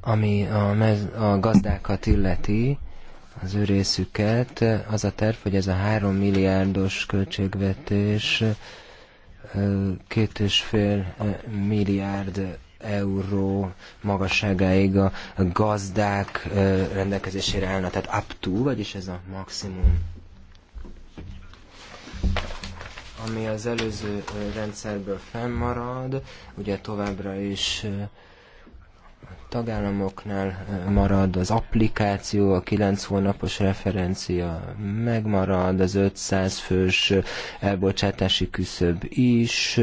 Ami a, mez, a gazdákat illeti, az ő részüket, az a terv, hogy ez a 3 milliárdos költségvetés két és fél milliárd euró magasságáig a gazdák rendelkezésére állna, tehát up to, vagyis ez a maximum ami az előző rendszerből fennmarad, ugye továbbra is tagállamoknál marad az applikáció, a 9 hónapos referencia megmarad, az 500 fős elbocsátási küszöb is,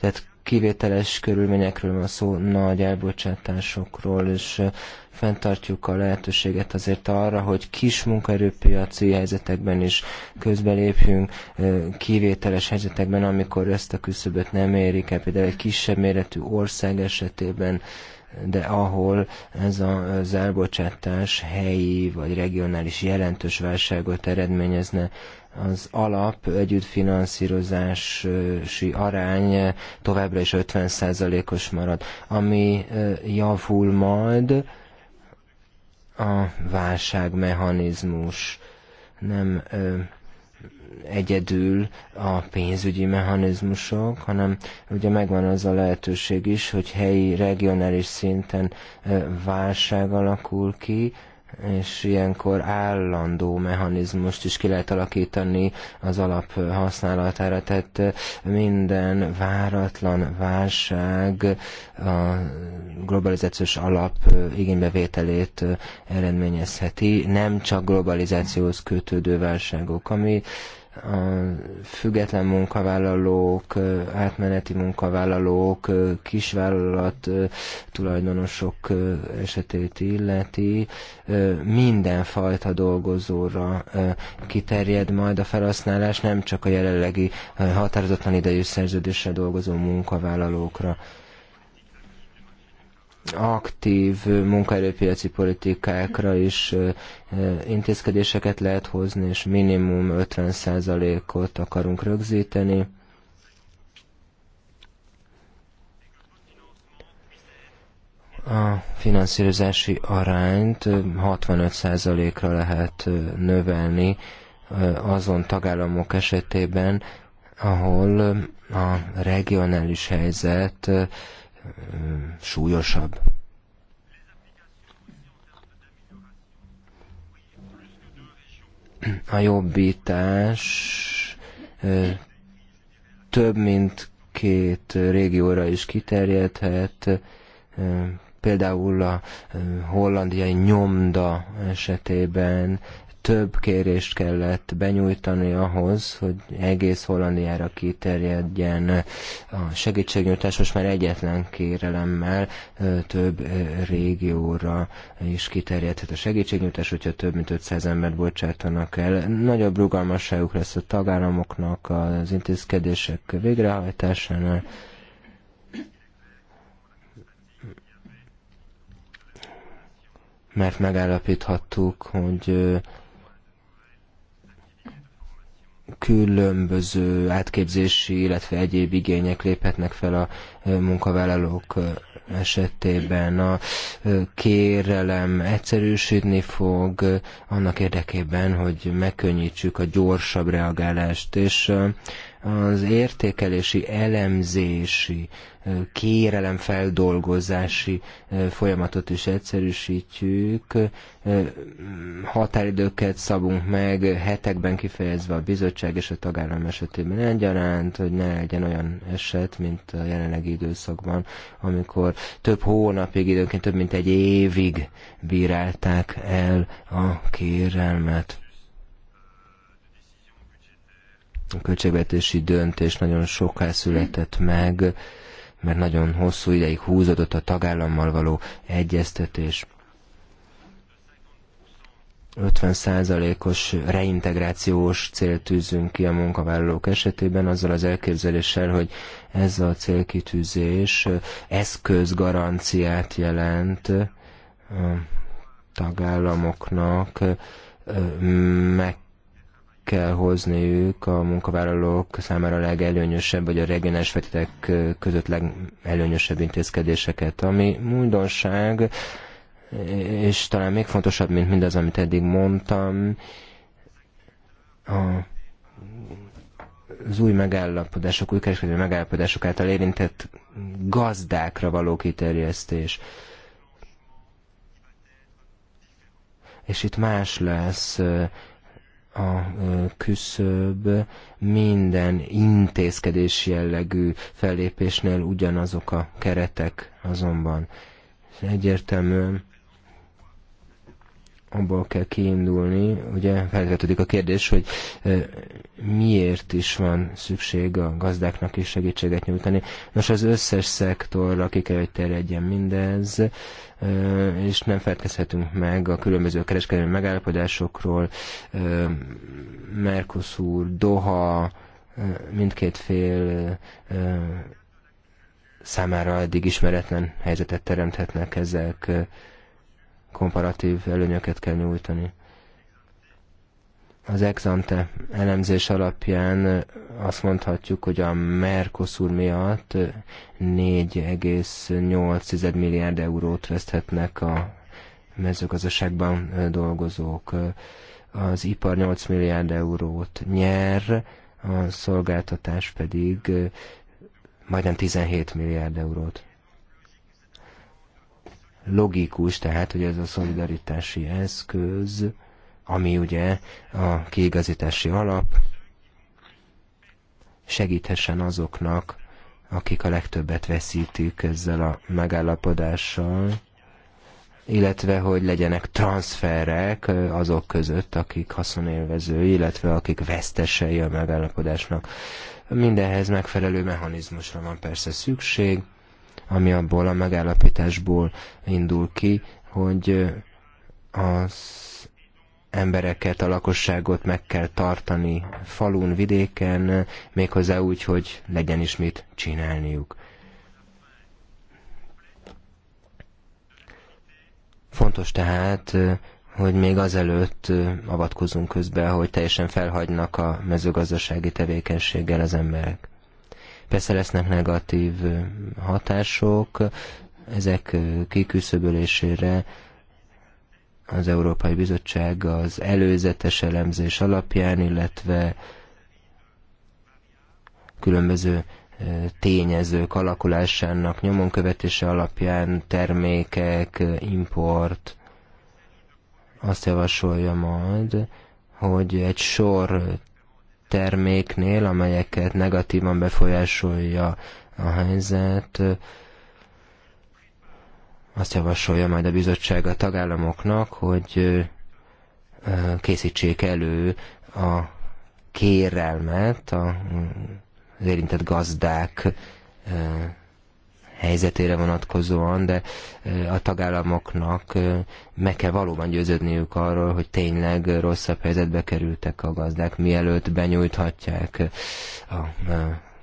tehát kivételes körülményekről van szó, nagy elbocsátásokról, és fenntartjuk a lehetőséget azért arra, hogy kis munkaerőpiaci helyzetekben is közbelépjünk, kivételes helyzetekben, amikor ezt a küszöböt nem érik el, például egy kisebb méretű ország esetében, de ahol ez az elbocsátás helyi vagy regionális jelentős válságot eredményezne, az alap együttfinanszírozási arány továbbra is 50%-os marad, ami javul majd a válságmechanizmus nem egyedül a pénzügyi mechanizmusok, hanem ugye megvan az a lehetőség is, hogy helyi, regionális szinten válság alakul ki, és ilyenkor állandó mechanizmust is ki lehet alakítani az alap használatára. Tehát minden váratlan válság a globalizációs alap igénybevételét eredményezheti, nem csak globalizációhoz kötődő válságok, ami a független munkavállalók, átmeneti munkavállalók, kisvállalat tulajdonosok esetét illeti, mindenfajta dolgozóra kiterjed majd a felhasználás, nem csak a jelenlegi határozatlan idejű szerződésre dolgozó munkavállalókra aktív munkaerőpiaci politikákra is intézkedéseket lehet hozni, és minimum 50%-ot akarunk rögzíteni. A finanszírozási arányt 65%-ra lehet növelni azon tagállamok esetében, ahol a regionális helyzet súlyosabb. A jobbítás több mint két régióra is kiterjedhet, például a hollandiai nyomda esetében több kérést kellett benyújtani ahhoz, hogy egész Hollandiára kiterjedjen a segítségnyújtás, most már egyetlen kérelemmel több régióra is kiterjedhet a segítségnyújtás, hogyha több mint 500 embert bocsátanak el. Nagyobb rugalmasságuk lesz a tagállamoknak az intézkedések végrehajtásánál, mert megállapíthattuk, hogy különböző átképzési, illetve egyéb igények léphetnek fel a munkavállalók esetében. A kérelem egyszerűsödni fog annak érdekében, hogy megkönnyítsük a gyorsabb reagálást, és az értékelési, elemzési, kérelemfeldolgozási folyamatot is egyszerűsítjük, határidőket szabunk meg, hetekben kifejezve a bizottság és a tagállam esetében egyaránt, hogy ne legyen olyan eset, mint a jelenlegi időszakban, amikor több hónapig, időnként több mint egy évig bírálták el a kérelmet. A költségvetési döntés nagyon soká született meg, mert nagyon hosszú ideig húzódott a tagállammal való egyeztetés. 50%-os reintegrációs célt tűzünk ki a munkavállalók esetében, azzal az elképzeléssel, hogy ez a célkitűzés eszközgaranciát jelent a tagállamoknak, meg kell ők a munkavállalók számára a legelőnyösebb, vagy a regionális feltétek között legelőnyösebb intézkedéseket. Ami újdonság, és talán még fontosabb, mint mindaz, amit eddig mondtam, a az új megállapodások, új kereskedelmi megállapodások által érintett gazdákra való kiterjesztés. És itt más lesz a küszöb minden intézkedés jellegű fellépésnél ugyanazok a keretek azonban. Egyértelműen abból kell kiindulni, ugye felvetődik a kérdés, hogy miért is van szükség a gazdáknak is segítséget nyújtani. Nos, az összes szektor, aki kell, hogy terjedjen mindez, és nem feltkezhetünk meg a különböző kereskedelmi megállapodásokról, Mercosur, Doha, mindkét fél számára eddig ismeretlen helyzetet teremthetnek ezek komparatív előnyöket kell nyújtani. Az exante elemzés alapján azt mondhatjuk, hogy a Mercosur miatt 4,8 milliárd eurót veszthetnek a mezőgazdaságban dolgozók. Az ipar 8 milliárd eurót nyer, a szolgáltatás pedig majdnem 17 milliárd eurót logikus, tehát, hogy ez a szolidaritási eszköz, ami ugye a kiigazítási alap, segíthessen azoknak, akik a legtöbbet veszítik ezzel a megállapodással, illetve hogy legyenek transferek azok között, akik haszonélvezői, illetve akik vesztesei a megállapodásnak. Mindenhez megfelelő mechanizmusra van persze szükség, ami abból a megállapításból indul ki, hogy az embereket, a lakosságot meg kell tartani falun, vidéken, méghozzá úgy, hogy legyen is mit csinálniuk. Fontos tehát, hogy még azelőtt avatkozunk közbe, hogy teljesen felhagynak a mezőgazdasági tevékenységgel az emberek. Persze lesznek negatív hatások, ezek kiküszöbölésére az Európai Bizottság az előzetes elemzés alapján, illetve különböző tényezők alakulásának nyomon követése alapján termékek, import azt javasolja majd, hogy egy sor terméknél, amelyeket negatívan befolyásolja a helyzet, azt javasolja majd a bizottság a tagállamoknak, hogy készítsék elő a kérelmet az mm, érintett gazdák helyzetére vonatkozóan, de a tagállamoknak meg kell valóban győződniük arról, hogy tényleg rosszabb helyzetbe kerültek a gazdák, mielőtt benyújthatják a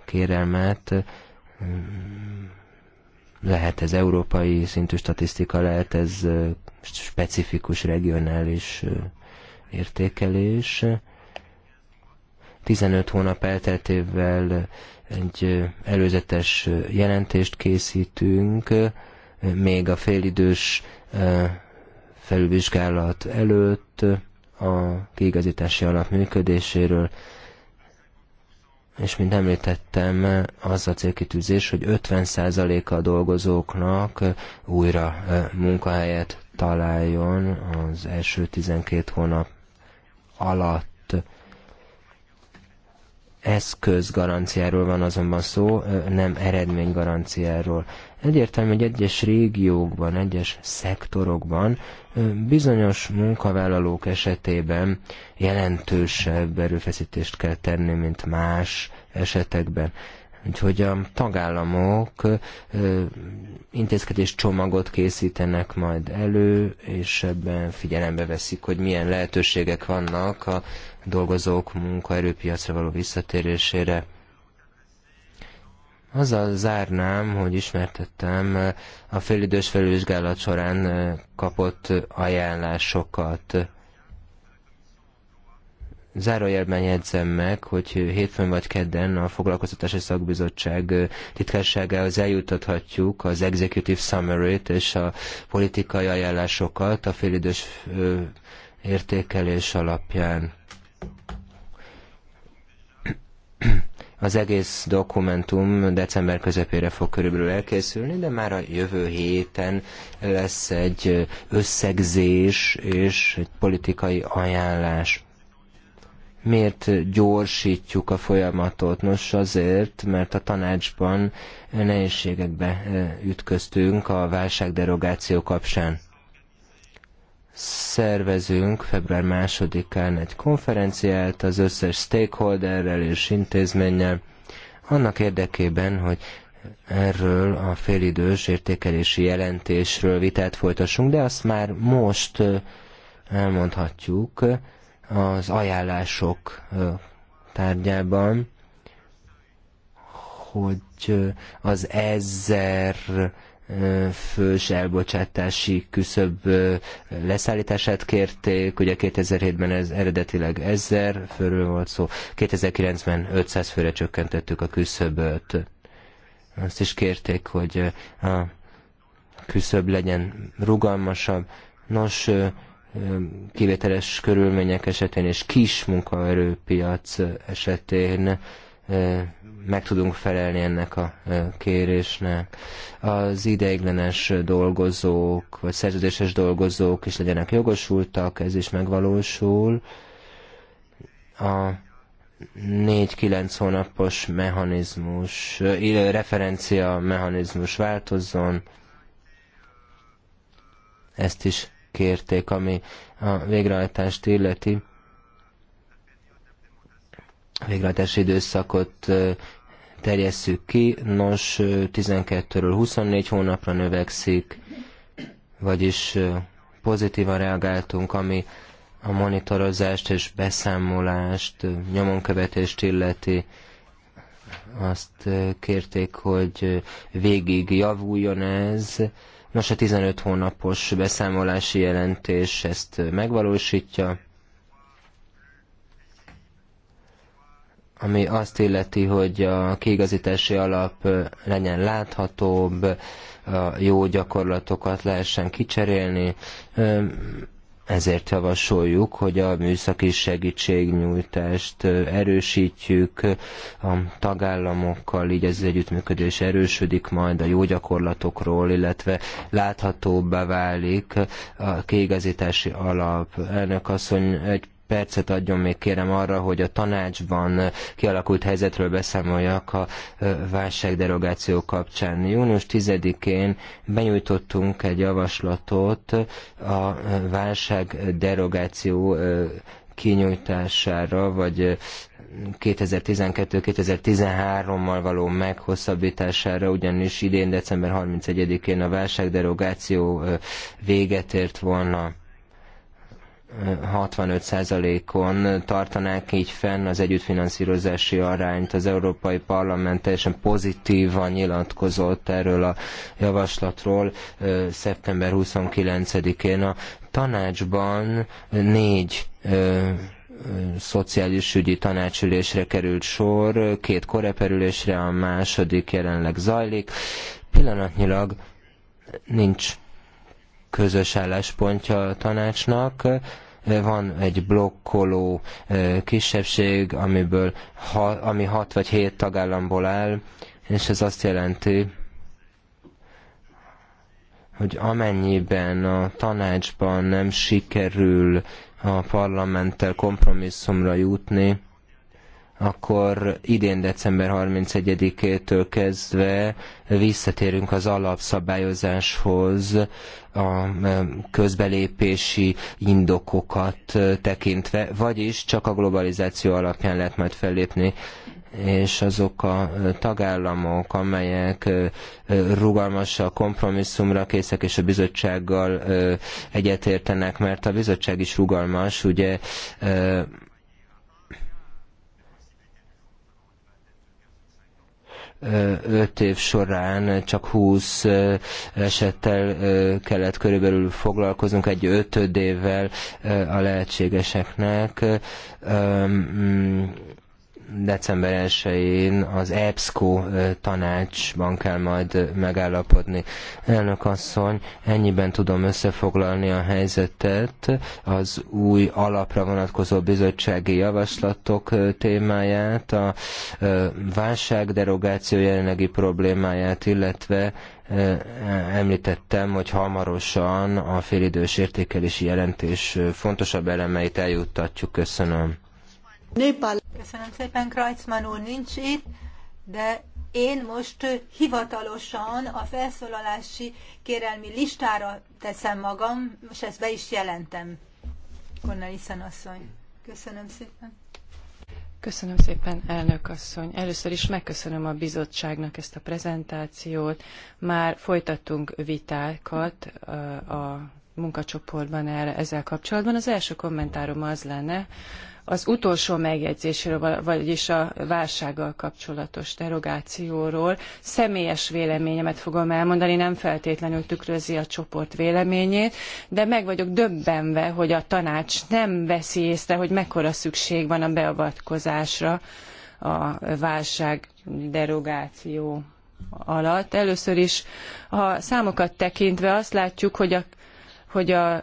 kérelmet. Lehet ez európai szintű statisztika, lehet ez specifikus regionális értékelés. 15 hónap elteltével egy előzetes jelentést készítünk, még a félidős felülvizsgálat előtt a kiigazítási alap működéséről, és mint említettem, az a célkitűzés, hogy 50%-a a dolgozóknak újra munkahelyet találjon az első 12 hónap alatt eszközgaranciáról van azonban szó, nem eredménygaranciáról. Egyértelmű, hogy egyes régiókban, egyes szektorokban bizonyos munkavállalók esetében jelentősebb erőfeszítést kell tenni, mint más esetekben. Úgyhogy a tagállamok intézkedés csomagot készítenek majd elő, és ebben figyelembe veszik, hogy milyen lehetőségek vannak a dolgozók munkaerőpiacra való visszatérésére. Azzal zárnám, hogy ismertettem a félidős felülvizsgálat során kapott ajánlásokat. Zárójelben jegyzem meg, hogy hétfőn vagy kedden a Foglalkoztatási Szakbizottság titkárságához eljutathatjuk az Executive Summary-t és a politikai ajánlásokat a félidős értékelés alapján. Az egész dokumentum december közepére fog körülbelül elkészülni, de már a jövő héten lesz egy összegzés és egy politikai ajánlás miért gyorsítjuk a folyamatot? Nos, azért, mert a tanácsban nehézségekbe eh, ütköztünk a válságderogáció kapcsán szervezünk február másodikán egy konferenciát az összes stakeholderrel és intézménnyel, annak érdekében, hogy erről a félidős értékelési jelentésről vitát folytassunk, de azt már most elmondhatjuk az ajánlások tárgyában, hogy az ezer fős elbocsátási küszöb leszállítását kérték, ugye 2007-ben ez eredetileg 1000 főről volt szó, 2009-ben 500 főre csökkentettük a küszöböt. Azt is kérték, hogy a küszöb legyen rugalmasabb. Nos, kivételes körülmények esetén és kis munkaerőpiac esetén meg tudunk felelni ennek a kérésnek. Az ideiglenes dolgozók, vagy szerződéses dolgozók is legyenek jogosultak, ez is megvalósul. A 4-9 hónapos mechanizmus, referencia mechanizmus változzon, ezt is kérték, ami a végrehajtást illeti végrehajtási időszakot terjesszük ki, nos 12-ről 24 hónapra növekszik, vagyis pozitívan reagáltunk, ami a monitorozást és beszámolást, nyomonkövetést illeti. Azt kérték, hogy végig javuljon ez. Nos, a 15 hónapos beszámolási jelentés ezt megvalósítja. ami azt illeti, hogy a kiigazítási alap legyen láthatóbb, a jó gyakorlatokat lehessen kicserélni. Ezért javasoljuk, hogy a műszaki segítségnyújtást erősítjük a tagállamokkal, így ez az együttműködés erősödik majd a jó gyakorlatokról, illetve láthatóbbá válik a kiigazítási alap. Elnök asszony, egy percet adjon még kérem arra, hogy a tanácsban kialakult helyzetről beszámoljak a válságderogáció kapcsán. Június 10-én benyújtottunk egy javaslatot a válságderogáció kinyújtására, vagy 2012-2013-mal való meghosszabbítására, ugyanis idén december 31-én a válságderogáció véget ért volna. 65%-on tartanák így fenn az együttfinanszírozási arányt. Az Európai Parlament teljesen pozitívan nyilatkozott erről a javaslatról szeptember 29-én. A tanácsban négy szociális ügyi tanácsülésre került sor, két koreperülésre, a második jelenleg zajlik. Pillanatnyilag nincs közös álláspontja a tanácsnak. Van egy blokkoló kisebbség, amiből ha, ami hat vagy hét tagállamból áll, és ez azt jelenti, hogy amennyiben a tanácsban nem sikerül a parlamenttel kompromisszumra jutni, akkor idén december 31-től kezdve visszatérünk az alapszabályozáshoz a közbelépési indokokat tekintve, vagyis csak a globalizáció alapján lehet majd fellépni és azok a tagállamok, amelyek rugalmas a kompromisszumra készek, és a bizottsággal egyetértenek, mert a bizottság is rugalmas, ugye öt év során csak 20 esettel kellett körülbelül foglalkoznunk, egy ötödével a lehetségeseknek mm, december 1-én az EBSCO tanácsban kell majd megállapodni. Elnök asszony, ennyiben tudom összefoglalni a helyzetet, az új alapra vonatkozó bizottsági javaslatok témáját, a válságderogáció jelenlegi problémáját, illetve említettem, hogy hamarosan a félidős értékelési jelentés fontosabb elemeit eljuttatjuk. Köszönöm. Köszönöm szépen, Krajcman úr nincs itt, de én most hivatalosan a felszólalási kérelmi listára teszem magam, és ezt be is jelentem. Cornelissen asszony. Köszönöm szépen. Köszönöm szépen, elnök asszony. Először is megköszönöm a bizottságnak ezt a prezentációt. Már folytattunk vitákat a munkacsoportban erre ezzel kapcsolatban. Az első kommentárom az lenne, az utolsó megjegyzésről, vagyis a válsággal kapcsolatos derogációról személyes véleményemet fogom elmondani, nem feltétlenül tükrözi a csoport véleményét, de meg vagyok döbbenve, hogy a tanács nem veszi észre, hogy mekkora szükség van a beavatkozásra a válság derogáció alatt. Először is a számokat tekintve azt látjuk, hogy a hogy a,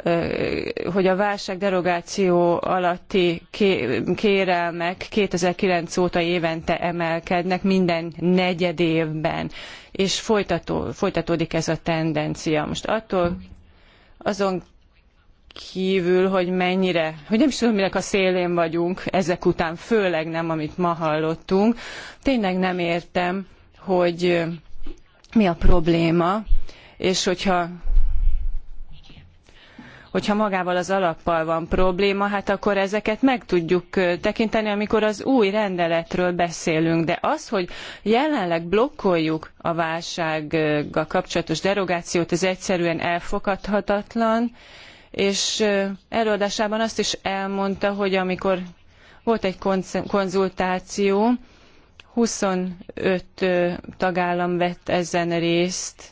hogy a válság derogáció alatti kérelmek 2009 óta évente emelkednek minden negyed évben, és folytató, folytatódik ez a tendencia. Most attól azon kívül, hogy mennyire, hogy nem is tudom, minek a szélén vagyunk ezek után, főleg nem, amit ma hallottunk. Tényleg nem értem, hogy mi a probléma, és hogyha hogyha magával az alappal van probléma, hát akkor ezeket meg tudjuk tekinteni, amikor az új rendeletről beszélünk. De az, hogy jelenleg blokkoljuk a válsággal kapcsolatos derogációt, ez egyszerűen elfogadhatatlan, és előadásában azt is elmondta, hogy amikor volt egy konzultáció, 25 tagállam vett ezen részt,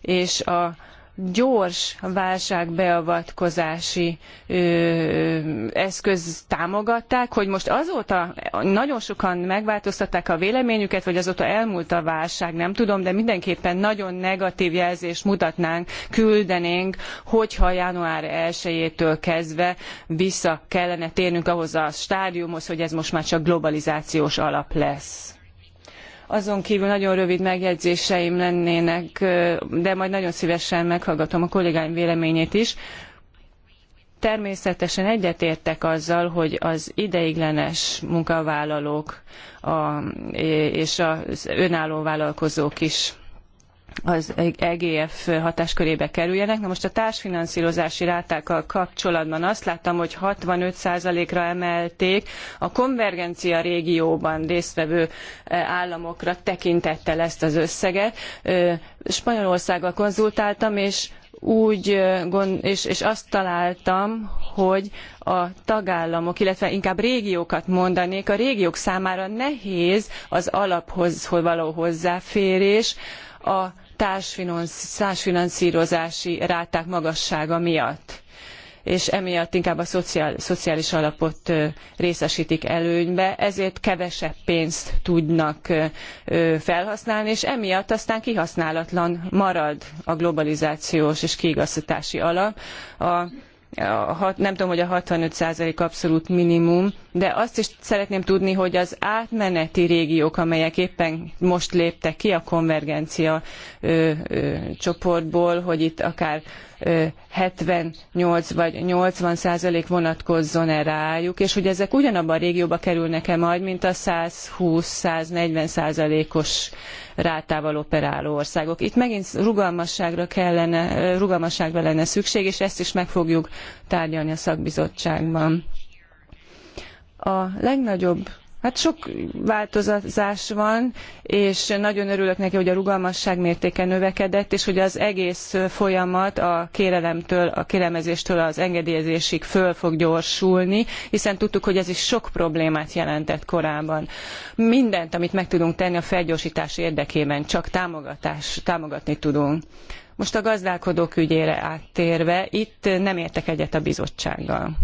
és a gyors válságbeavatkozási eszköz támogatták, hogy most azóta nagyon sokan megváltoztatták a véleményüket, vagy azóta elmúlt a válság, nem tudom, de mindenképpen nagyon negatív jelzést mutatnánk, küldenénk, hogyha január 1-től kezdve vissza kellene térnünk ahhoz a stádiumhoz, hogy ez most már csak globalizációs alap lesz. Azon kívül nagyon rövid megjegyzéseim lennének, de majd nagyon szívesen meghallgatom a kollégáim véleményét is. Természetesen egyetértek azzal, hogy az ideiglenes munkavállalók a, és az önálló vállalkozók is az EGF hatáskörébe kerüljenek. Na most a társfinanszírozási rátákkal kapcsolatban azt láttam, hogy 65%-ra emelték a konvergencia régióban résztvevő e, államokra tekintettel ezt az összeget. E, Spanyolországgal konzultáltam, és úgy e, és, és azt találtam, hogy a tagállamok, illetve inkább régiókat mondanék, a régiók számára nehéz az alaphoz való hozzáférés, a társfinanszírozási ráták magassága miatt és emiatt inkább a szociál, szociális alapot részesítik előnybe, ezért kevesebb pénzt tudnak felhasználni, és emiatt aztán kihasználatlan marad a globalizációs és kiigazítási alap. A hat, nem tudom, hogy a 65% abszolút minimum, de azt is szeretném tudni, hogy az átmeneti régiók, amelyek éppen most léptek ki a konvergencia ö, ö, csoportból, hogy itt akár 78 vagy 80 százalék vonatkozzon -e rájuk, és hogy ezek ugyanabban a régióba kerülnek-e majd, mint a 120-140 százalékos rátával operáló országok. Itt megint rugalmasságra kellene, rugalmasságra lenne szükség, és ezt is meg fogjuk tárgyalni a szakbizottságban. A legnagyobb Hát sok változás van, és nagyon örülök neki, hogy a rugalmasság mértéke növekedett, és hogy az egész folyamat a kérelemtől, a kérelmezéstől az engedélyezésig föl fog gyorsulni, hiszen tudtuk, hogy ez is sok problémát jelentett korábban. Mindent, amit meg tudunk tenni a felgyorsítás érdekében, csak támogatás, támogatni tudunk. Most a gazdálkodók ügyére áttérve, itt nem értek egyet a bizottsággal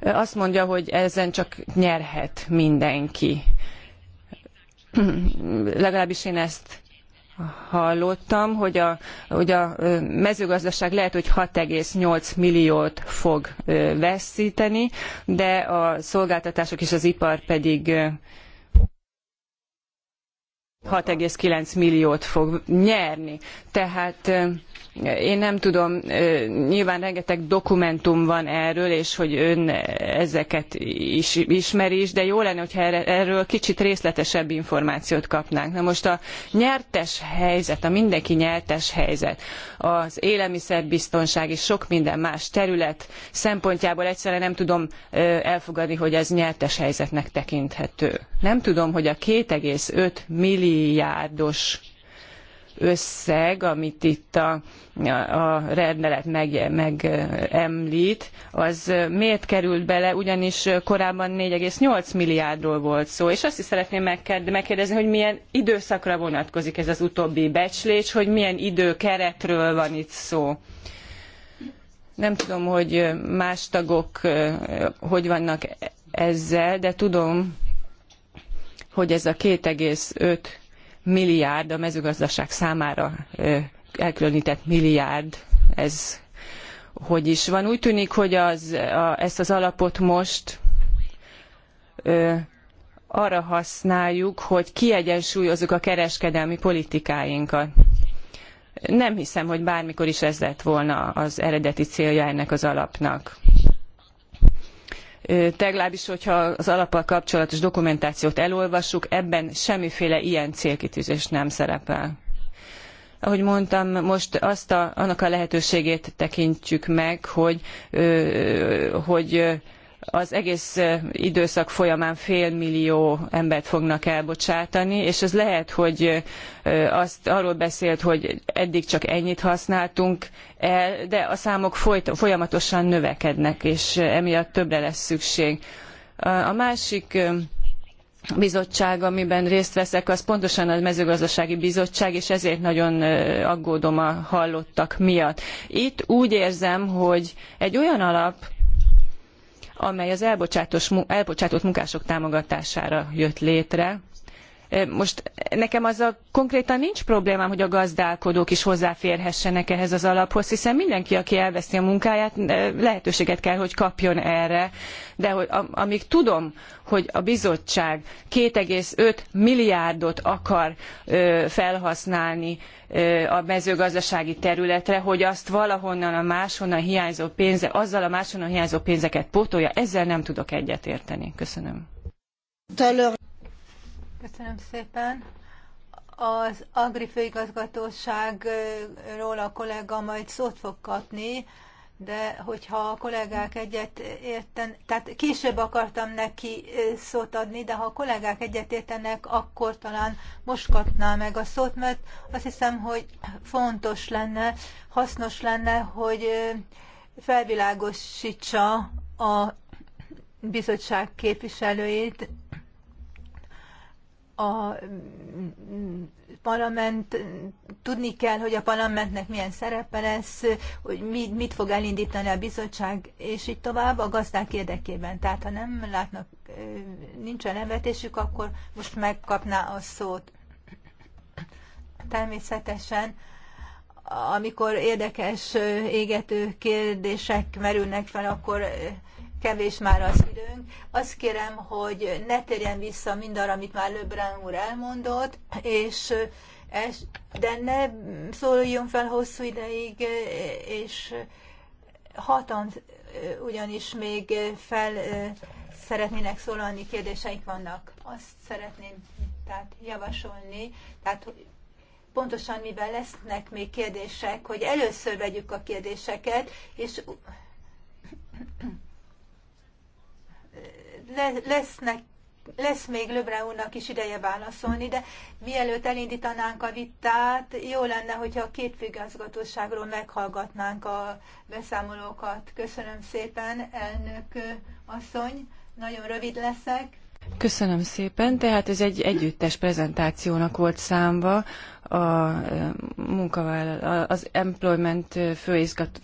azt mondja, hogy ezen csak nyerhet mindenki. Legalábbis én ezt hallottam, hogy a, hogy a mezőgazdaság lehet, hogy 6,8 milliót fog veszíteni, de a szolgáltatások és az ipar pedig 6,9 milliót fog nyerni. Tehát én nem tudom, nyilván rengeteg dokumentum van erről, és hogy ön ezeket is ismeri is, de jó lenne, hogyha erről kicsit részletesebb információt kapnánk. Na most a nyertes helyzet, a mindenki nyertes helyzet, az élelmiszerbiztonság és sok minden más terület szempontjából egyszerűen nem tudom elfogadni, hogy ez nyertes helyzetnek tekinthető. Nem tudom, hogy a 2,5 milliárdos összeg, amit itt a, a rendelet meg, említ, az miért került bele, ugyanis korábban 4,8 milliárdról volt szó, és azt is szeretném megkérdezni, hogy milyen időszakra vonatkozik ez az utóbbi becslés, hogy milyen időkeretről van itt szó. Nem tudom, hogy más tagok hogy vannak ezzel, de tudom, hogy ez a 2,5 milliárd, a mezőgazdaság számára elkülönített milliárd, ez hogy is van. Úgy tűnik, hogy az, a, ezt az alapot most ö, arra használjuk, hogy kiegyensúlyozzuk a kereskedelmi politikáinkat. Nem hiszem, hogy bármikor is ez lett volna az eredeti célja ennek az alapnak legalábbis hogyha az alappal kapcsolatos dokumentációt elolvassuk, ebben semmiféle ilyen célkitűzés nem szerepel. Ahogy mondtam, most azt a, annak a lehetőségét tekintjük meg, hogy, hogy az egész időszak folyamán félmillió embert fognak elbocsátani, és ez lehet, hogy azt arról beszélt, hogy eddig csak ennyit használtunk el, de a számok folyamatosan növekednek, és emiatt többre lesz szükség. A másik bizottság, amiben részt veszek, az pontosan a mezőgazdasági bizottság, és ezért nagyon aggódom a hallottak miatt. Itt úgy érzem, hogy egy olyan alap, amely az elbocsátott munkások támogatására jött létre most nekem azzal konkrétan nincs problémám, hogy a gazdálkodók is hozzáférhessenek ehhez az alaphoz, hiszen mindenki, aki elveszi a munkáját, lehetőséget kell, hogy kapjon erre. De hogy, amíg tudom, hogy a bizottság 2,5 milliárdot akar felhasználni a mezőgazdasági területre, hogy azt valahonnan a máshonnan hiányzó pénze, azzal a máshonnan hiányzó pénzeket pótolja, ezzel nem tudok egyetérteni. Köszönöm. Köszönöm szépen. Az Agri főigazgatóságról a kollega majd szót fog kapni, de hogyha a kollégák egyet érten, tehát később akartam neki szót adni, de ha a kollégák egyet értenek, akkor talán most kapná meg a szót, mert azt hiszem, hogy fontos lenne, hasznos lenne, hogy felvilágosítsa a bizottság képviselőit a parlament, tudni kell, hogy a parlamentnek milyen szerepe lesz, hogy mit, mit fog elindítani a bizottság, és így tovább a gazdák érdekében. Tehát ha nem látnak, nincsen elvetésük, akkor most megkapná a szót. Természetesen amikor érdekes égető kérdések merülnek fel, akkor kevés már az időnk. Azt kérem, hogy ne térjen vissza mindarra, amit már Löbrán úr elmondott, és de ne szóljon fel hosszú ideig, és hatan ugyanis még fel szeretnének szólalni, kérdéseik vannak. Azt szeretném tehát javasolni, tehát pontosan mivel lesznek még kérdések, hogy először vegyük a kérdéseket, és le, lesznek lesz még Löbre úrnak is ideje válaszolni, de mielőtt elindítanánk a vitát, jó lenne, hogyha a két főgazgatóságról meghallgatnánk a beszámolókat. Köszönöm szépen, elnök asszony, nagyon rövid leszek. Köszönöm szépen, tehát ez egy együttes prezentációnak volt számva, a eh, munkavállal, az Employment eh,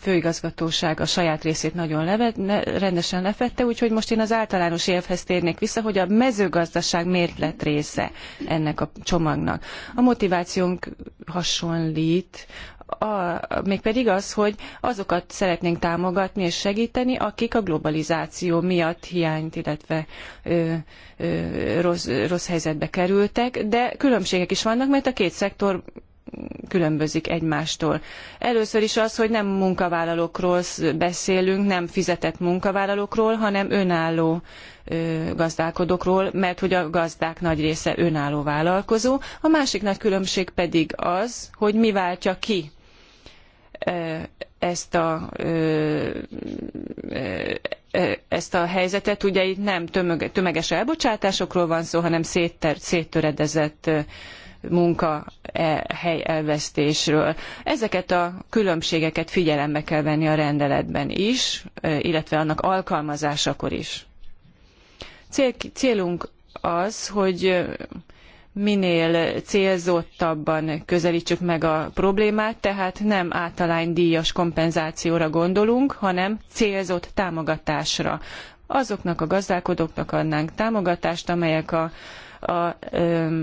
főigazgatóság a saját részét nagyon levet, ne, rendesen lefette, úgyhogy most én az általános évhez térnék vissza, hogy a mezőgazdaság miért lett része ennek a csomagnak. A motivációnk hasonlít a, mégpedig az, hogy azokat szeretnénk támogatni és segíteni, akik a globalizáció miatt hiányt, illetve ö, ö, rossz, rossz helyzetbe kerültek, de különbségek is vannak, mert a két szektor különbözik egymástól. Először is az, hogy nem munkavállalókról beszélünk, nem fizetett munkavállalókról, hanem önálló gazdálkodókról, mert hogy a gazdák nagy része önálló vállalkozó. A másik nagy különbség pedig az, hogy mi váltja ki ezt a, ezt a helyzetet. Ugye itt nem tömeges elbocsátásokról van szó, hanem szétter, széttöredezett e, hely elvesztésről. Ezeket a különbségeket figyelembe kell venni a rendeletben is, illetve annak alkalmazásakor is. Cél, célunk az, hogy minél célzottabban közelítsük meg a problémát, tehát nem általánydíjas kompenzációra gondolunk, hanem célzott támogatásra. Azoknak a gazdálkodóknak adnánk támogatást, amelyek a, a ö,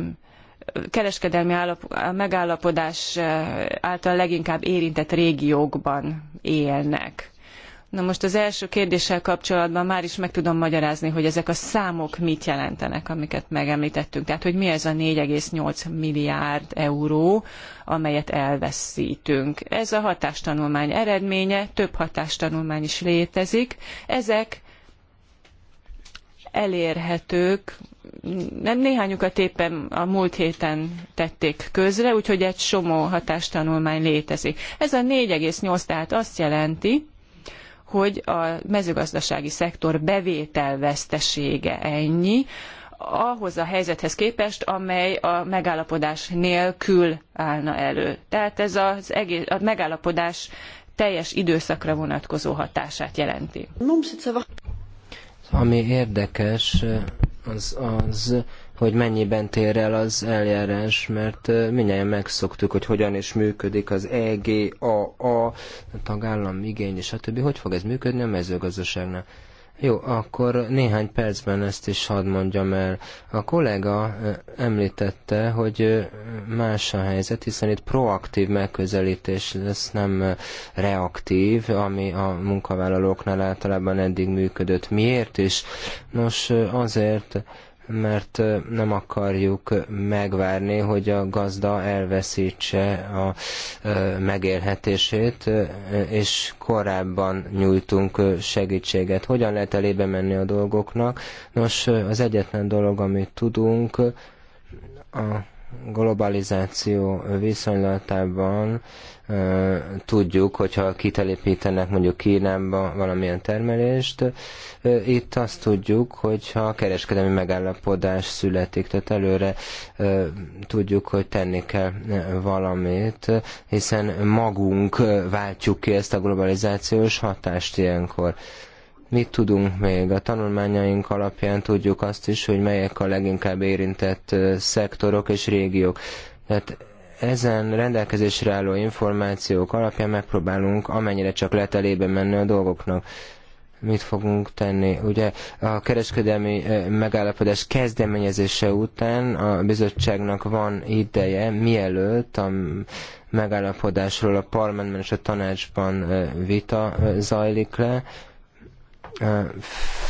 kereskedelmi állap, megállapodás által leginkább érintett régiókban élnek. Na most az első kérdéssel kapcsolatban már is meg tudom magyarázni, hogy ezek a számok mit jelentenek, amiket megemlítettünk. Tehát, hogy mi ez a 4,8 milliárd euró, amelyet elveszítünk. Ez a hatástanulmány eredménye, több hatástanulmány is létezik. Ezek elérhetők, nem néhányukat éppen a múlt héten tették közre, úgyhogy egy somó hatástanulmány létezik. Ez a 4,8 tehát azt jelenti, hogy a mezőgazdasági szektor bevételvesztesége ennyi, ahhoz a helyzethez képest, amely a megállapodás nélkül állna elő. Tehát ez az egész, a megállapodás teljes időszakra vonatkozó hatását jelenti. Ami érdekes, az az, hogy mennyiben tér el az eljárás, mert mindjárt megszoktuk, hogy hogyan is működik az EGAA, a tagállam igény, stb. Hogy fog ez működni a mezőgazdaságnál? Jó, akkor néhány percben ezt is hadd mondjam el. A kollega említette, hogy más a helyzet, hiszen itt proaktív megközelítés lesz, nem reaktív, ami a munkavállalóknál általában eddig működött. Miért is? Nos, azért, mert nem akarjuk megvárni, hogy a gazda elveszítse a megélhetését, és korábban nyújtunk segítséget. Hogyan lehet elébe menni a dolgoknak? Nos, az egyetlen dolog, amit tudunk, a globalizáció viszonylatában tudjuk, hogyha kitelepítenek mondjuk Kínába valamilyen termelést, itt azt tudjuk, hogyha kereskedelmi megállapodás születik, tehát előre tudjuk, hogy tenni kell valamit, hiszen magunk váltjuk ki ezt a globalizációs hatást ilyenkor. Mit tudunk még? A tanulmányaink alapján tudjuk azt is, hogy melyek a leginkább érintett szektorok és régiók. Tehát ezen rendelkezésre álló információk alapján megpróbálunk amennyire csak letelébe menni a dolgoknak mit fogunk tenni. Ugye a kereskedelmi megállapodás kezdeményezése után a bizottságnak van ideje, mielőtt a megállapodásról a parlamentben és a tanácsban vita zajlik le,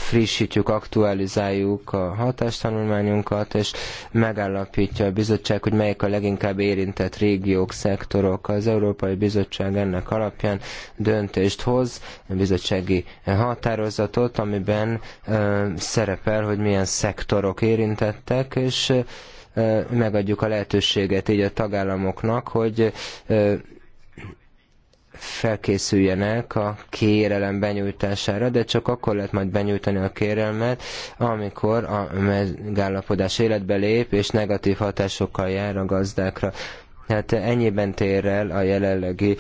frissítjük, aktualizáljuk a hatástanulmányunkat, és megállapítja a bizottság, hogy melyek a leginkább érintett régiók, szektorok. Az Európai Bizottság ennek alapján döntést hoz, bizottsági határozatot, amiben szerepel, hogy milyen szektorok érintettek, és megadjuk a lehetőséget így a tagállamoknak, hogy felkészüljenek a kérelem benyújtására, de csak akkor lehet majd benyújtani a kérelmet, amikor a megállapodás életbe lép, és negatív hatásokkal jár a gazdákra. Hát ennyiben tér el a jelenlegi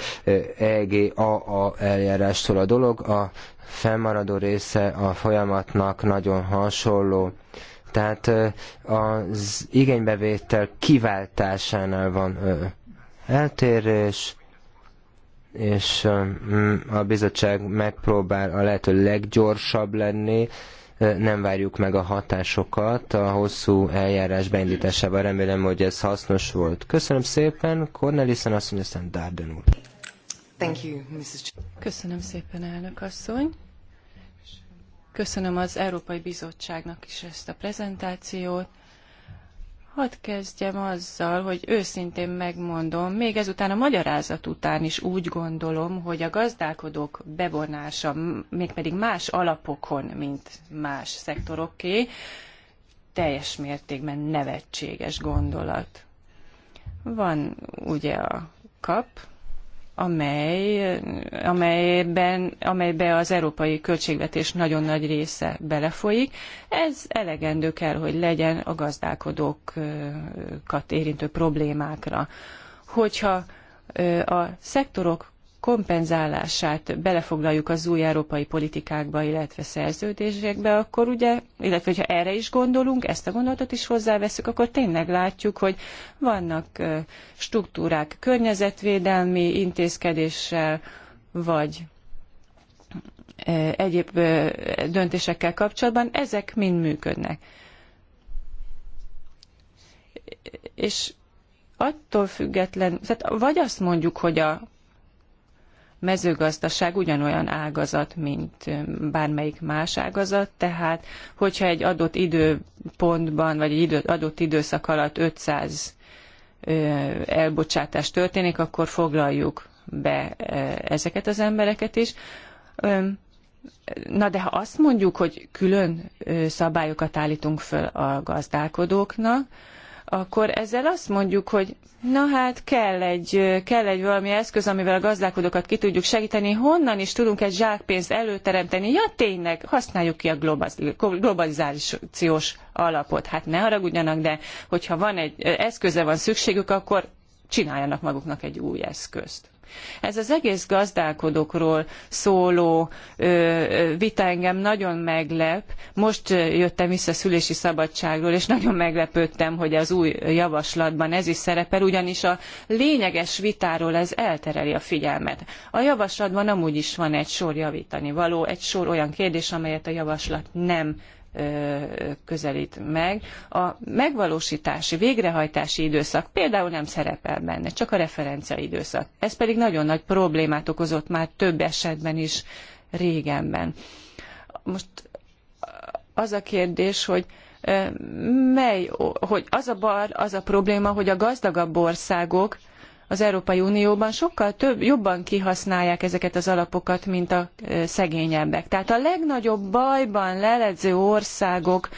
EGAA eljárástól a dolog. A fennmaradó része a folyamatnak nagyon hasonló. Tehát az igénybevétel kiváltásánál van eltérés, és mm, a bizottság megpróbál a lehető leggyorsabb lenni, nem várjuk meg a hatásokat a hosszú eljárás beindításával. Remélem, hogy ez hasznos volt. Köszönöm szépen, Cornelissen asszony, aztán Darden úr. Thank you, Mrs. Köszönöm szépen, elnök asszony. Köszönöm az Európai Bizottságnak is ezt a prezentációt. Hadd kezdjem azzal, hogy őszintén megmondom, még ezután a magyarázat után is úgy gondolom, hogy a gazdálkodók bevonása mégpedig más alapokon, mint más szektoroké, teljes mértékben nevetséges gondolat. Van ugye a kap, amely, amelyben, amelybe az európai költségvetés nagyon nagy része belefolyik. Ez elegendő kell, hogy legyen a gazdálkodókat érintő problémákra. Hogyha a szektorok kompenzálását belefoglaljuk az új európai politikákba, illetve szerződésekbe, akkor ugye, illetve hogyha erre is gondolunk, ezt a gondolatot is hozzáveszünk, akkor tényleg látjuk, hogy vannak struktúrák környezetvédelmi intézkedéssel, vagy egyéb döntésekkel kapcsolatban, ezek mind működnek. És attól független, tehát vagy azt mondjuk, hogy a mezőgazdaság ugyanolyan ágazat, mint bármelyik más ágazat, tehát hogyha egy adott időpontban, vagy egy idő, adott időszak alatt 500 elbocsátás történik, akkor foglaljuk be ezeket az embereket is. Na de ha azt mondjuk, hogy külön szabályokat állítunk föl a gazdálkodóknak, akkor ezzel azt mondjuk, hogy na hát kell egy, kell egy valami eszköz, amivel a gazdálkodókat ki tudjuk segíteni, honnan is tudunk egy zsákpénzt előteremteni, ja tényleg, használjuk ki a globalizációs alapot. Hát ne haragudjanak, de hogyha van egy eszköze van szükségük, akkor csináljanak maguknak egy új eszközt. Ez az egész gazdálkodókról szóló vita engem nagyon meglep. Most jöttem vissza szülési szabadságról, és nagyon meglepődtem, hogy az új javaslatban ez is szerepel, ugyanis a lényeges vitáról ez eltereli a figyelmet. A javaslatban amúgy is van egy sor javítani való, egy sor olyan kérdés, amelyet a javaslat nem közelít meg. A megvalósítási, végrehajtási időszak például nem szerepel benne, csak a referencia időszak. Ez pedig nagyon nagy problémát okozott már több esetben is régenben. Most az a kérdés, hogy mely, hogy az a bar, az a probléma, hogy a gazdagabb országok az Európai Unióban sokkal több, jobban kihasználják ezeket az alapokat, mint a szegényebbek. Tehát a legnagyobb bajban leledző országok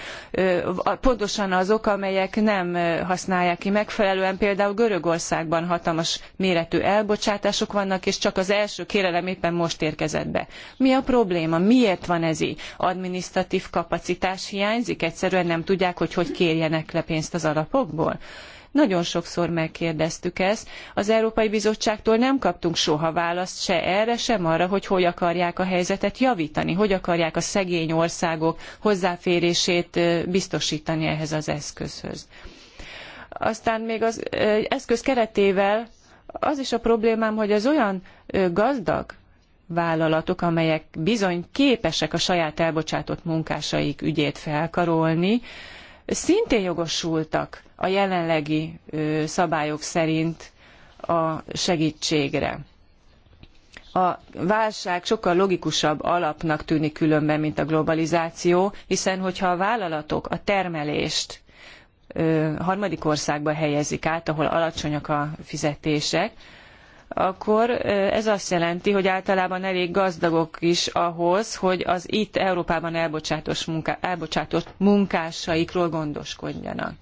pontosan azok, amelyek nem használják ki megfelelően. Például Görögországban hatalmas méretű elbocsátások vannak, és csak az első kérelem éppen most érkezett be. Mi a probléma? Miért van ez így? Administratív kapacitás hiányzik? Egyszerűen nem tudják, hogy hogy kérjenek le pénzt az alapokból? Nagyon sokszor megkérdeztük ezt. Az Európai Bizottságtól nem kaptunk soha választ se erre, sem arra, hogy hogy akarják a helyzetet javítani, hogy akarják a szegény országok hozzáférését biztosítani ehhez az eszközhöz. Aztán még az eszköz keretével az is a problémám, hogy az olyan gazdag vállalatok, amelyek bizony képesek a saját elbocsátott munkásaik ügyét felkarolni, szintén jogosultak a jelenlegi szabályok szerint a segítségre. A válság sokkal logikusabb alapnak tűnik különben, mint a globalizáció, hiszen hogyha a vállalatok a termelést harmadik országba helyezik át, ahol alacsonyak a fizetések, akkor ez azt jelenti, hogy általában elég gazdagok is ahhoz, hogy az itt Európában elbocsátott, munkásaikról gondoskodjanak.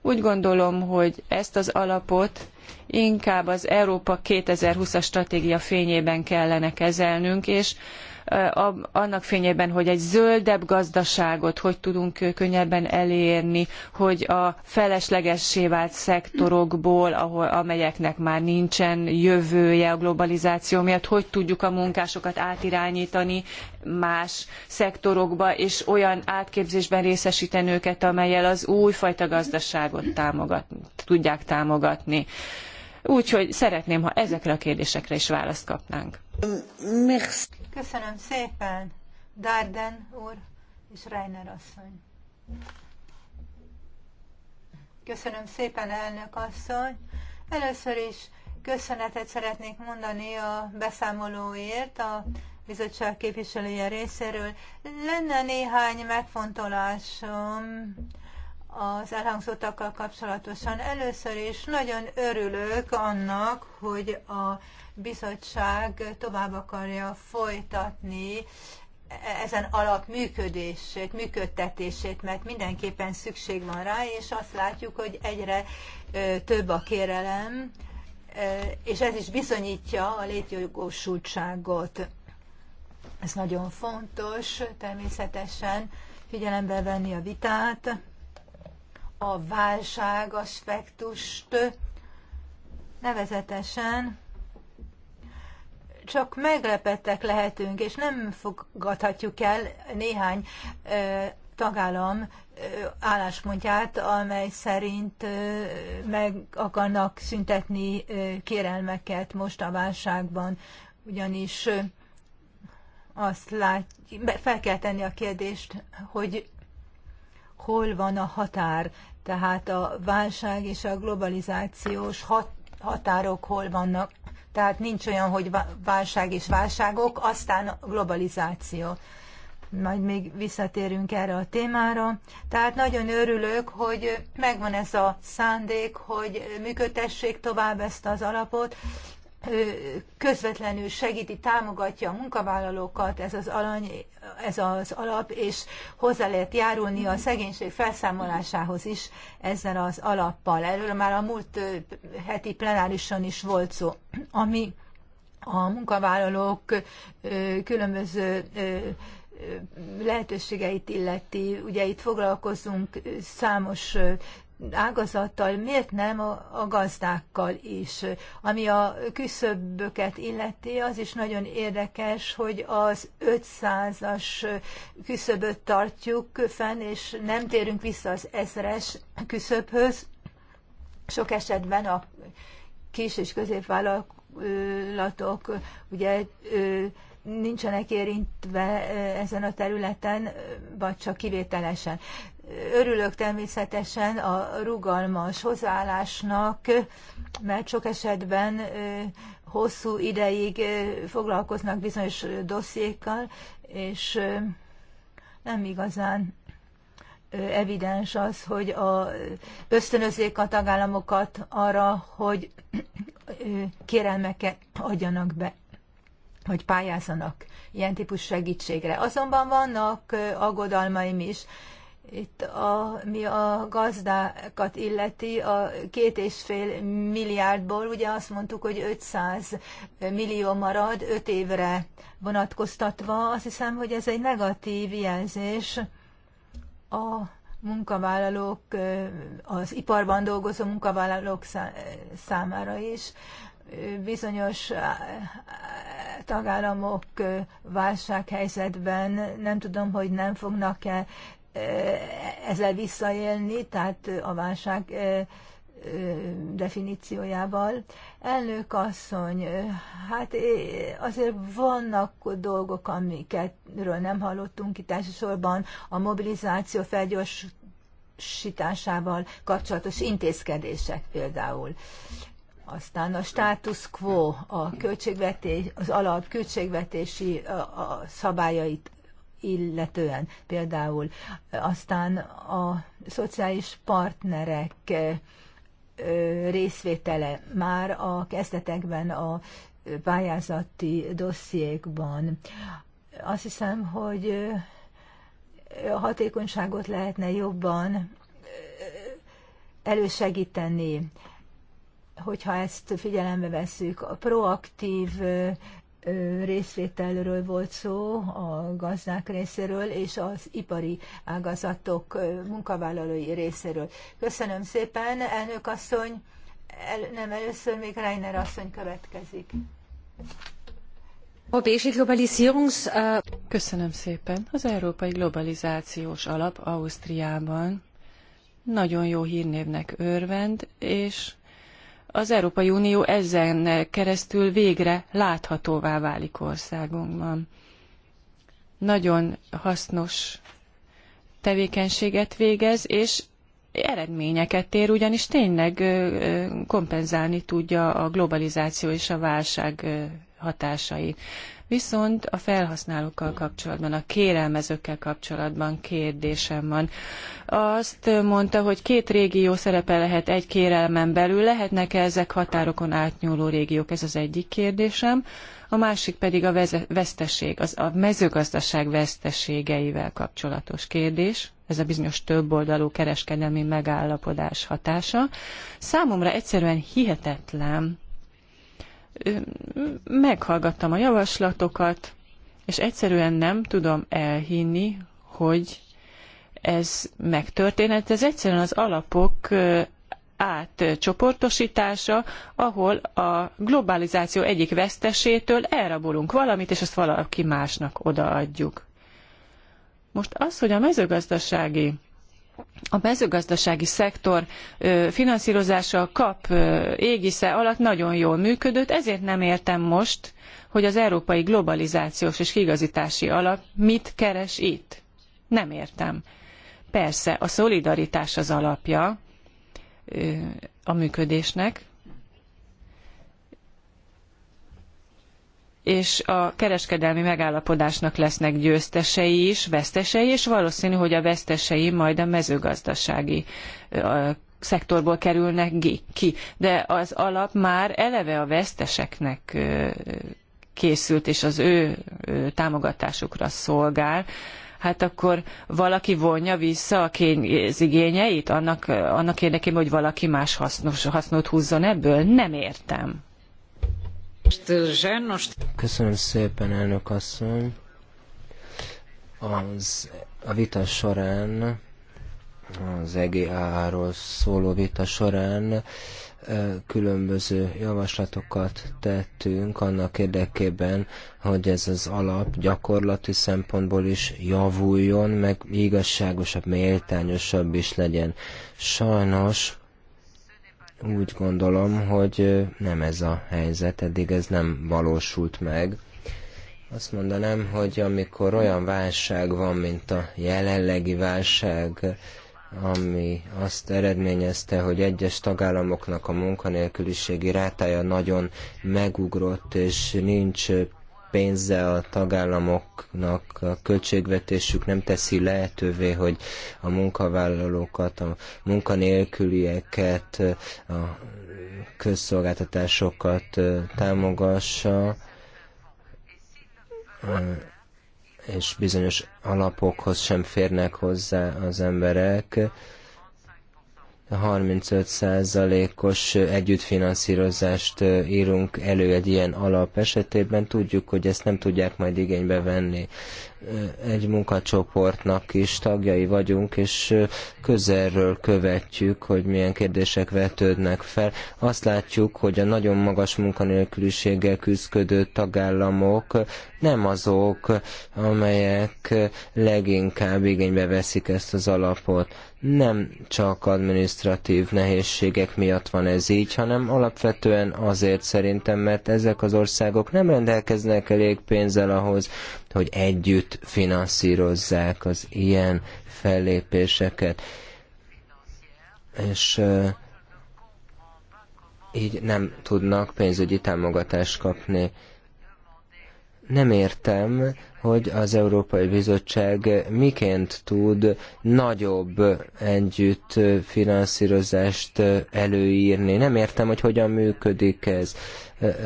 Úgy gondolom, hogy ezt az alapot inkább az Európa 2020-as stratégia fényében kellene kezelnünk, és annak fényében, hogy egy zöldebb gazdaságot hogy tudunk könnyebben elérni, hogy a feleslegessé vált szektorokból, ahol, amelyeknek már nincsen jövője a globalizáció miatt, hogy tudjuk a munkásokat átirányítani más szektorokba, és olyan átképzésben részesíteni őket, amelyel az újfajta gazdaságot támogat, tudják támogatni. Úgyhogy szeretném, ha ezekre a kérdésekre is választ kapnánk. Köszönöm szépen, Darden úr és Reiner asszony. Köszönöm szépen, elnök asszony. Először is köszönetet szeretnék mondani a beszámolóért a bizottság képviselője részéről. Lenne néhány megfontolásom az elhangzottakkal kapcsolatosan. Először is nagyon örülök annak, hogy a bizottság tovább akarja folytatni ezen alap működését, működtetését, mert mindenképpen szükség van rá, és azt látjuk, hogy egyre több a kérelem, és ez is bizonyítja a létjogosultságot. Ez nagyon fontos, természetesen figyelembe venni a vitát, a válság aspektust, nevezetesen csak meglepettek lehetünk, és nem fogadhatjuk el néhány tagállam álláspontját, amely szerint meg akarnak szüntetni kérelmeket most a válságban, ugyanis azt lát, fel kell tenni a kérdést, hogy hol van a határ, tehát a válság és a globalizációs hat, határok hol vannak. Tehát nincs olyan, hogy válság és válságok, aztán globalizáció. Majd még visszatérünk erre a témára. Tehát nagyon örülök, hogy megvan ez a szándék, hogy működtessék tovább ezt az alapot, közvetlenül segíti, támogatja a munkavállalókat, ez az, alany, ez az alap, és hozzá lehet járulni a szegénység felszámolásához is ezzel az alappal. Erről már a múlt heti plenárison is volt szó, ami a munkavállalók különböző lehetőségeit illeti. Ugye itt foglalkozunk számos ágazattal, miért nem a gazdákkal is? Ami a küszöböket illeti, az is nagyon érdekes, hogy az 500-as küszöböt tartjuk fenn, és nem térünk vissza az ezres küszöbhöz. Sok esetben a kis és középvállalatok ugye nincsenek érintve ezen a területen, vagy csak kivételesen. Örülök természetesen a rugalmas hozzáállásnak, mert sok esetben hosszú ideig foglalkoznak bizonyos dossziékkal, és nem igazán evidens az, hogy a, ösztönözzék a tagállamokat arra, hogy kérelmeket adjanak be hogy pályázzanak ilyen típus segítségre. Azonban vannak aggodalmaim is. Itt a, mi a gazdákat illeti, a két és fél milliárdból, ugye azt mondtuk, hogy 500 millió marad öt évre vonatkoztatva. Azt hiszem, hogy ez egy negatív jelzés a munkavállalók, az iparban dolgozó munkavállalók számára is bizonyos eh, tagállamok eh, válsághelyzetben nem tudom, hogy nem fognak-e eh, ezzel visszaélni, tehát a válság definíciójával. Elnök asszony, hát azért vannak dolgok, amiketről nem hallottunk itt elsősorban a mobilizáció felgyors kapcsolatos intézkedések például. Aztán a status quo, a költségvetés, az alap költségvetési a szabályait illetően például. Aztán a szociális partnerek részvétele már a kezdetekben a pályázati dossziékban. Azt hiszem, hogy a hatékonyságot lehetne jobban elősegíteni hogyha ezt figyelembe veszük, a proaktív részvételről volt szó a gazdák részéről, és az ipari ágazatok munkavállalói részéről. Köszönöm szépen, elnök asszony. El, nem, először még Reiner asszony következik. Äh, Köszönöm szépen. Az Európai Globalizációs Alap Ausztriában nagyon jó hírnévnek örvend, és az Európai Unió ezen keresztül végre láthatóvá válik országunkban. Nagyon hasznos tevékenységet végez, és eredményeket ér, ugyanis tényleg kompenzálni tudja a globalizáció és a válság hatásait. Viszont a felhasználókkal kapcsolatban, a kérelmezőkkel kapcsolatban kérdésem van. Azt mondta, hogy két régió szerepe lehet egy kérelmen belül. Lehetnek-e ezek határokon átnyúló régiók? Ez az egyik kérdésem. A másik pedig a veszteség, az a mezőgazdaság veszteségeivel kapcsolatos kérdés ez a bizonyos többoldalú kereskedelmi megállapodás hatása. Számomra egyszerűen hihetetlen, meghallgattam a javaslatokat, és egyszerűen nem tudom elhinni, hogy ez megtörténhet. Ez egyszerűen az alapok átcsoportosítása, ahol a globalizáció egyik vesztesétől elrabolunk valamit, és azt valaki másnak odaadjuk. Most az, hogy a mezőgazdasági a mezőgazdasági szektor finanszírozása a kap égisze alatt nagyon jól működött, ezért nem értem most, hogy az európai globalizációs és kigazítási alap mit keres itt. Nem értem. Persze, a szolidaritás az alapja a működésnek, és a kereskedelmi megállapodásnak lesznek győztesei is, vesztesei, és valószínű, hogy a vesztesei majd a mezőgazdasági a szektorból kerülnek ki. De az alap már eleve a veszteseknek készült, és az ő támogatásukra szolgál hát akkor valaki vonja vissza a kénzigényeit annak, annak érdekében, hogy valaki más hasznos, hasznot húzzon ebből? Nem értem. Köszönöm szépen, elnök asszony. Az, a vita során, az EGA-ról szóló vita során különböző javaslatokat tettünk annak érdekében, hogy ez az alap gyakorlati szempontból is javuljon, meg igazságosabb, méltányosabb is legyen. Sajnos úgy gondolom, hogy nem ez a helyzet, eddig ez nem valósult meg. Azt mondanám, hogy amikor olyan válság van, mint a jelenlegi válság, ami azt eredményezte, hogy egyes tagállamoknak a munkanélküliségi rátája nagyon megugrott, és nincs pénze a tagállamoknak, a költségvetésük nem teszi lehetővé, hogy a munkavállalókat, a munkanélkülieket, a közszolgáltatásokat támogassa, és bizonyos alapokhoz sem férnek hozzá az emberek. 35%-os együttfinanszírozást írunk elő egy ilyen alap esetében. Tudjuk, hogy ezt nem tudják majd igénybe venni. Egy munkacsoportnak is tagjai vagyunk, és közelről követjük, hogy milyen kérdések vetődnek fel. Azt látjuk, hogy a nagyon magas munkanélküliséggel küzdködő tagállamok nem azok, amelyek leginkább igénybe veszik ezt az alapot. Nem csak administratív nehézségek miatt van ez így, hanem alapvetően azért szerintem, mert ezek az országok nem rendelkeznek elég pénzzel ahhoz, hogy együtt finanszírozzák az ilyen fellépéseket. És így nem tudnak pénzügyi támogatást kapni nem értem, hogy az Európai Bizottság miként tud nagyobb együtt finanszírozást előírni. Nem értem, hogy hogyan működik ez.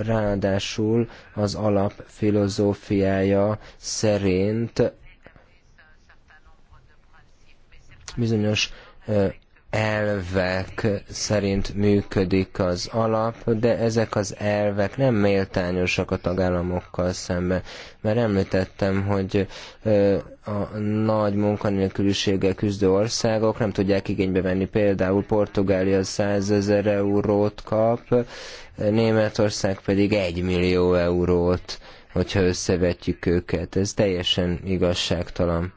Ráadásul az alap filozófiája szerint bizonyos elvek szerint működik az alap, de ezek az elvek nem méltányosak a tagállamokkal szemben. Mert említettem, hogy a nagy munkanélküliséggel küzdő országok nem tudják igénybe venni. Például Portugália 100 ezer eurót kap, Németország pedig 1 millió eurót, hogyha összevetjük őket. Ez teljesen igazságtalan.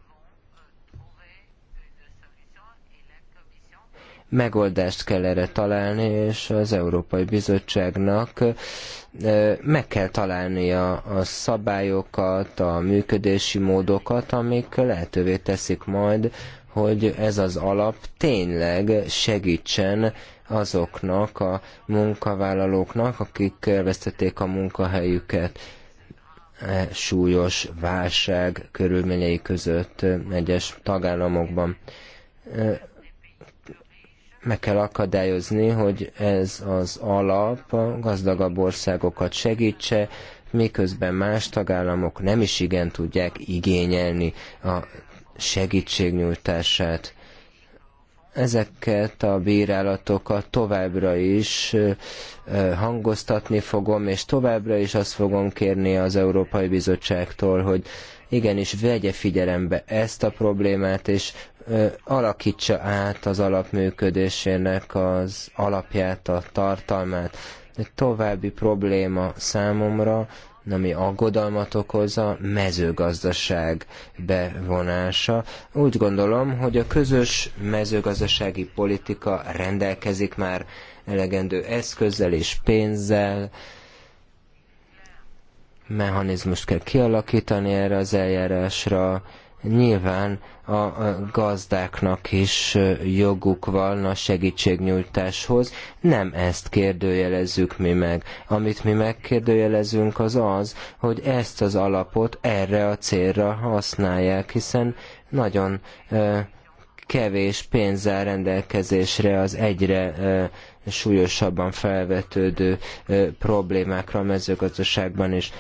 Megoldást kell erre találni, és az Európai Bizottságnak meg kell találnia a szabályokat, a működési módokat, amik lehetővé teszik majd, hogy ez az alap tényleg segítsen azoknak a munkavállalóknak, akik elvesztették a munkahelyüket e súlyos válság körülményei között egyes tagállamokban meg kell akadályozni, hogy ez az alap a gazdagabb országokat segítse, miközben más tagállamok nem is igen tudják igényelni a segítségnyújtását. Ezeket a bírálatokat továbbra is hangoztatni fogom, és továbbra is azt fogom kérni az Európai Bizottságtól, hogy igenis vegye figyelembe ezt a problémát, és alakítsa át az alapműködésének az alapját, a tartalmát. Egy további probléma számomra, ami aggodalmat okoz a mezőgazdaság bevonása. Úgy gondolom, hogy a közös mezőgazdasági politika rendelkezik már elegendő eszközzel és pénzzel, mechanizmust kell kialakítani erre az eljárásra, Nyilván a gazdáknak is joguk van a segítségnyújtáshoz. Nem ezt kérdőjelezzük mi meg. Amit mi megkérdőjelezünk az az, hogy ezt az alapot erre a célra használják, hiszen nagyon kevés pénzzel rendelkezésre az egyre súlyosabban felvetődő problémákra a mezőgazdaságban is.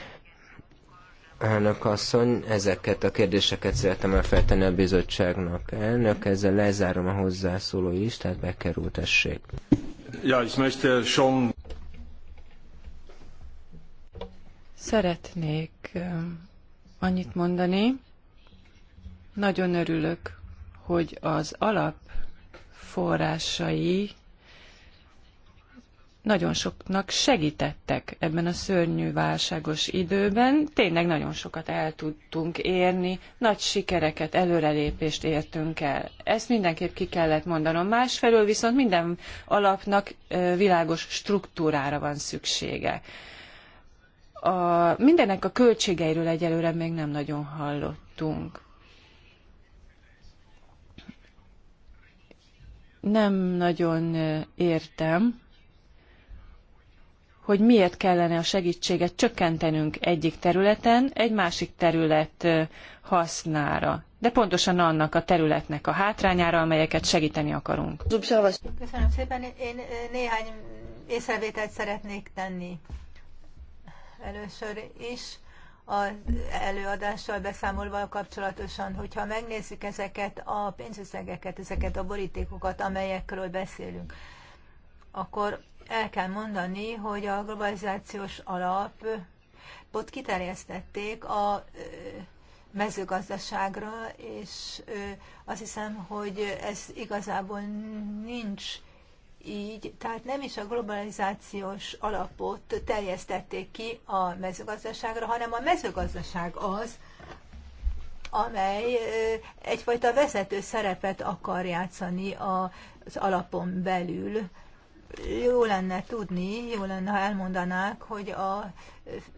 Elnök asszony, ezeket a kérdéseket szeretem elfeltenni a bizottságnak. Elnök, ezzel lezárom a hozzászóló listát, bekerül tessék. Ja, ich möchte schon... Szeretnék annyit mondani. Nagyon örülök, hogy az alap forrásai nagyon soknak segítettek ebben a szörnyű válságos időben. Tényleg nagyon sokat el tudtunk érni, nagy sikereket, előrelépést értünk el. Ezt mindenképp ki kellett mondanom. Másfelől viszont minden alapnak világos struktúrára van szüksége. A, mindenek a költségeiről egyelőre még nem nagyon hallottunk. Nem nagyon értem, hogy miért kellene a segítséget csökkentenünk egyik területen, egy másik terület hasznára. De pontosan annak a területnek a hátrányára, amelyeket segíteni akarunk. Köszönöm szépen. Én néhány észrevételt szeretnék tenni. Először is az előadással beszámolva kapcsolatosan, hogyha megnézzük ezeket a pénzösszegeket, ezeket a borítékokat, amelyekről beszélünk, akkor el kell mondani, hogy a globalizációs alapot kiterjesztették a mezőgazdaságra, és azt hiszem, hogy ez igazából nincs így, tehát nem is a globalizációs alapot terjesztették ki a mezőgazdaságra, hanem a mezőgazdaság az, amely egyfajta vezető szerepet akar játszani az alapon belül jó lenne tudni, jó lenne, ha elmondanák, hogy a,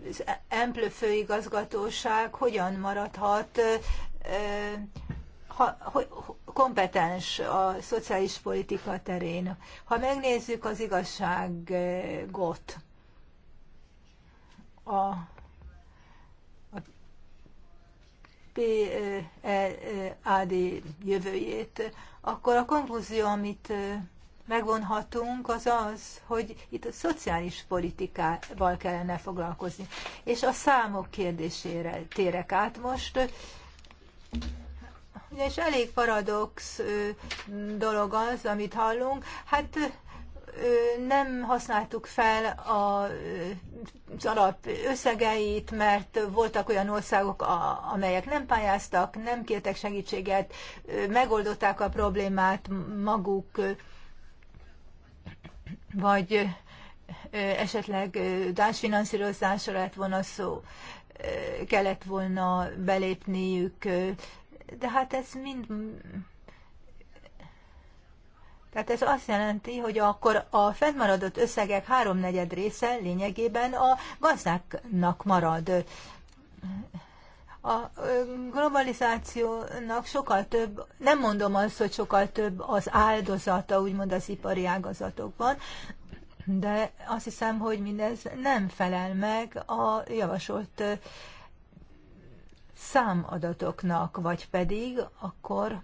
az Emplő főigazgatóság hogyan maradhat ha, hogy kompetens a szociális politika terén. Ha megnézzük az igazságot, a, a PAD e e jövőjét, akkor a konklúzió, amit megvonhatunk, az az, hogy itt a szociális politikával kellene foglalkozni. És a számok kérdésére térek át most. Ugyanis elég paradox dolog az, amit hallunk. Hát nem használtuk fel a, az alap összegeit, mert voltak olyan országok, amelyek nem pályáztak, nem kértek segítséget, megoldották a problémát maguk vagy esetleg társfinanszírozásra lett volna szó, kellett volna belépniük, de hát ez mind... Tehát ez azt jelenti, hogy akkor a fennmaradott összegek háromnegyed része lényegében a gazdáknak marad. A globalizációnak sokkal több, nem mondom azt, hogy sokkal több az áldozata, úgymond az ipari ágazatokban, de azt hiszem, hogy mindez nem felel meg a javasolt számadatoknak, vagy pedig akkor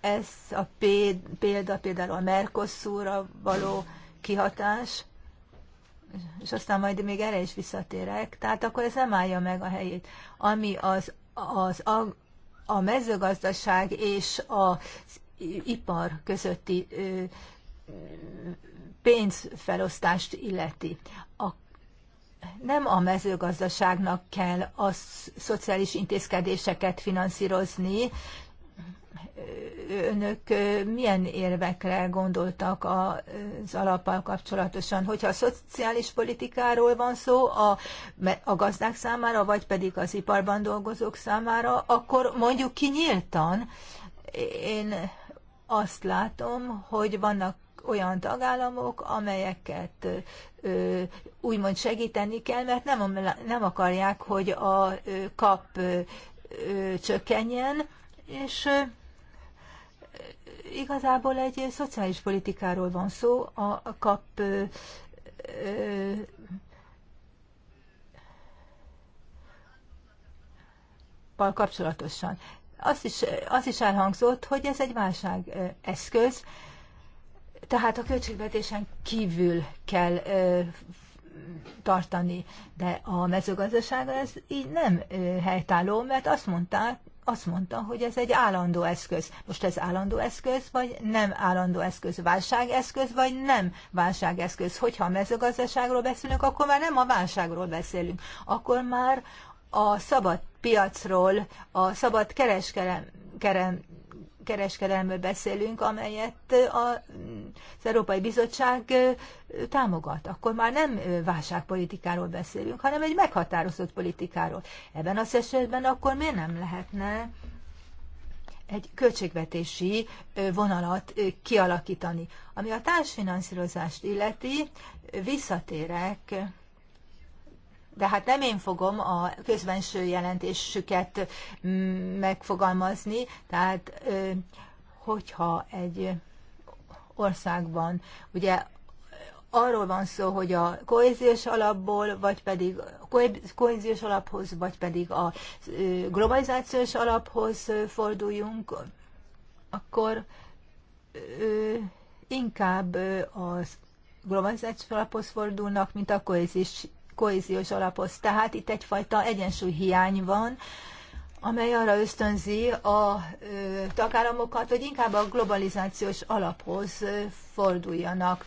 ez a példa például a Mercosurra való kihatás, és aztán majd még erre is visszatérek, tehát akkor ez nem állja meg a helyét. Ami az, az a, a mezőgazdaság és az ipar közötti ö, pénzfelosztást illeti. A, nem a mezőgazdaságnak kell a szociális intézkedéseket finanszírozni, önök milyen érvekre gondoltak az alappal kapcsolatosan, hogyha a szociális politikáról van szó a, a gazdák számára, vagy pedig az iparban dolgozók számára, akkor mondjuk kinyíltan Én azt látom, hogy vannak olyan tagállamok, amelyeket ö, úgymond segíteni kell, mert nem, nem akarják, hogy a ö, kap ö, csökkenjen, és Igazából egy szociális politikáról van szó, a kap ö, kapcsolatosan. Az is, az is elhangzott, hogy ez egy válság eszköz, tehát a költségvetésen kívül kell tartani, de a mezőgazdaság ez így nem helytálló, mert azt mondták, azt mondta, hogy ez egy állandó eszköz. Most ez állandó eszköz, vagy nem állandó eszköz? Válságeszköz, vagy nem válságeszköz? Hogyha a mezőgazdaságról beszélünk, akkor már nem a válságról beszélünk. Akkor már a szabad piacról, a szabad kereskedelem, kereskedelmről beszélünk, amelyet az Európai Bizottság támogat. Akkor már nem válságpolitikáról beszélünk, hanem egy meghatározott politikáról. Ebben az esetben akkor miért nem lehetne egy költségvetési vonalat kialakítani. Ami a társfinanszírozást illeti, visszatérek de hát nem én fogom a közbenső jelentésüket mm, megfogalmazni, tehát hogyha egy országban, ugye arról van szó, hogy a kohéziós alapból, vagy pedig kohéziós alaphoz, vagy pedig a globalizációs alaphoz forduljunk, akkor inkább az globalizációs alaphoz fordulnak, mint a kohézis kohéziós alaphoz. Tehát itt egyfajta egyensúly hiány van, amely arra ösztönzi a tagállamokat, hogy inkább a globalizációs alaphoz forduljanak.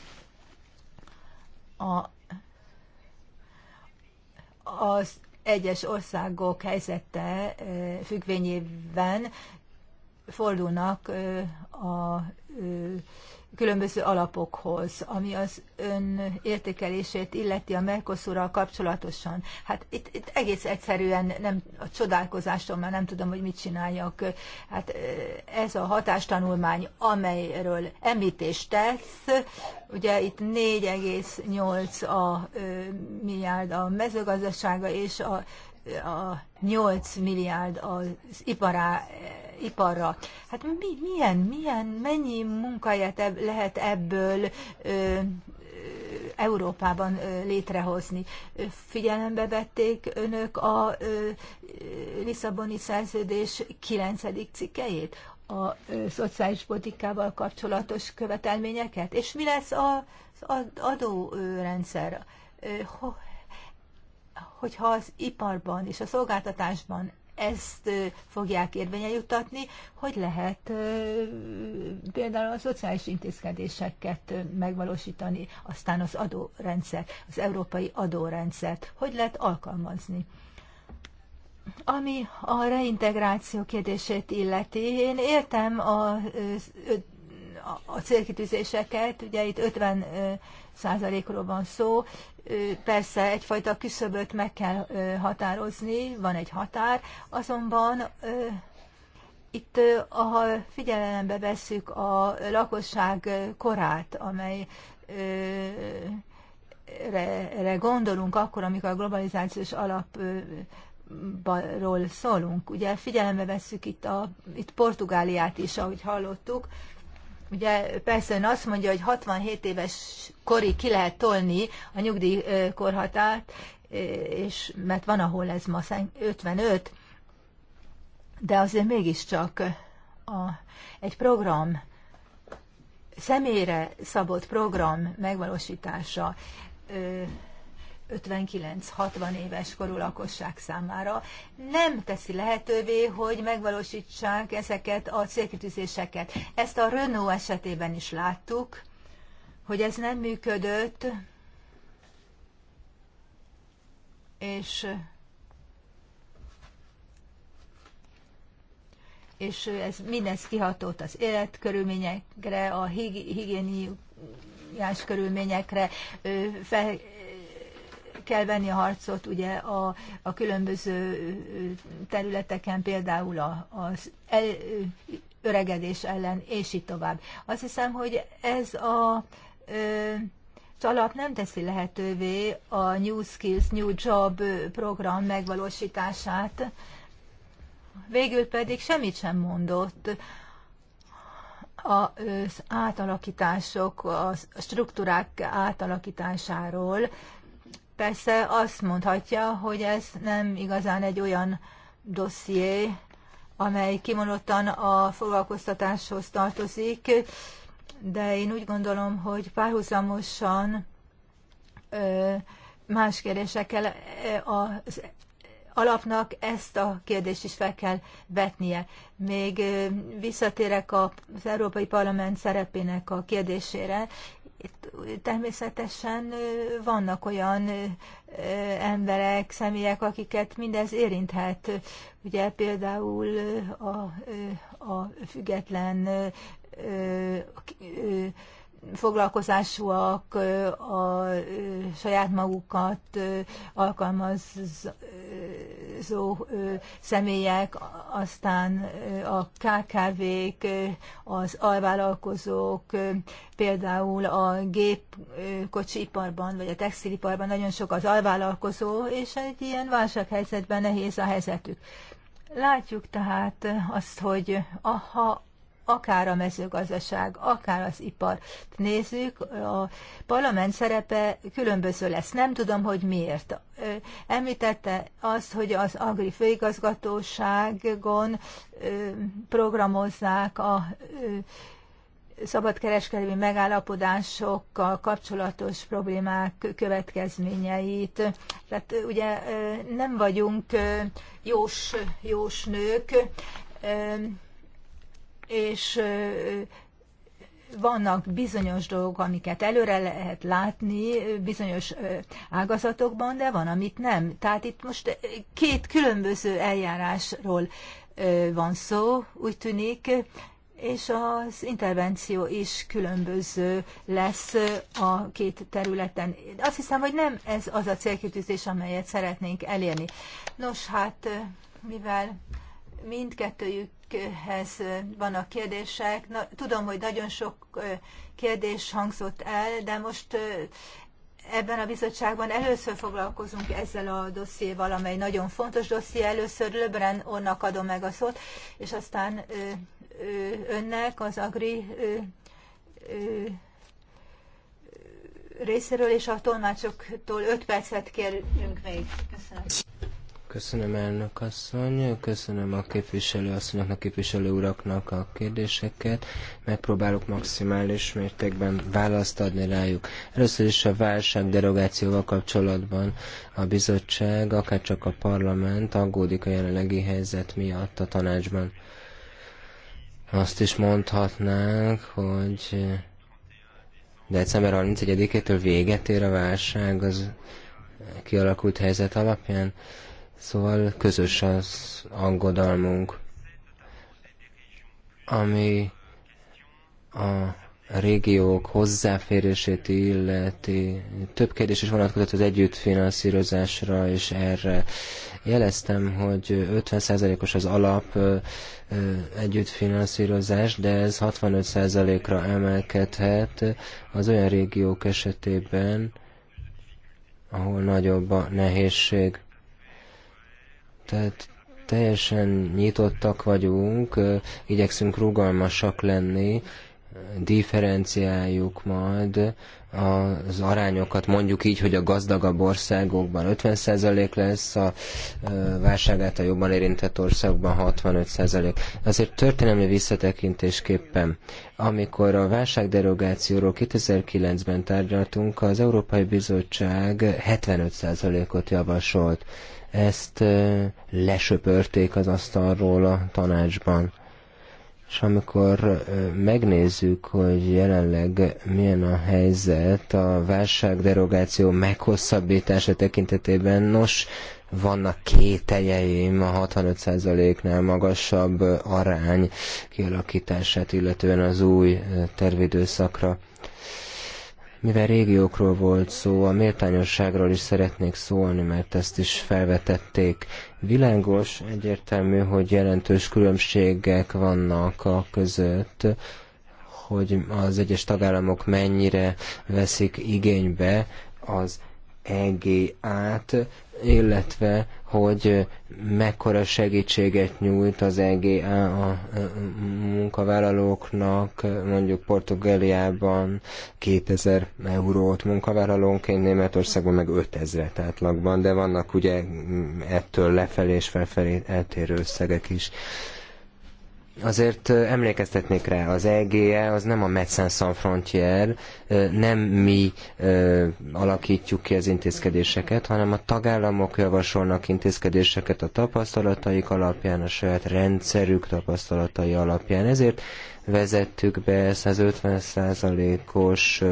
A, az egyes országok helyzete függvényében fordulnak a különböző alapokhoz, ami az ön értékelését illeti a Mercosurral kapcsolatosan. Hát itt, itt egész egyszerűen nem a csodálkozásom, már nem tudom, hogy mit csináljak. Hát ez a hatástanulmány, amelyről említést tesz, ugye itt 4,8 a milliárd a mezőgazdasága és a a 8 milliárd az ipará, iparra. Hát mi, milyen, milyen, mennyi munkáját eb, lehet ebből ö, Európában létrehozni. Figyelembe vették önök a Lisszaboni szerződés 9. cikkejét, a szociális politikával kapcsolatos követelményeket, és mi lesz az adórendszer? hogyha az iparban és a szolgáltatásban ezt fogják érvényel juttatni, hogy lehet például a szociális intézkedéseket megvalósítani, aztán az adórendszer, az európai adórendszert, hogy lehet alkalmazni. Ami a reintegráció kérdését illeti, én értem a, a célkitűzéseket, ugye itt 50 százalékról van szó, Persze egyfajta küszöböt meg kell határozni, van egy határ, azonban itt, ha figyelembe vesszük a lakosság korát, amely re gondolunk akkor, amikor a globalizációs alapról szólunk. Ugye figyelembe vesszük itt, a, itt Portugáliát is, ahogy hallottuk, Ugye persze ön azt mondja, hogy 67 éves korig ki lehet tolni a nyugdíjkorhatárt, eh, és mert van, ahol ez ma 55, de azért mégiscsak eh, a, egy program, személyre szabott program megvalósítása eh, 59-60 éves korú lakosság számára nem teszi lehetővé, hogy megvalósítsák ezeket a célkitűzéseket. Ezt a Renault esetében is láttuk, hogy ez nem működött, és és ez mindez kihatott az életkörülményekre, a higiéniás körülményekre, fel, kell venni a harcot ugye a, a különböző területeken, például az el, öregedés ellen, és így tovább. Azt hiszem, hogy ez a ö, alap nem teszi lehetővé a New Skills, New Job program megvalósítását. Végül pedig semmit sem mondott az átalakítások, a struktúrák átalakításáról, persze azt mondhatja, hogy ez nem igazán egy olyan dosszié, amely kimondottan a foglalkoztatáshoz tartozik, de én úgy gondolom, hogy párhuzamosan más kérdésekkel az alapnak ezt a kérdést is fel kell vetnie. Még visszatérek az Európai Parlament szerepének a kérdésére. Itt természetesen vannak olyan emberek, személyek, akiket mindez érinthet. Ugye például a, a független foglalkozásúak, a saját magukat alkalmazó személyek, aztán a KKV-k, az alvállalkozók, például a gépkocsiparban vagy a textiliparban nagyon sok az alvállalkozó, és egy ilyen válsághelyzetben nehéz a helyzetük. Látjuk tehát azt, hogy ha akár a mezőgazdaság, akár az ipar. Nézzük, a parlament szerepe különböző lesz. Nem tudom, hogy miért. Említette azt, hogy az Agri főigazgatóságon programozzák a szabadkereskedelmi megállapodásokkal kapcsolatos problémák következményeit. Tehát ugye nem vagyunk jós, jós nők, és vannak bizonyos dolgok, amiket előre lehet látni bizonyos ágazatokban, de van, amit nem. Tehát itt most két különböző eljárásról van szó, úgy tűnik, és az intervenció is különböző lesz a két területen. Azt hiszem, hogy nem ez az a célkitűzés, amelyet szeretnénk elérni. Nos, hát mivel mindkettőjük van vannak kérdések. Na, tudom, hogy nagyon sok kérdés hangzott el, de most ebben a bizottságban először foglalkozunk ezzel a dossziéval, amely nagyon fontos dosszié. Először Löbren onnak adom meg a szót, és aztán önnek az Agri részéről, és a tolmácsoktól 5 percet kérünk még. Köszönöm. Köszönöm elnök asszony, köszönöm a képviselő asszonyoknak, képviselő uraknak a kérdéseket. Megpróbálok maximális mértékben választ adni rájuk. Először is a válság derogációval kapcsolatban a bizottság, akárcsak a parlament aggódik a jelenlegi helyzet miatt a tanácsban. Azt is mondhatnánk, hogy december 31-től véget ér a válság az kialakult helyzet alapján Szóval közös az aggodalmunk, ami a régiók hozzáférését illeti. Több kérdés is vonatkozott az együttfinanszírozásra, és erre jeleztem, hogy 50%-os az alap együttfinanszírozás, de ez 65%-ra emelkedhet az olyan régiók esetében, ahol nagyobb a nehézség. Tehát teljesen nyitottak vagyunk, igyekszünk rugalmasak lenni, differenciáljuk majd az arányokat, mondjuk így, hogy a gazdagabb országokban 50% lesz, a válságát a jobban érintett országokban 65%. Azért történelmi visszatekintésképpen, amikor a válságderogációról 2009-ben tárgyaltunk, az Európai Bizottság 75%-ot javasolt ezt lesöpörték az asztalról a tanácsban. És amikor megnézzük, hogy jelenleg milyen a helyzet a válságderogáció meghosszabbítása tekintetében, nos, vannak kételjeim a 65%-nál magasabb arány kialakítását, illetően az új tervidőszakra. Mivel régiókról volt szó, a méltányosságról is szeretnék szólni, mert ezt is felvetették. Világos, egyértelmű, hogy jelentős különbségek vannak a között, hogy az egyes tagállamok mennyire veszik igénybe az EGA-t, illetve hogy mekkora segítséget nyújt az EGA a munkavállalóknak, mondjuk Portugáliában 2000 eurót munkavállalónként, Németországban meg 5000 átlagban, de vannak ugye ettől lefelé és felfelé eltérő összegek is azért emlékeztetnék rá, az EGE e az nem a Médecins Sans Frontier, nem mi alakítjuk ki az intézkedéseket, hanem a tagállamok javasolnak intézkedéseket a tapasztalataik alapján, a saját rendszerük tapasztalatai alapján. Ezért vezettük be 50 százalékos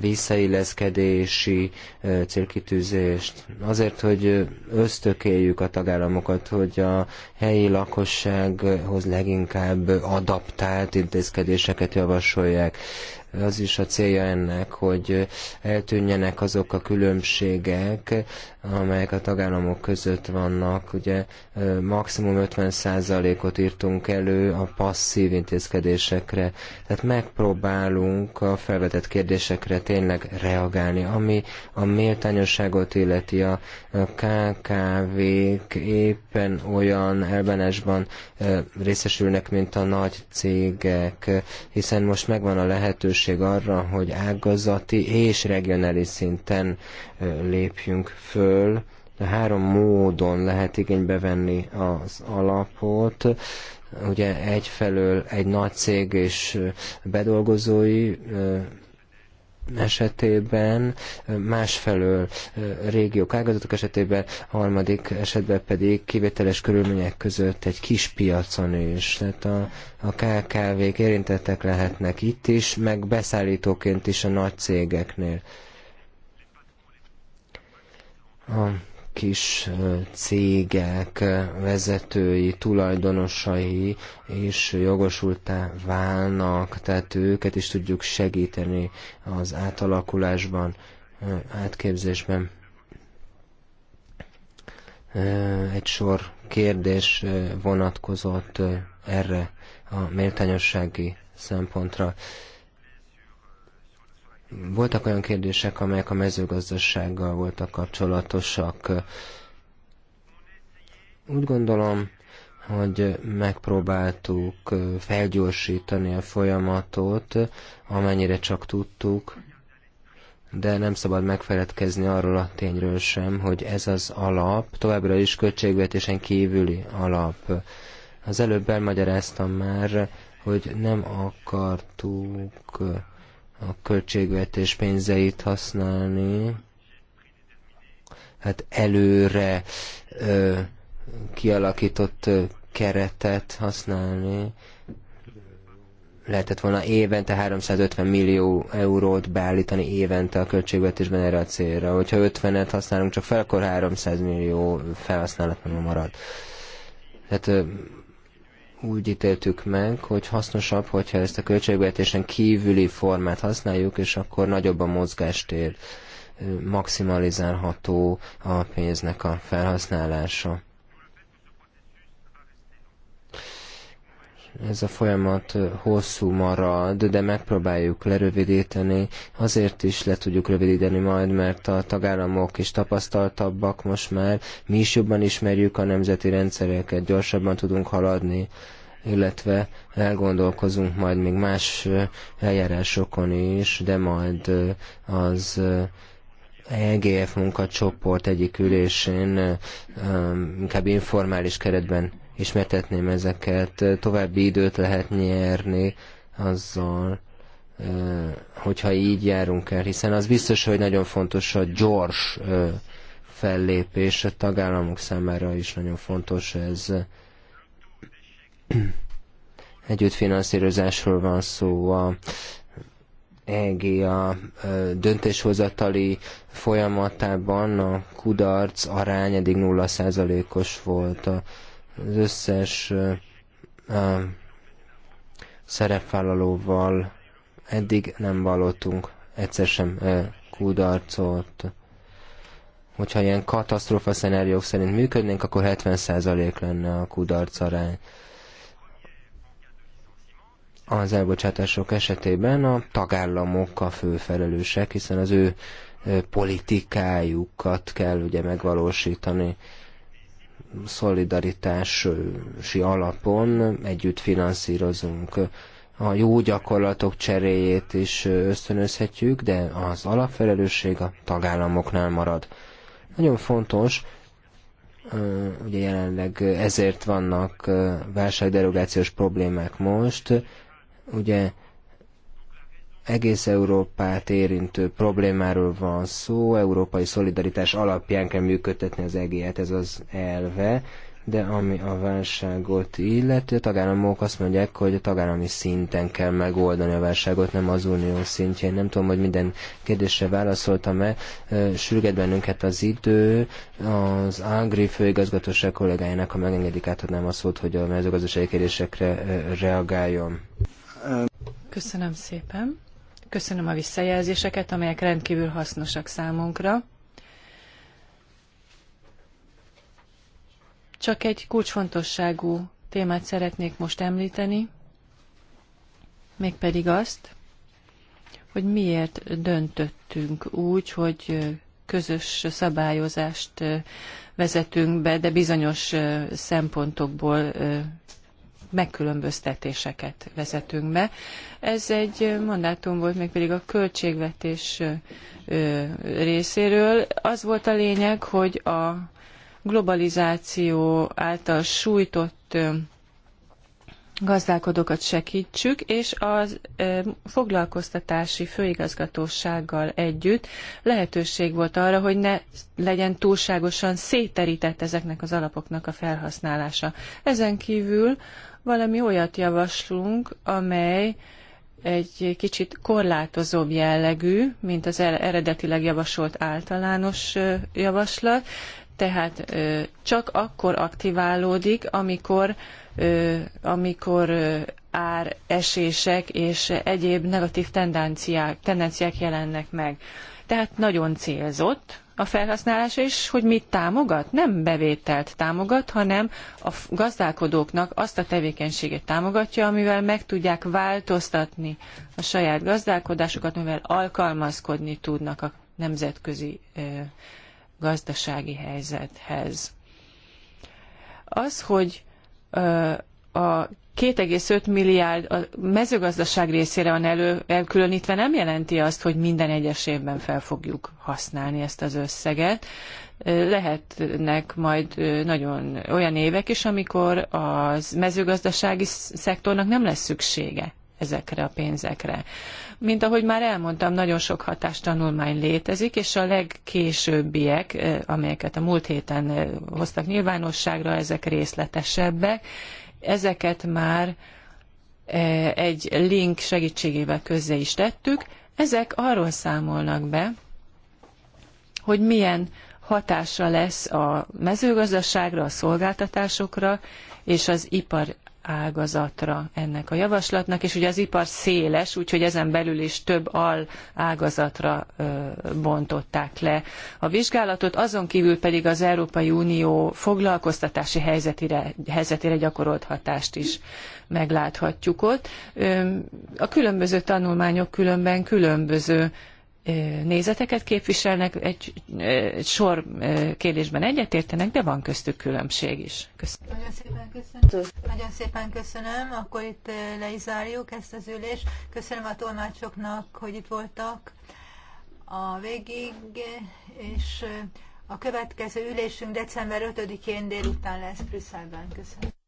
visszailleszkedési célkitűzést, azért, hogy ösztökéljük a tagállamokat, hogy a helyi lakossághoz leginkább adaptált intézkedéseket javasolják az is a célja ennek, hogy eltűnjenek azok a különbségek, amelyek a tagállamok között vannak. Ugye maximum 50%-ot írtunk elő a passzív intézkedésekre. Tehát megpróbálunk a felvetett kérdésekre kérdésekre tényleg reagálni, ami a méltányosságot illeti a KKV-k éppen olyan elbánásban részesülnek, mint a nagy cégek, hiszen most megvan a lehetőség arra, hogy ágazati és regionális szinten lépjünk föl, három módon lehet igénybe venni az alapot. Ugye egyfelől egy nagy cég és bedolgozói esetében, másfelől régiók, ágazatok esetében, a harmadik esetben pedig kivételes körülmények között egy kis piacon is. Tehát a, a KKV-k érintettek lehetnek itt is, meg beszállítóként is a nagy cégeknél. A kis cégek vezetői, tulajdonosai is jogosultá válnak, tehát őket is tudjuk segíteni az átalakulásban, átképzésben. Egy sor kérdés vonatkozott erre a méltányossági szempontra. Voltak olyan kérdések, amelyek a mezőgazdasággal voltak kapcsolatosak. Úgy gondolom, hogy megpróbáltuk felgyorsítani a folyamatot, amennyire csak tudtuk, de nem szabad megfeledkezni arról a tényről sem, hogy ez az alap továbbra is költségvetésen kívüli alap. Az előbb elmagyaráztam már, hogy nem akartuk a költségvetés pénzeit használni, hát előre ö, kialakított ö, keretet használni. Lehetett volna évente 350 millió eurót beállítani évente a költségvetésben erre a célra. Hogyha 50-et használunk csak fel, akkor 300 millió felhasználatlanul marad. Tehát úgy ítéltük meg, hogy hasznosabb, hogyha ezt a költségvetésen kívüli formát használjuk, és akkor nagyobb a mozgástér, maximalizálható a pénznek a felhasználása. ez a folyamat hosszú marad, de megpróbáljuk lerövidíteni. Azért is le tudjuk rövidíteni majd, mert a tagállamok is tapasztaltabbak most már, mi is jobban ismerjük a nemzeti rendszereket, gyorsabban tudunk haladni, illetve elgondolkozunk majd még más eljárásokon is, de majd az EGF munkacsoport egyik ülésén inkább informális keretben ismertetném ezeket. További időt lehet nyerni azzal, hogyha így járunk el, hiszen az biztos, hogy nagyon fontos a gyors fellépés, a tagállamok számára is nagyon fontos ez. Együttfinanszírozásról van szó a EG a döntéshozatali folyamatában a kudarc arány eddig 0%-os volt a az összes szerepvállalóval eddig nem vallottunk egyszer sem kudarcot. Hogyha ilyen katasztrófa szenáriók szerint működnénk, akkor 70% lenne a kudarc arány. Az elbocsátások esetében a tagállamok a fő felelősek, hiszen az ő politikájukat kell ugye megvalósítani szolidaritási alapon együtt finanszírozunk. A jó gyakorlatok cseréjét is ösztönözhetjük, de az alapfelelősség a tagállamoknál marad. Nagyon fontos, ugye jelenleg ezért vannak válságderogációs problémák most, ugye egész Európát érintő problémáról van szó, európai szolidaritás alapján kell működtetni az egélyet, ez az elve, de ami a válságot illeti, a tagállamok azt mondják, hogy a tagállami szinten kell megoldani a válságot, nem az unió szintjén. Nem tudom, hogy minden kérdésre válaszoltam-e. Sürget bennünket az idő. Az Ágri főigazgatóság kollégájának, ha megengedik, átadnám a szót, hogy a mezőgazdasági kérdésekre reagáljon. Köszönöm szépen köszönöm a visszajelzéseket, amelyek rendkívül hasznosak számunkra. Csak egy kulcsfontosságú témát szeretnék most említeni, mégpedig azt, hogy miért döntöttünk úgy, hogy közös szabályozást vezetünk be, de bizonyos szempontokból megkülönböztetéseket vezetünk be. Ez egy mandátum volt még pedig a költségvetés részéről. Az volt a lényeg, hogy a globalizáció által sújtott gazdálkodókat segítsük, és a foglalkoztatási főigazgatósággal együtt lehetőség volt arra, hogy ne legyen túlságosan széterített ezeknek az alapoknak a felhasználása. Ezen kívül valami olyat javaslunk, amely egy kicsit korlátozóbb jellegű, mint az eredetileg javasolt általános javaslat, tehát csak akkor aktiválódik, amikor, amikor ár esések és egyéb negatív tendenciák, tendenciák jelennek meg. Tehát nagyon célzott a felhasználás, és hogy mit támogat? Nem bevételt támogat, hanem a gazdálkodóknak azt a tevékenységet támogatja, amivel meg tudják változtatni a saját gazdálkodásukat, mivel alkalmazkodni tudnak a nemzetközi gazdasági helyzethez. Az, hogy a 2,5 milliárd a mezőgazdaság részére van elő, elkülönítve, nem jelenti azt, hogy minden egyes évben fel fogjuk használni ezt az összeget. Lehetnek majd nagyon olyan évek is, amikor a mezőgazdasági szektornak nem lesz szüksége ezekre a pénzekre. Mint ahogy már elmondtam, nagyon sok hatástanulmány létezik, és a legkésőbbiek, amelyeket a múlt héten hoztak nyilvánosságra, ezek részletesebbek, ezeket már e, egy link segítségével közzé is tettük. Ezek arról számolnak be, hogy milyen hatása lesz a mezőgazdaságra, a szolgáltatásokra és az ipar ágazatra ennek a javaslatnak, és ugye az ipar széles, úgyhogy ezen belül is több al ágazatra bontották le a vizsgálatot, azon kívül pedig az Európai Unió foglalkoztatási helyzetére, helyzetére gyakorolt hatást is megláthatjuk ott. A különböző tanulmányok különben különböző nézeteket képviselnek, egy, egy sor kérdésben egyetértenek, de van köztük különbség is. Köszönöm. Nagyon szépen köszönöm. Nagyon szépen köszönöm. Akkor itt le is zárjuk ezt az ülést. Köszönöm a tolmácsoknak, hogy itt voltak a végig, és a következő ülésünk december 5-én délután lesz Brüsszelben. Köszönöm.